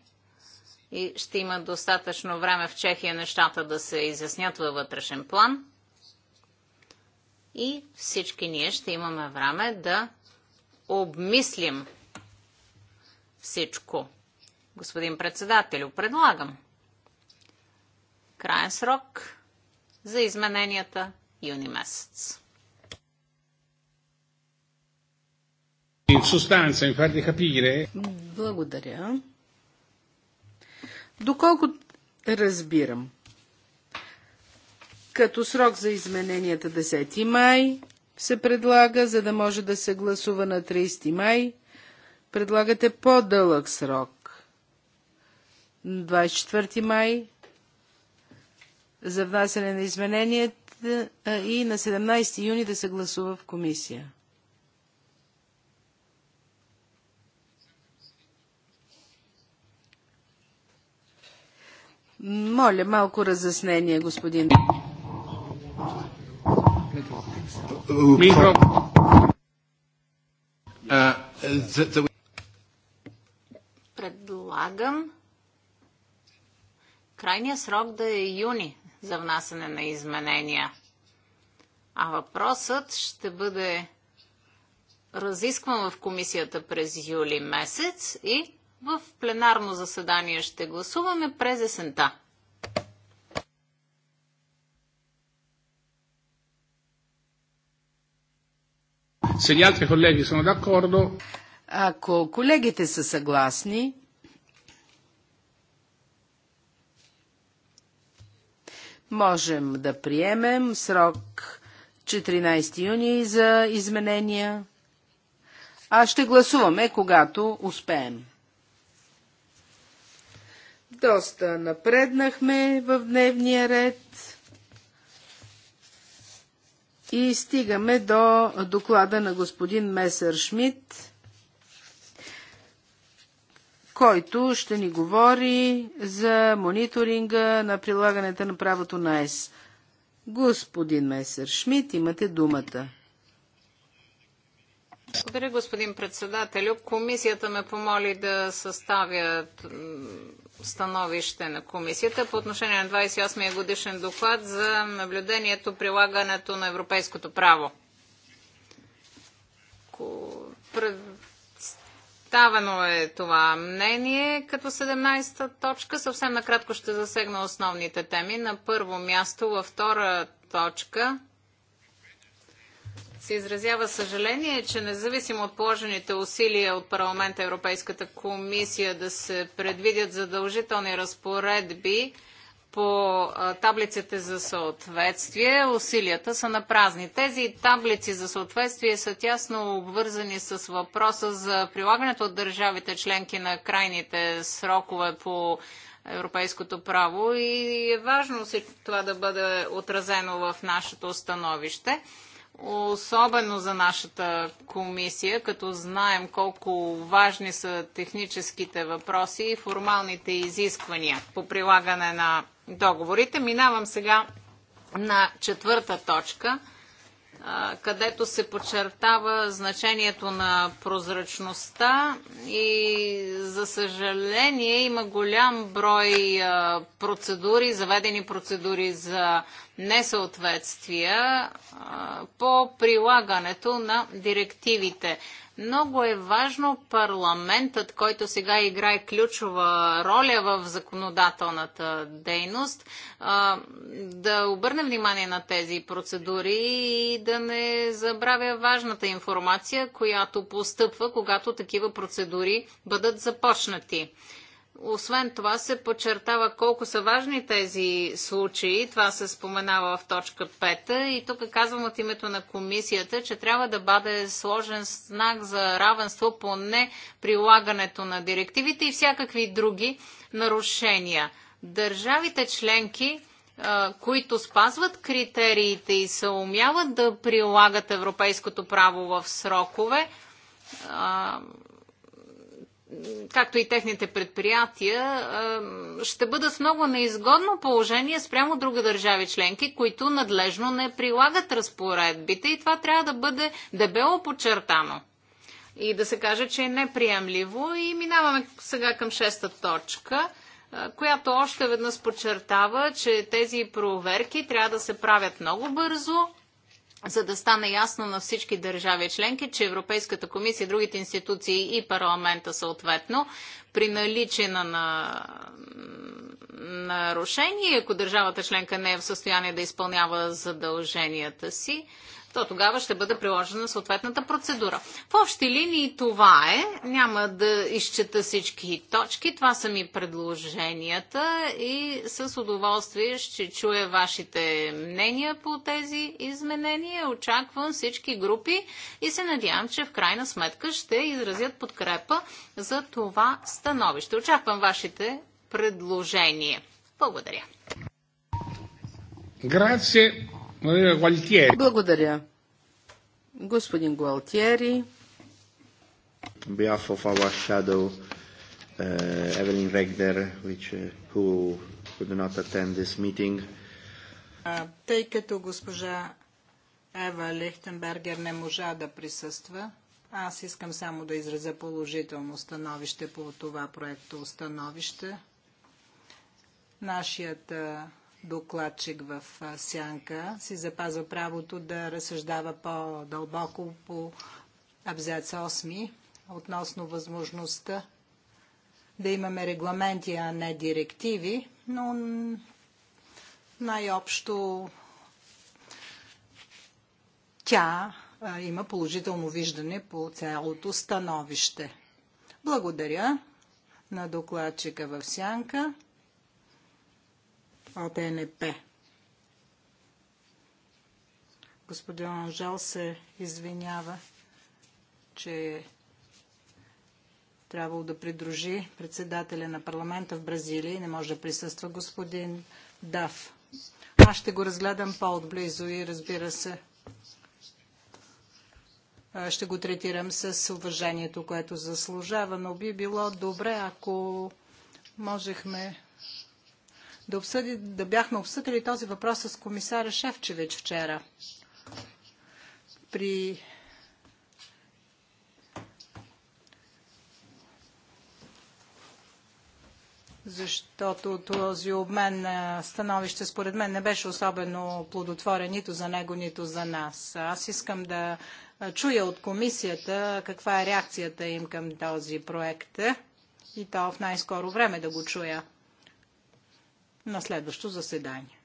и ще има достатъчно време в Чехия нещата да се изяснят във вътрешен план. И всички ние ще имаме време да обмислим всичко. Господин председателю, предлагам краен срок за измененията юни месец. Благодаря. Доколко разбирам, като срок за измененията 10 май се предлага, за да може да се гласува на 30 май, предлагате по-дълъг срок. 24 май за внасяне на измененията и на 17 юни да се гласува в комисия. Моля, малко разяснение, господин. Предлагам крайният срок да е юни за внасяне на изменения. А въпросът ще бъде разискван в комисията през юли месец и в пленарно заседание ще гласуваме през есента. Ако колегите са съгласни, можем да приемем срок 14 юни за изменения, а ще гласуваме, когато успеем. Доста напреднахме в дневния ред и стигаме до доклада на господин Месер Шмидт, който ще ни говори за мониторинга на прилагането на правото на ЕС. Господин Месер Шмидт, имате думата. Благодаря, господин председателю. Комисията ме помоли да съставя становище на комисията по отношение на 28-я годишен доклад за наблюдението, прилагането на европейското право. Представено е това мнение като 17-та точка. Съвсем накратко ще засегна основните теми. На първо място, във втора точка – се изразява съжаление, че независимо от положените усилия от парламента Европейската комисия да се предвидят задължителни разпоредби по таблиците за съответствие, усилията са на празни. Тези таблици за съответствие са тясно обвързани с въпроса за прилагането от държавите членки на крайните срокове по европейското право и е важно това да бъде отразено в нашето становище особено за нашата комисия, като знаем колко важни са техническите въпроси и формалните изисквания по прилагане на договорите. Минавам сега на четвърта точка – където се подчертава значението на прозрачността и за съжаление има голям брой процедури, заведени процедури за несъответствия по прилагането на директивите. Много е важно парламентът, който сега играе ключова роля в законодателната дейност, да обърне внимание на тези процедури и да не забравя важната информация, която постъпва, когато такива процедури бъдат започнати. Освен това се подчертава колко са важни тези случаи. Това се споменава в точка 5. И тук казвам от името на комисията, че трябва да бъде сложен знак за равенство по неприлагането на директивите и всякакви други нарушения. Държавите членки които спазват критериите и се умяват да прилагат европейското право в срокове, както и техните предприятия, ще бъдат в много неизгодно положение спрямо други държави членки, които надлежно не прилагат разпоредбите и това трябва да бъде дебело подчертано и да се каже, че е неприемливо. И минаваме сега към шеста точка, която още веднъж подчертава, че тези проверки трябва да се правят много бързо, за да стане ясно на всички държави членки, че Европейската комисия, другите институции и парламента съответно, при наличина на нарушение, ако държавата членка не е в състояние да изпълнява задълженията си, то тогава ще бъде приложена съответната процедура. В общи линии това е. Няма да изчета всички точки. Това са ми предложенията и с удоволствие ще чуя вашите мнения по тези изменения. Очаквам всички групи и се надявам, че в крайна сметка ще изразят подкрепа за това становище. Очаквам вашите предложения. Благодаря. Grazie. Нали, Благодаря. Господин Гуалтиери. behalf of our shadow, uh, Evelyn Regner, which, uh, who could not attend this meeting. тъй като госпожа Ева Лихтенбергер не можа да присъства, аз искам само да изразя положително становище по това проекто установище. Нашият докладчик в сянка си запазва правото да разсъждава по-дълбоко по абзац 8 относно възможността да имаме регламенти, а не директиви, но най-общо тя има положително виждане по цялото становище. Благодаря на докладчика в сянка от ЕНП. Господин Анжел се извинява, че е трябвало да придружи председателя на парламента в Бразилия и не може да присъства господин Дав. Аз ще го разгледам по-отблизо и разбира се, ще го третирам с уважението, което заслужава, но би било добре, ако можехме да, обсъди, да бяхме обсъдили този въпрос с комисаря Шефчевич вчера. При защото този обмен на становище според мен не беше особено плодотворен нито за него, нито за нас. Аз искам да чуя от комисията каква е реакцията им към този проект и то в най-скоро време да го чуя на следващо заседание.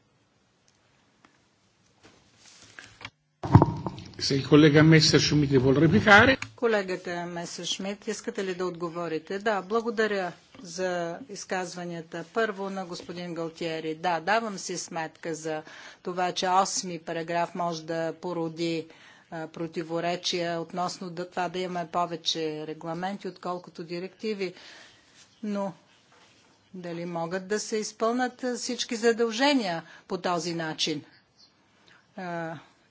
Колега Месершмит вол Колегата Месершмит, искате ли да отговорите? Да, благодаря за изказванията. Първо на господин Галтиери. Да, давам си сметка за това, че 8 параграф може да породи противоречия относно да, това да имаме повече регламенти, отколкото директиви. Но дали могат да се изпълнат всички задължения по този начин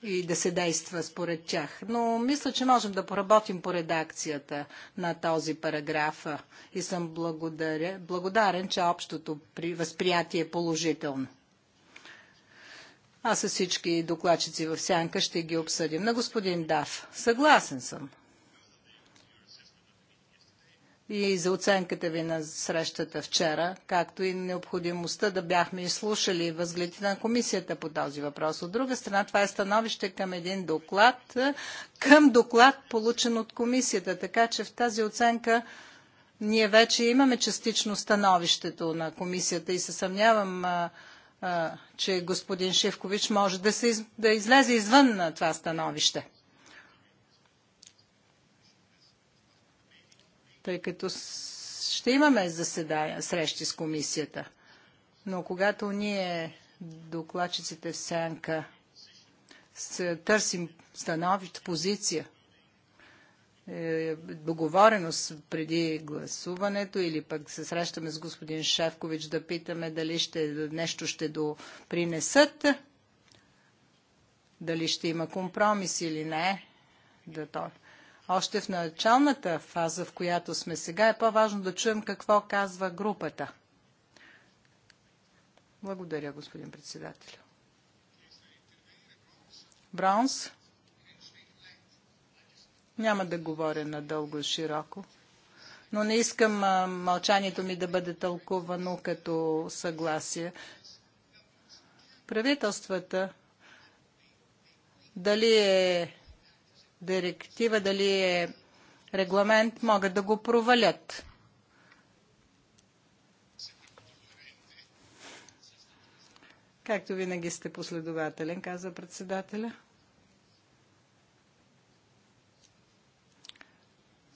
и да се действа според тях. Но мисля, че можем да поработим по редакцията на този параграф и съм благодарен, че общото възприятие е положително. Аз с всички докладчици в сянка ще ги обсъдим. На господин Дав, съгласен съм и за оценката ви на срещата вчера, както и необходимостта да бяхме изслушали възгледите на комисията по този въпрос. От друга страна, това е становище към един доклад, към доклад получен от комисията, така че в тази оценка ние вече имаме частично становището на комисията и се съмнявам, че господин Шевкович може да, се, да излезе извън на това становище. тъй като ще имаме заседания, срещи с комисията. Но когато ние, докладчиците в сянка, търсим становище, позиция, е, договореност преди гласуването или пък се срещаме с господин Шевкович да питаме дали ще, нещо ще допринесат, дали ще има компромис или не. Да, то. Още в началната фаза, в която сме сега, е по-важно да чуем какво казва групата. Благодаря, господин председател. Браунс? Няма да говоря надълго и широко, но не искам а, мълчанието ми да бъде тълкувано като съгласие. Правителствата дали е директива, дали е регламент, могат да го провалят. Както винаги сте последователен, каза председателя.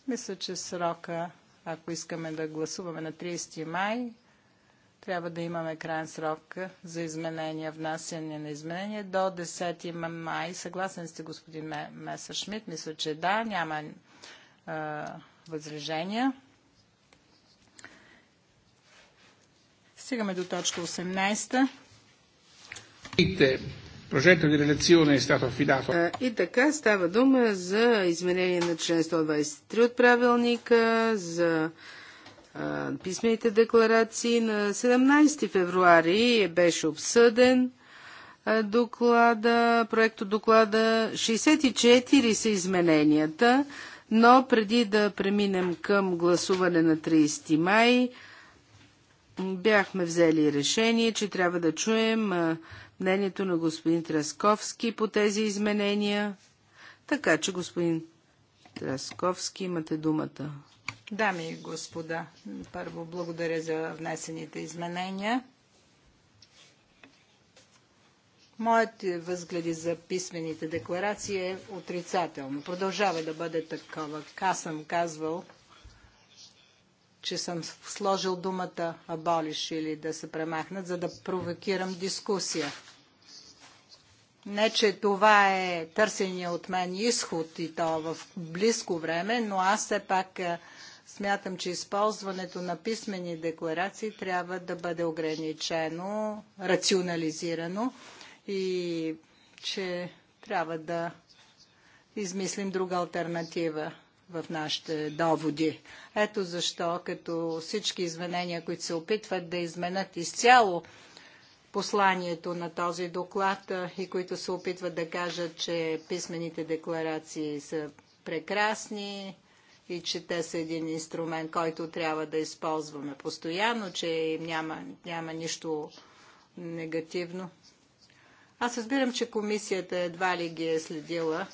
Мисля, че срока, ако искаме да гласуваме на 30 май, трябва да имаме крайен срок за изменения, внасяне на изменения до 10 май. Съгласен сте, господин Шмидт? Мисля, че да, няма възражения. Стигаме до точка 18. Прожекто di И така става дума за изменение на член 123 от правилника, за писмените декларации. На 17 февруари беше обсъден доклада, проекто доклада. 64 са измененията, но преди да преминем към гласуване на 30 май, бяхме взели решение, че трябва да чуем мнението на господин Трасковски по тези изменения. Така че, господин Трасковски, имате думата. Дами и господа, първо благодаря за внесените изменения. Моят възгледи за писмените декларации е отрицателно. Продължава да бъде такова. Аз съм казвал, че съм сложил думата аболиш или да се премахнат, за да провокирам дискусия. Не, че това е търсения от мен изход и то в близко време, но аз все пак е, Смятам, че използването на писмени декларации трябва да бъде ограничено, рационализирано и че трябва да измислим друга альтернатива в нашите доводи. Ето защо, като всички изменения, които се опитват да изменят изцяло посланието на този доклад и които се опитват да кажат, че писмените декларации са прекрасни, и че те са един инструмент, който трябва да използваме постоянно, че им няма, няма нищо негативно. Аз разбирам, че комисията едва ли ги е следила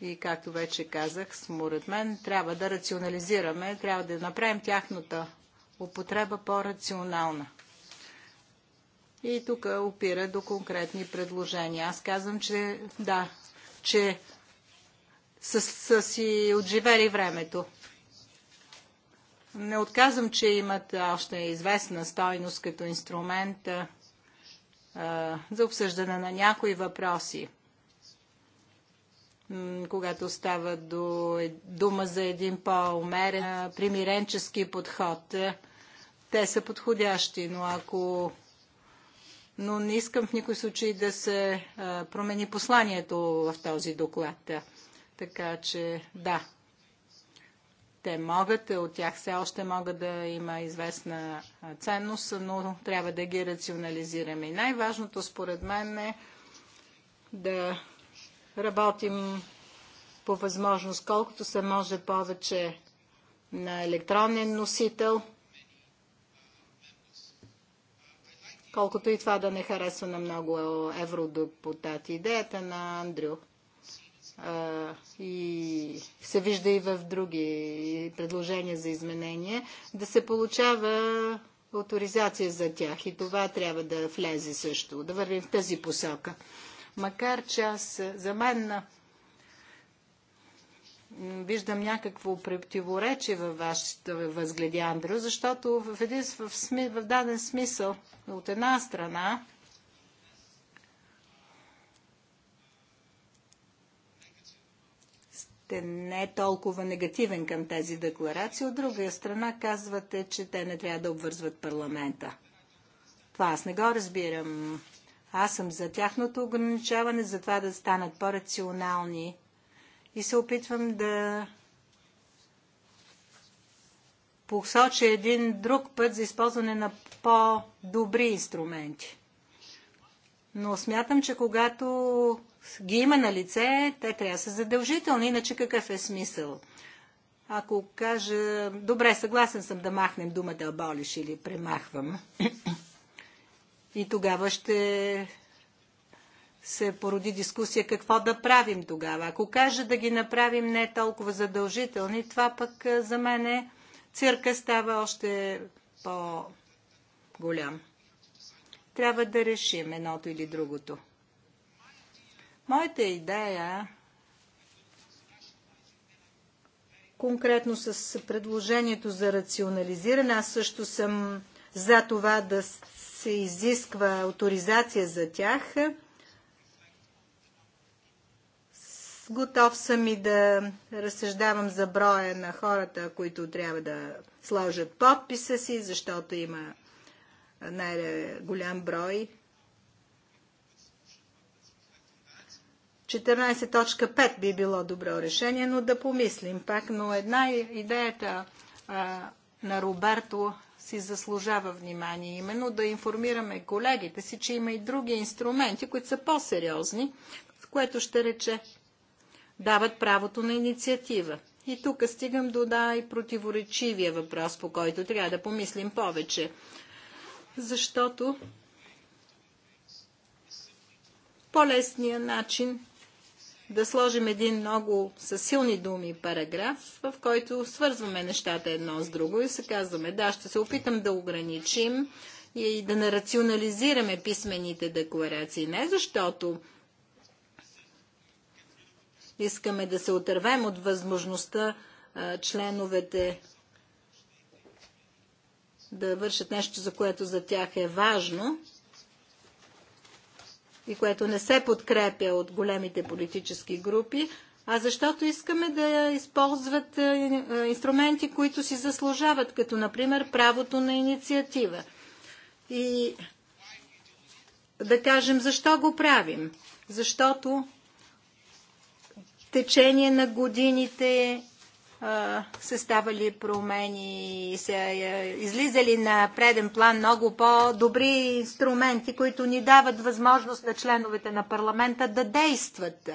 и както вече казах, според мен трябва да рационализираме, трябва да направим тяхната употреба по-рационална. И тук опира до конкретни предложения. Аз казвам, че да, че са, са си отживели времето. Не отказвам, че имат още известна стойност като инструмент а, за обсъждане на някои въпроси. Когато става до, е, дума за един по-умерен, примиренчески подход, те са подходящи, но ако но не искам в никой случай да се промени посланието в този доклад. Така че да, те могат, е, от тях все още могат да има известна ценност, но трябва да ги рационализираме. И най-важното според мен е да работим по възможност колкото се може повече на електронен носител, колкото и това да не харесва на много евродепутати. Идеята на Андрю и се вижда и в други предложения за изменение, да се получава авторизация за тях. И това трябва да влезе също, да вървим в тази посока. Макар че аз, за мен виждам някакво противоречие във вашето възгледи, Андрю, защото в, един, в, сми, в даден смисъл, от една страна, бяхте не е толкова негативен към тези декларации. От друга страна казвате, че те не трябва да обвързват парламента. Това аз не го разбирам. Аз съм за тяхното ограничаване, за това да станат по-рационални. И се опитвам да посоча един друг път за използване на по-добри инструменти. Но смятам, че когато ги има на лице, те трябва да са задължителни, иначе какъв е смисъл? Ако кажа, добре, съгласен съм да махнем думата аболиш или премахвам, и тогава ще се породи дискусия какво да правим тогава. Ако кажа да ги направим не толкова задължителни, това пък за мен е цирка става още по-голям. Трябва да решим едното или другото. Моята идея конкретно с предложението за рационализиране, аз също съм за това да се изисква авторизация за тях. Готов съм и да разсъждавам за броя на хората, които трябва да сложат подписа си, защото има най-голям брой 14.5 би било добро решение, но да помислим пак. Но една идеята а, на Роберто си заслужава внимание. Именно да информираме колегите си, че има и други инструменти, които са по-сериозни, което ще рече дават правото на инициатива. И тук стигам до да и противоречивия въпрос, по който трябва да помислим повече. Защото по-лесният начин да сложим един много със силни думи параграф, в който свързваме нещата едно с друго и се казваме, да, ще се опитам да ограничим и да не рационализираме писмените декларации. Не защото искаме да се отървем от възможността а, членовете да вършат нещо, за което за тях е важно, и което не се подкрепя от големите политически групи, а защото искаме да използват е, е, инструменти, които си заслужават, като например правото на инициатива. И да кажем защо го правим. Защото течение на годините са ставали промени и са е, излизали на преден план много по-добри инструменти, които ни дават възможност на членовете на парламента да действат.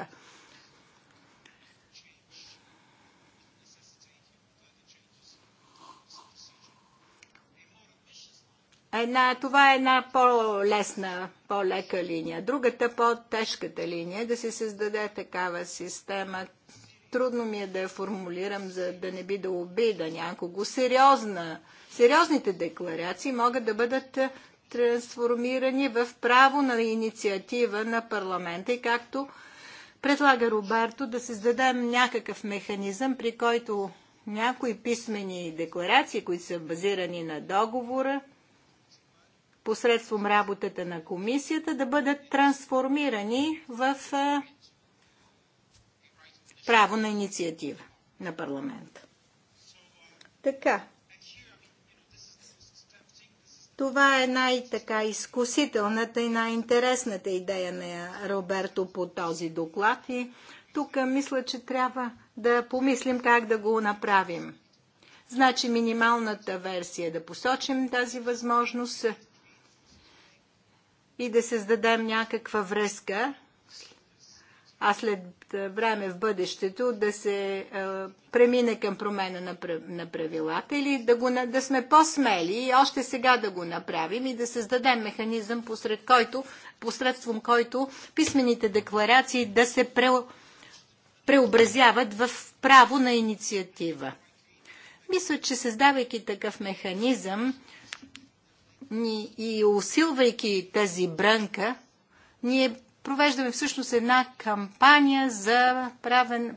Една, това е една по-лесна, по-лека линия. Другата по-тежката линия е да се създаде такава система, трудно ми е да я формулирам, за да не би да обида някого. Сериозна, сериозните декларации могат да бъдат трансформирани в право на инициатива на парламента и както предлага Роберто да създадем някакъв механизъм, при който някои писмени декларации, които са базирани на договора, посредством работата на комисията, да бъдат трансформирани в право на инициатива на парламента. Така. Това е най-така изкусителната и най-интересната идея на Роберто по този доклад и тук мисля, че трябва да помислим как да го направим. Значи минималната версия е да посочим тази възможност и да създадем някаква връзка а след време в бъдещето да се премине към промена на правилата или да, го, да сме по-смели и още сега да го направим и да създадем механизъм, посред който, посредством който писмените декларации да се пре, преобразяват в право на инициатива. Мисля, че създавайки такъв механизъм и усилвайки тази брънка, ние провеждаме всъщност една кампания за правен,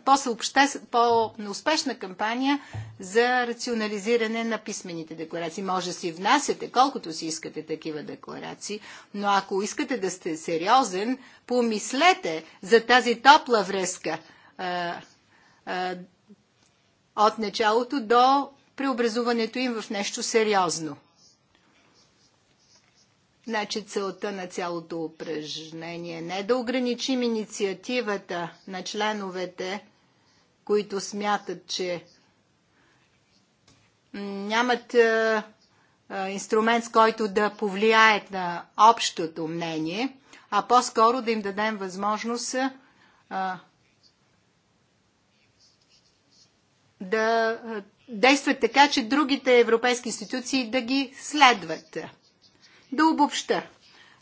по-успешна по кампания за рационализиране на писмените декларации. Може да си внасяте колкото си искате такива декларации, но ако искате да сте сериозен, помислете за тази топла връзка а, а, от началото до преобразуването им в нещо сериозно. Значи целта на цялото упражнение е не е да ограничим инициативата на членовете, които смятат, че нямат а, е, а, е, инструмент, с който да повлияят на общото мнение, а по-скоро да им дадем възможност а, да действат така, че другите европейски институции да ги следват да обобща.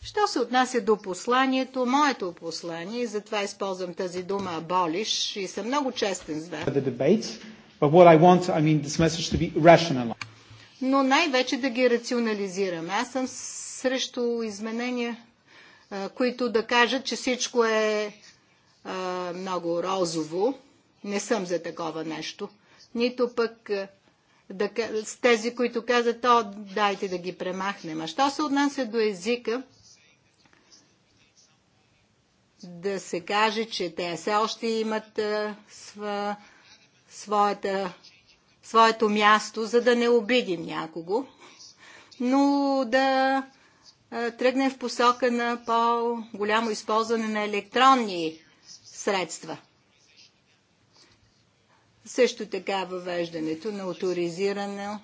Що се отнася до посланието, моето послание, и затова използвам тази дума болиш и съм много честен с вас. Но най-вече да ги рационализирам. Аз съм срещу изменения, които да кажат, че всичко е много розово. Не съм за такова нещо. Нито пък да, с тези, които казват, о, дайте да ги премахнем. А що се отнася до езика, да се каже, че те все още имат сва, своята, своето място, за да не обидим някого, но да тръгнем в посока на по-голямо използване на електронни средства – също така въвеждането на авторизиране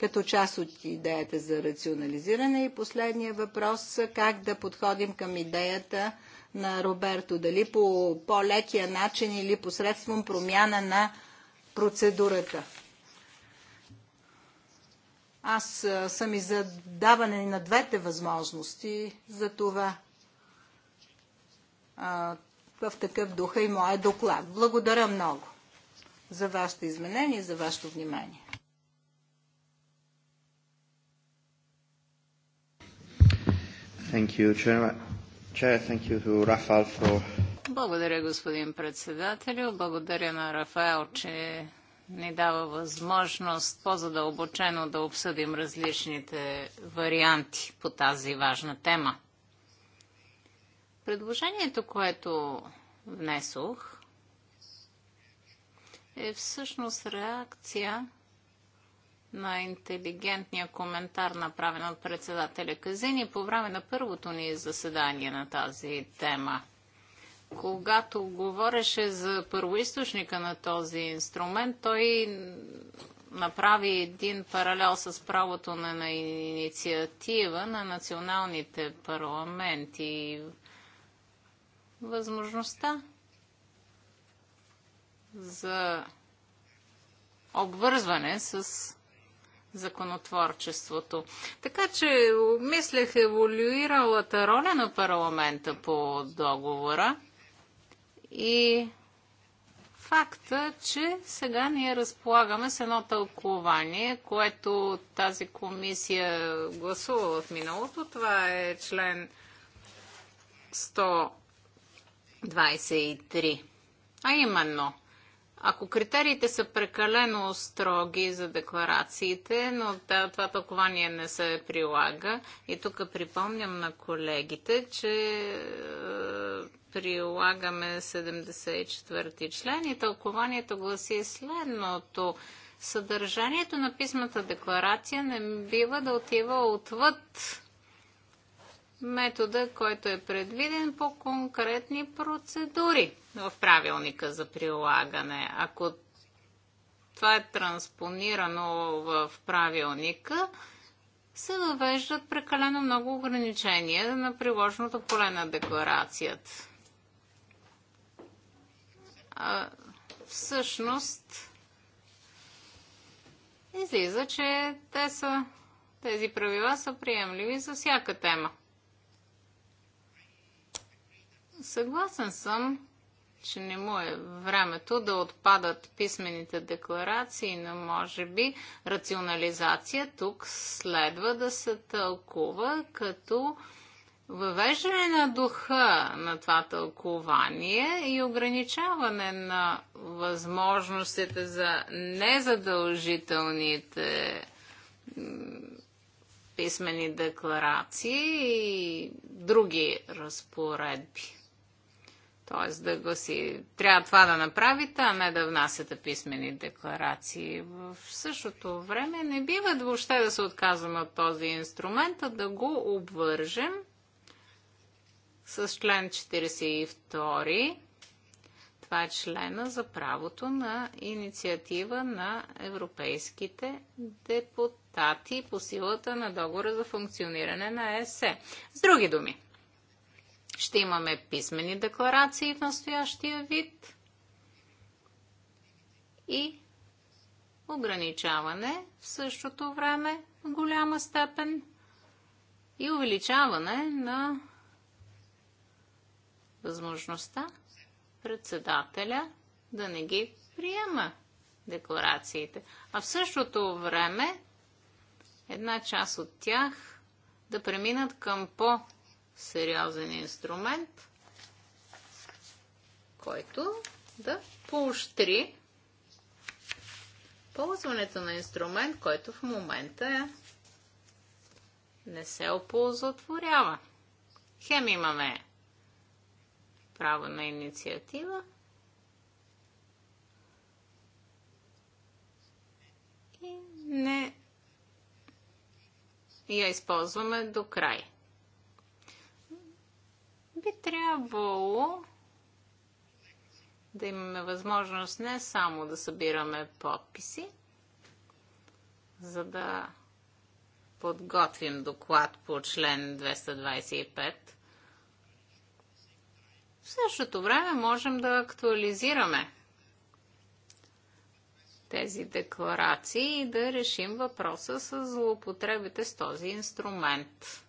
като част от идеята за рационализиране. И последния въпрос как да подходим към идеята на Роберто. Дали по по-лекия начин или посредством промяна на процедурата. Аз съм и за даване на двете възможности за това. В такъв дух е и моя доклад. Благодаря много за вашето изменение и за вашето внимание. Thank you, Chair. Chair, thank you to Rafael for... Благодаря, господин председателю. Благодаря на Рафаел, че ни дава възможност по-задълбочено да обсъдим различните варианти по тази важна тема. Предложението, което внесох, е всъщност реакция на интелигентния коментар, направен от председателя Казини по време на първото ни заседание на тази тема. Когато говореше за първоисточника на този инструмент, той направи един паралел с правото на, на инициатива на националните парламенти възможността за обвързване с законотворчеството. Така че мислех еволюиралата роля на парламента по договора и факта, че сега ние разполагаме с едно тълкование, което тази комисия гласува в миналото. Това е член 100 23. А именно, ако критериите са прекалено строги за декларациите, но това тълкование не се прилага, и тук припомням на колегите, че е, прилагаме 74 ти член и тълкованието гласи следното. Съдържанието на писмата декларация не бива да отива отвъд метода, който е предвиден по конкретни процедури в правилника за прилагане. Ако това е транспонирано в правилника, се въвеждат прекалено много ограничения на приложеното поле на декларацията. А, всъщност, излиза, че те са, тези правила са приемливи за всяка тема. Съгласен съм, че не му е времето да отпадат писмените декларации, но може би рационализация тук следва да се тълкува като въвеждане на духа на това тълкование и ограничаване на възможностите за незадължителните писмени декларации и други разпоредби. Тоест да го си трябва това да направите, а не да внасяте писмени декларации. В същото време не бива въобще да се отказваме от този инструмент, а да го обвържем с член 42. Това е члена за правото на инициатива на европейските депутати по силата на договора за функциониране на ЕСЕ. С други думи, ще имаме писмени декларации в настоящия вид и ограничаване в същото време в голяма степен и увеличаване на възможността председателя да не ги приема декларациите. А в същото време една част от тях да преминат към по сериозен инструмент, който да поощри ползването на инструмент, който в момента е не се оползотворява. Хем имаме право на инициатива и не я използваме до край би трябвало да имаме възможност не само да събираме подписи, за да подготвим доклад по член 225. В същото време можем да актуализираме тези декларации и да решим въпроса с злоупотребите с този инструмент.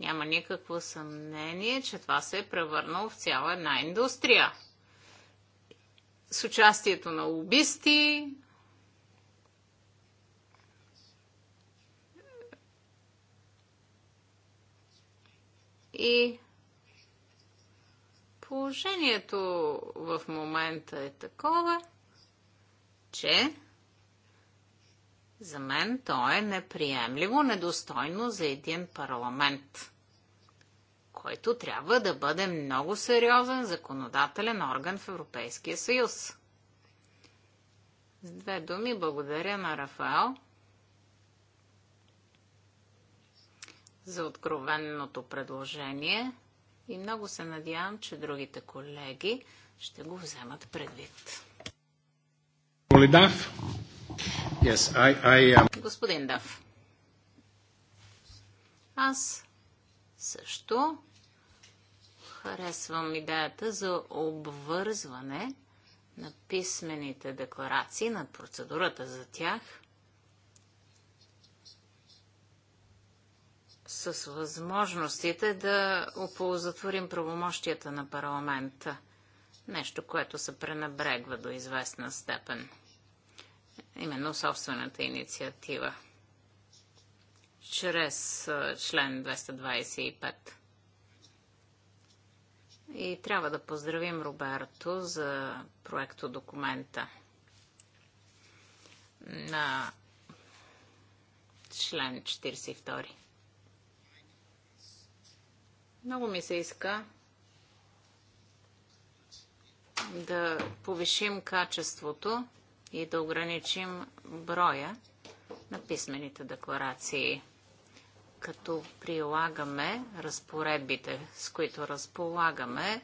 Няма никакво съмнение, че това се е превърнало в цяла една индустрия. С участието на убисти. и положението в момента е такова, че за мен то е неприемливо, недостойно за един парламент, който трябва да бъде много сериозен законодателен орган в Европейския съюз. С две думи благодаря на Рафаел за откровенното предложение и много се надявам, че другите колеги ще го вземат предвид. Yes, I, I um, Господин Дав. Аз също харесвам идеята за обвързване на писмените декларации, на процедурата за тях, с възможностите да оползотворим правомощията на парламента. Нещо, което се пренебрегва до известна степен именно собствената инициатива чрез член 225. И трябва да поздравим Роберто за проекто документа на член 42. Много ми се иска да повишим качеството и да ограничим броя на писмените декларации, като прилагаме разпоредбите, с които разполагаме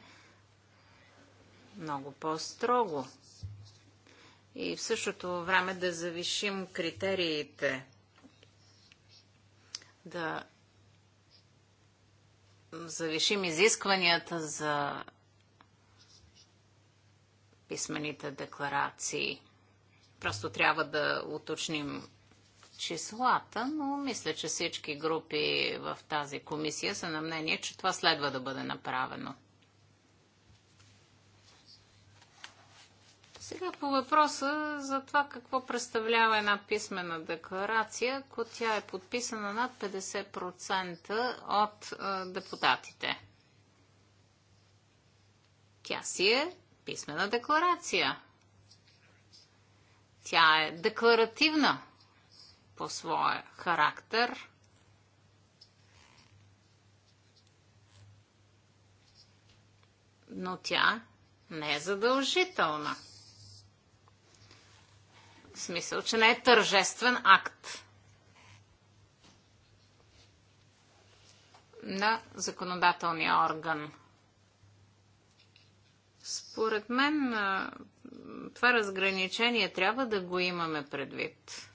много по-строго. И в същото време да завишим критериите, да завишим изискванията за писмените декларации. Просто трябва да уточним числата, но мисля, че всички групи в тази комисия са на мнение, че това следва да бъде направено. Сега по въпроса за това какво представлява една писмена декларация, ако тя е подписана над 50% от депутатите. Тя си е писмена декларация. Тя е декларативна по своя характер. Но тя не е задължителна. В смисъл, че не е тържествен акт на законодателния орган. Според мен това разграничение трябва да го имаме предвид.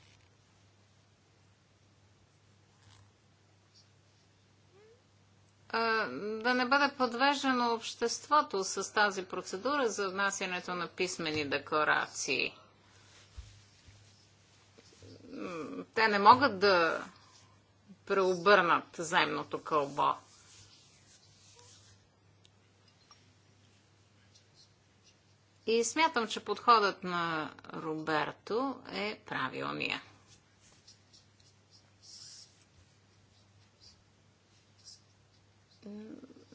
да не бъде подвеждано обществото с тази процедура за внасянето на писмени декларации. Те не могат да преобърнат земното кълбо. И смятам, че подходът на Роберто е правилния.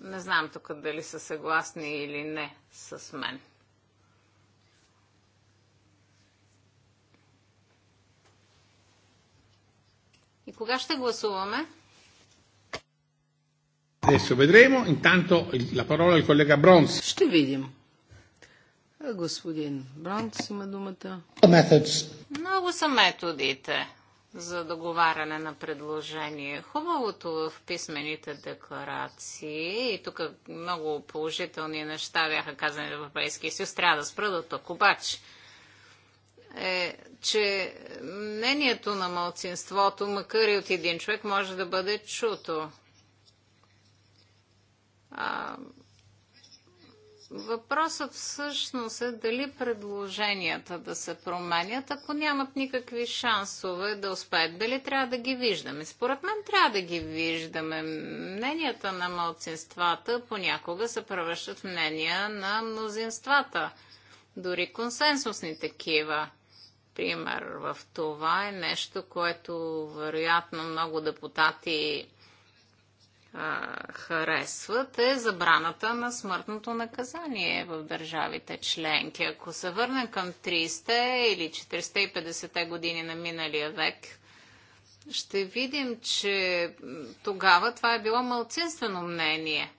Не знам тук дали са съгласни или не с мен. И кога ще гласуваме? Adesso vedremo, intanto la parola al collega Ще видим. Господин Бронц има думата. Много са методите за договаряне на предложение. Хубавото в писмените декларации, и тук много положителни неща бяха казани в Европейския съюз, трябва да спра до тук, обаче е, че мнението на малцинството, макар и от един човек, може да бъде чуто. А, Въпросът всъщност е дали предложенията да се променят, ако нямат никакви шансове да успеят. Дали трябва да ги виждаме? Според мен трябва да ги виждаме. Мненията на младсинствата понякога се превръщат мнения на мнозинствата, дори консенсусни такива. Пример в това е нещо, което вероятно много депутати а, харесват е забраната на смъртното наказание в държавите членки. Ако се върнем към 300 или 450 години на миналия век, ще видим, че тогава това е било малцинствено мнение.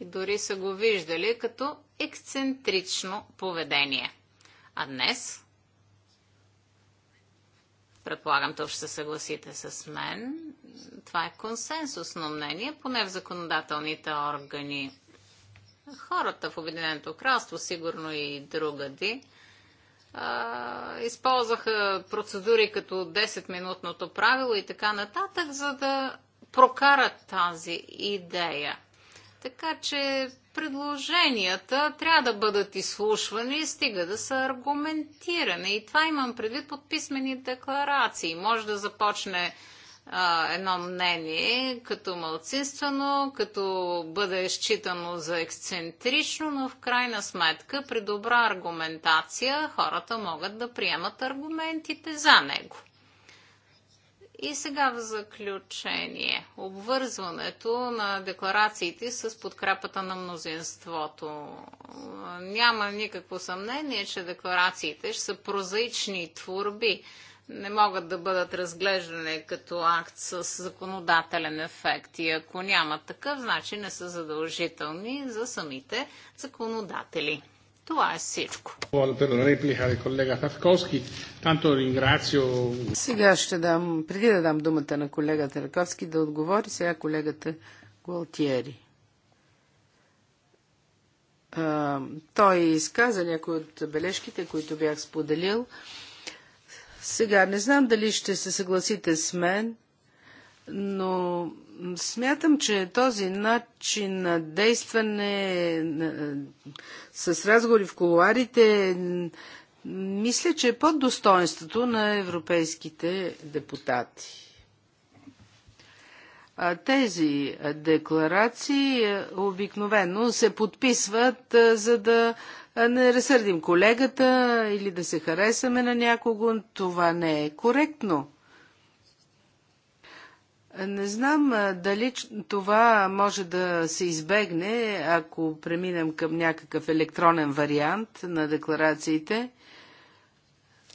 И дори са го виждали като ексцентрично поведение. А днес Предполагам, то ще се съгласите с мен. Това е консенсусно мнение, поне в законодателните органи. Хората в Обединеното кралство, сигурно и другади, използваха процедури като 10-минутното правило и така нататък, за да прокарат тази идея. Така че предложенията трябва да бъдат изслушвани, и стига да са аргументирани. И това имам предвид под писмени декларации. Може да започне а, едно мнение като малцинствено, като бъде считано за ексцентрично, но в крайна сметка при добра аргументация хората могат да приемат аргументите за него. И сега в заключение, обвързването на декларациите с подкрепата на мнозинството. Няма никакво съмнение, че декларациите ще са прозаични творби, не могат да бъдат разглеждани като акт с законодателен ефект. И ако няма такъв, значи не са задължителни за самите законодатели. Това е всичко. Сега ще дам, преди да дам думата на колегата Раковски, да отговори сега колегата Гуалтиери. той изказа някои от бележките, които бях споделил. Сега не знам дали ще се съгласите с мен, но смятам, че този начин на действане с разговори в колуарите мисля, че е под достоинството на европейските депутати. Тези декларации е, обикновено се подписват, е, за да е, не разсърдим колегата или да се харесаме на някого. Това не е коректно. Не знам дали това може да се избегне, ако преминем към някакъв електронен вариант на декларациите,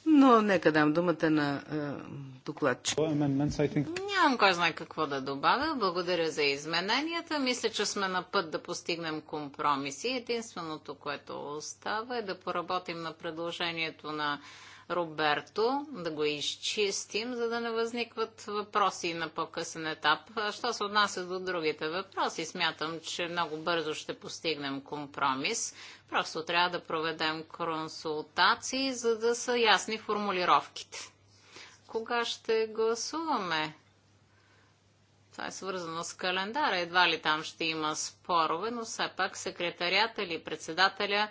но нека дам думата на е, Нямам кой знае какво да добавя. Благодаря за измененията. Мисля, че сме на път да постигнем компромиси. Единственото, което остава е да поработим на предложението на Роберто, да го изчистим, за да не възникват въпроси на по-късен етап. Що се отнася до другите въпроси, смятам, че много бързо ще постигнем компромис. Просто трябва да проведем консултации, за да са ясни формулировките. Кога ще гласуваме? Това е свързано с календара. Едва ли там ще има спорове, но все пак секретарята или председателя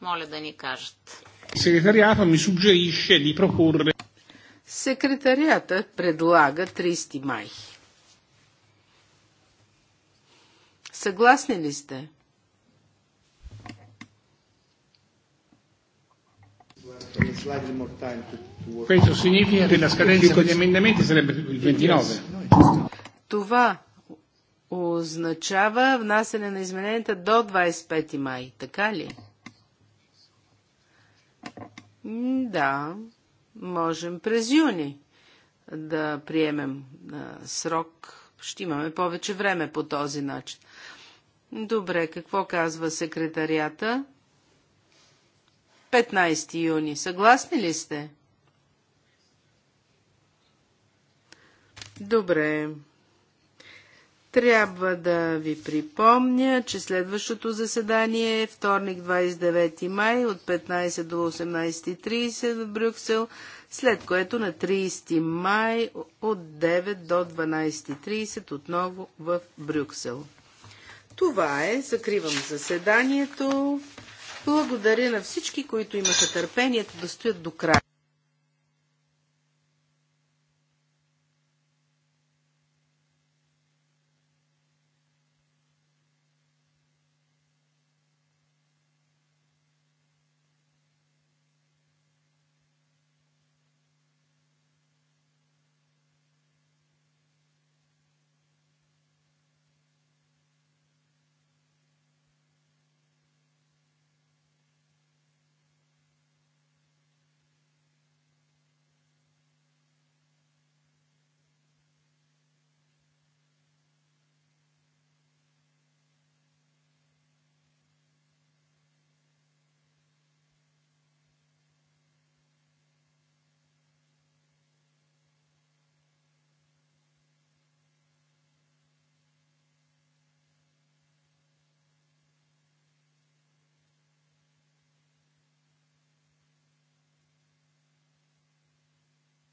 моля да ни кажат. Секретарията ми suggerisce di proporre Секретариатът предлага 30 май. Съгласни ли сте? Questo significa che la scadenza degli emendamenti sarebbe il 29. Това означава внасене на измененията до 25 май, така ли? Да, можем през юни да приемем срок. Ще имаме повече време по този начин. Добре, какво казва секретарията? 15 юни. Съгласни ли сте? Добре. Трябва да ви припомня, че следващото заседание е вторник 29 май от 15 до 18.30 в Брюксел, след което на 30 май от 9 до 12.30 отново в Брюксел. Това е. Закривам заседанието. Благодаря на всички, които имаха търпението да стоят до края.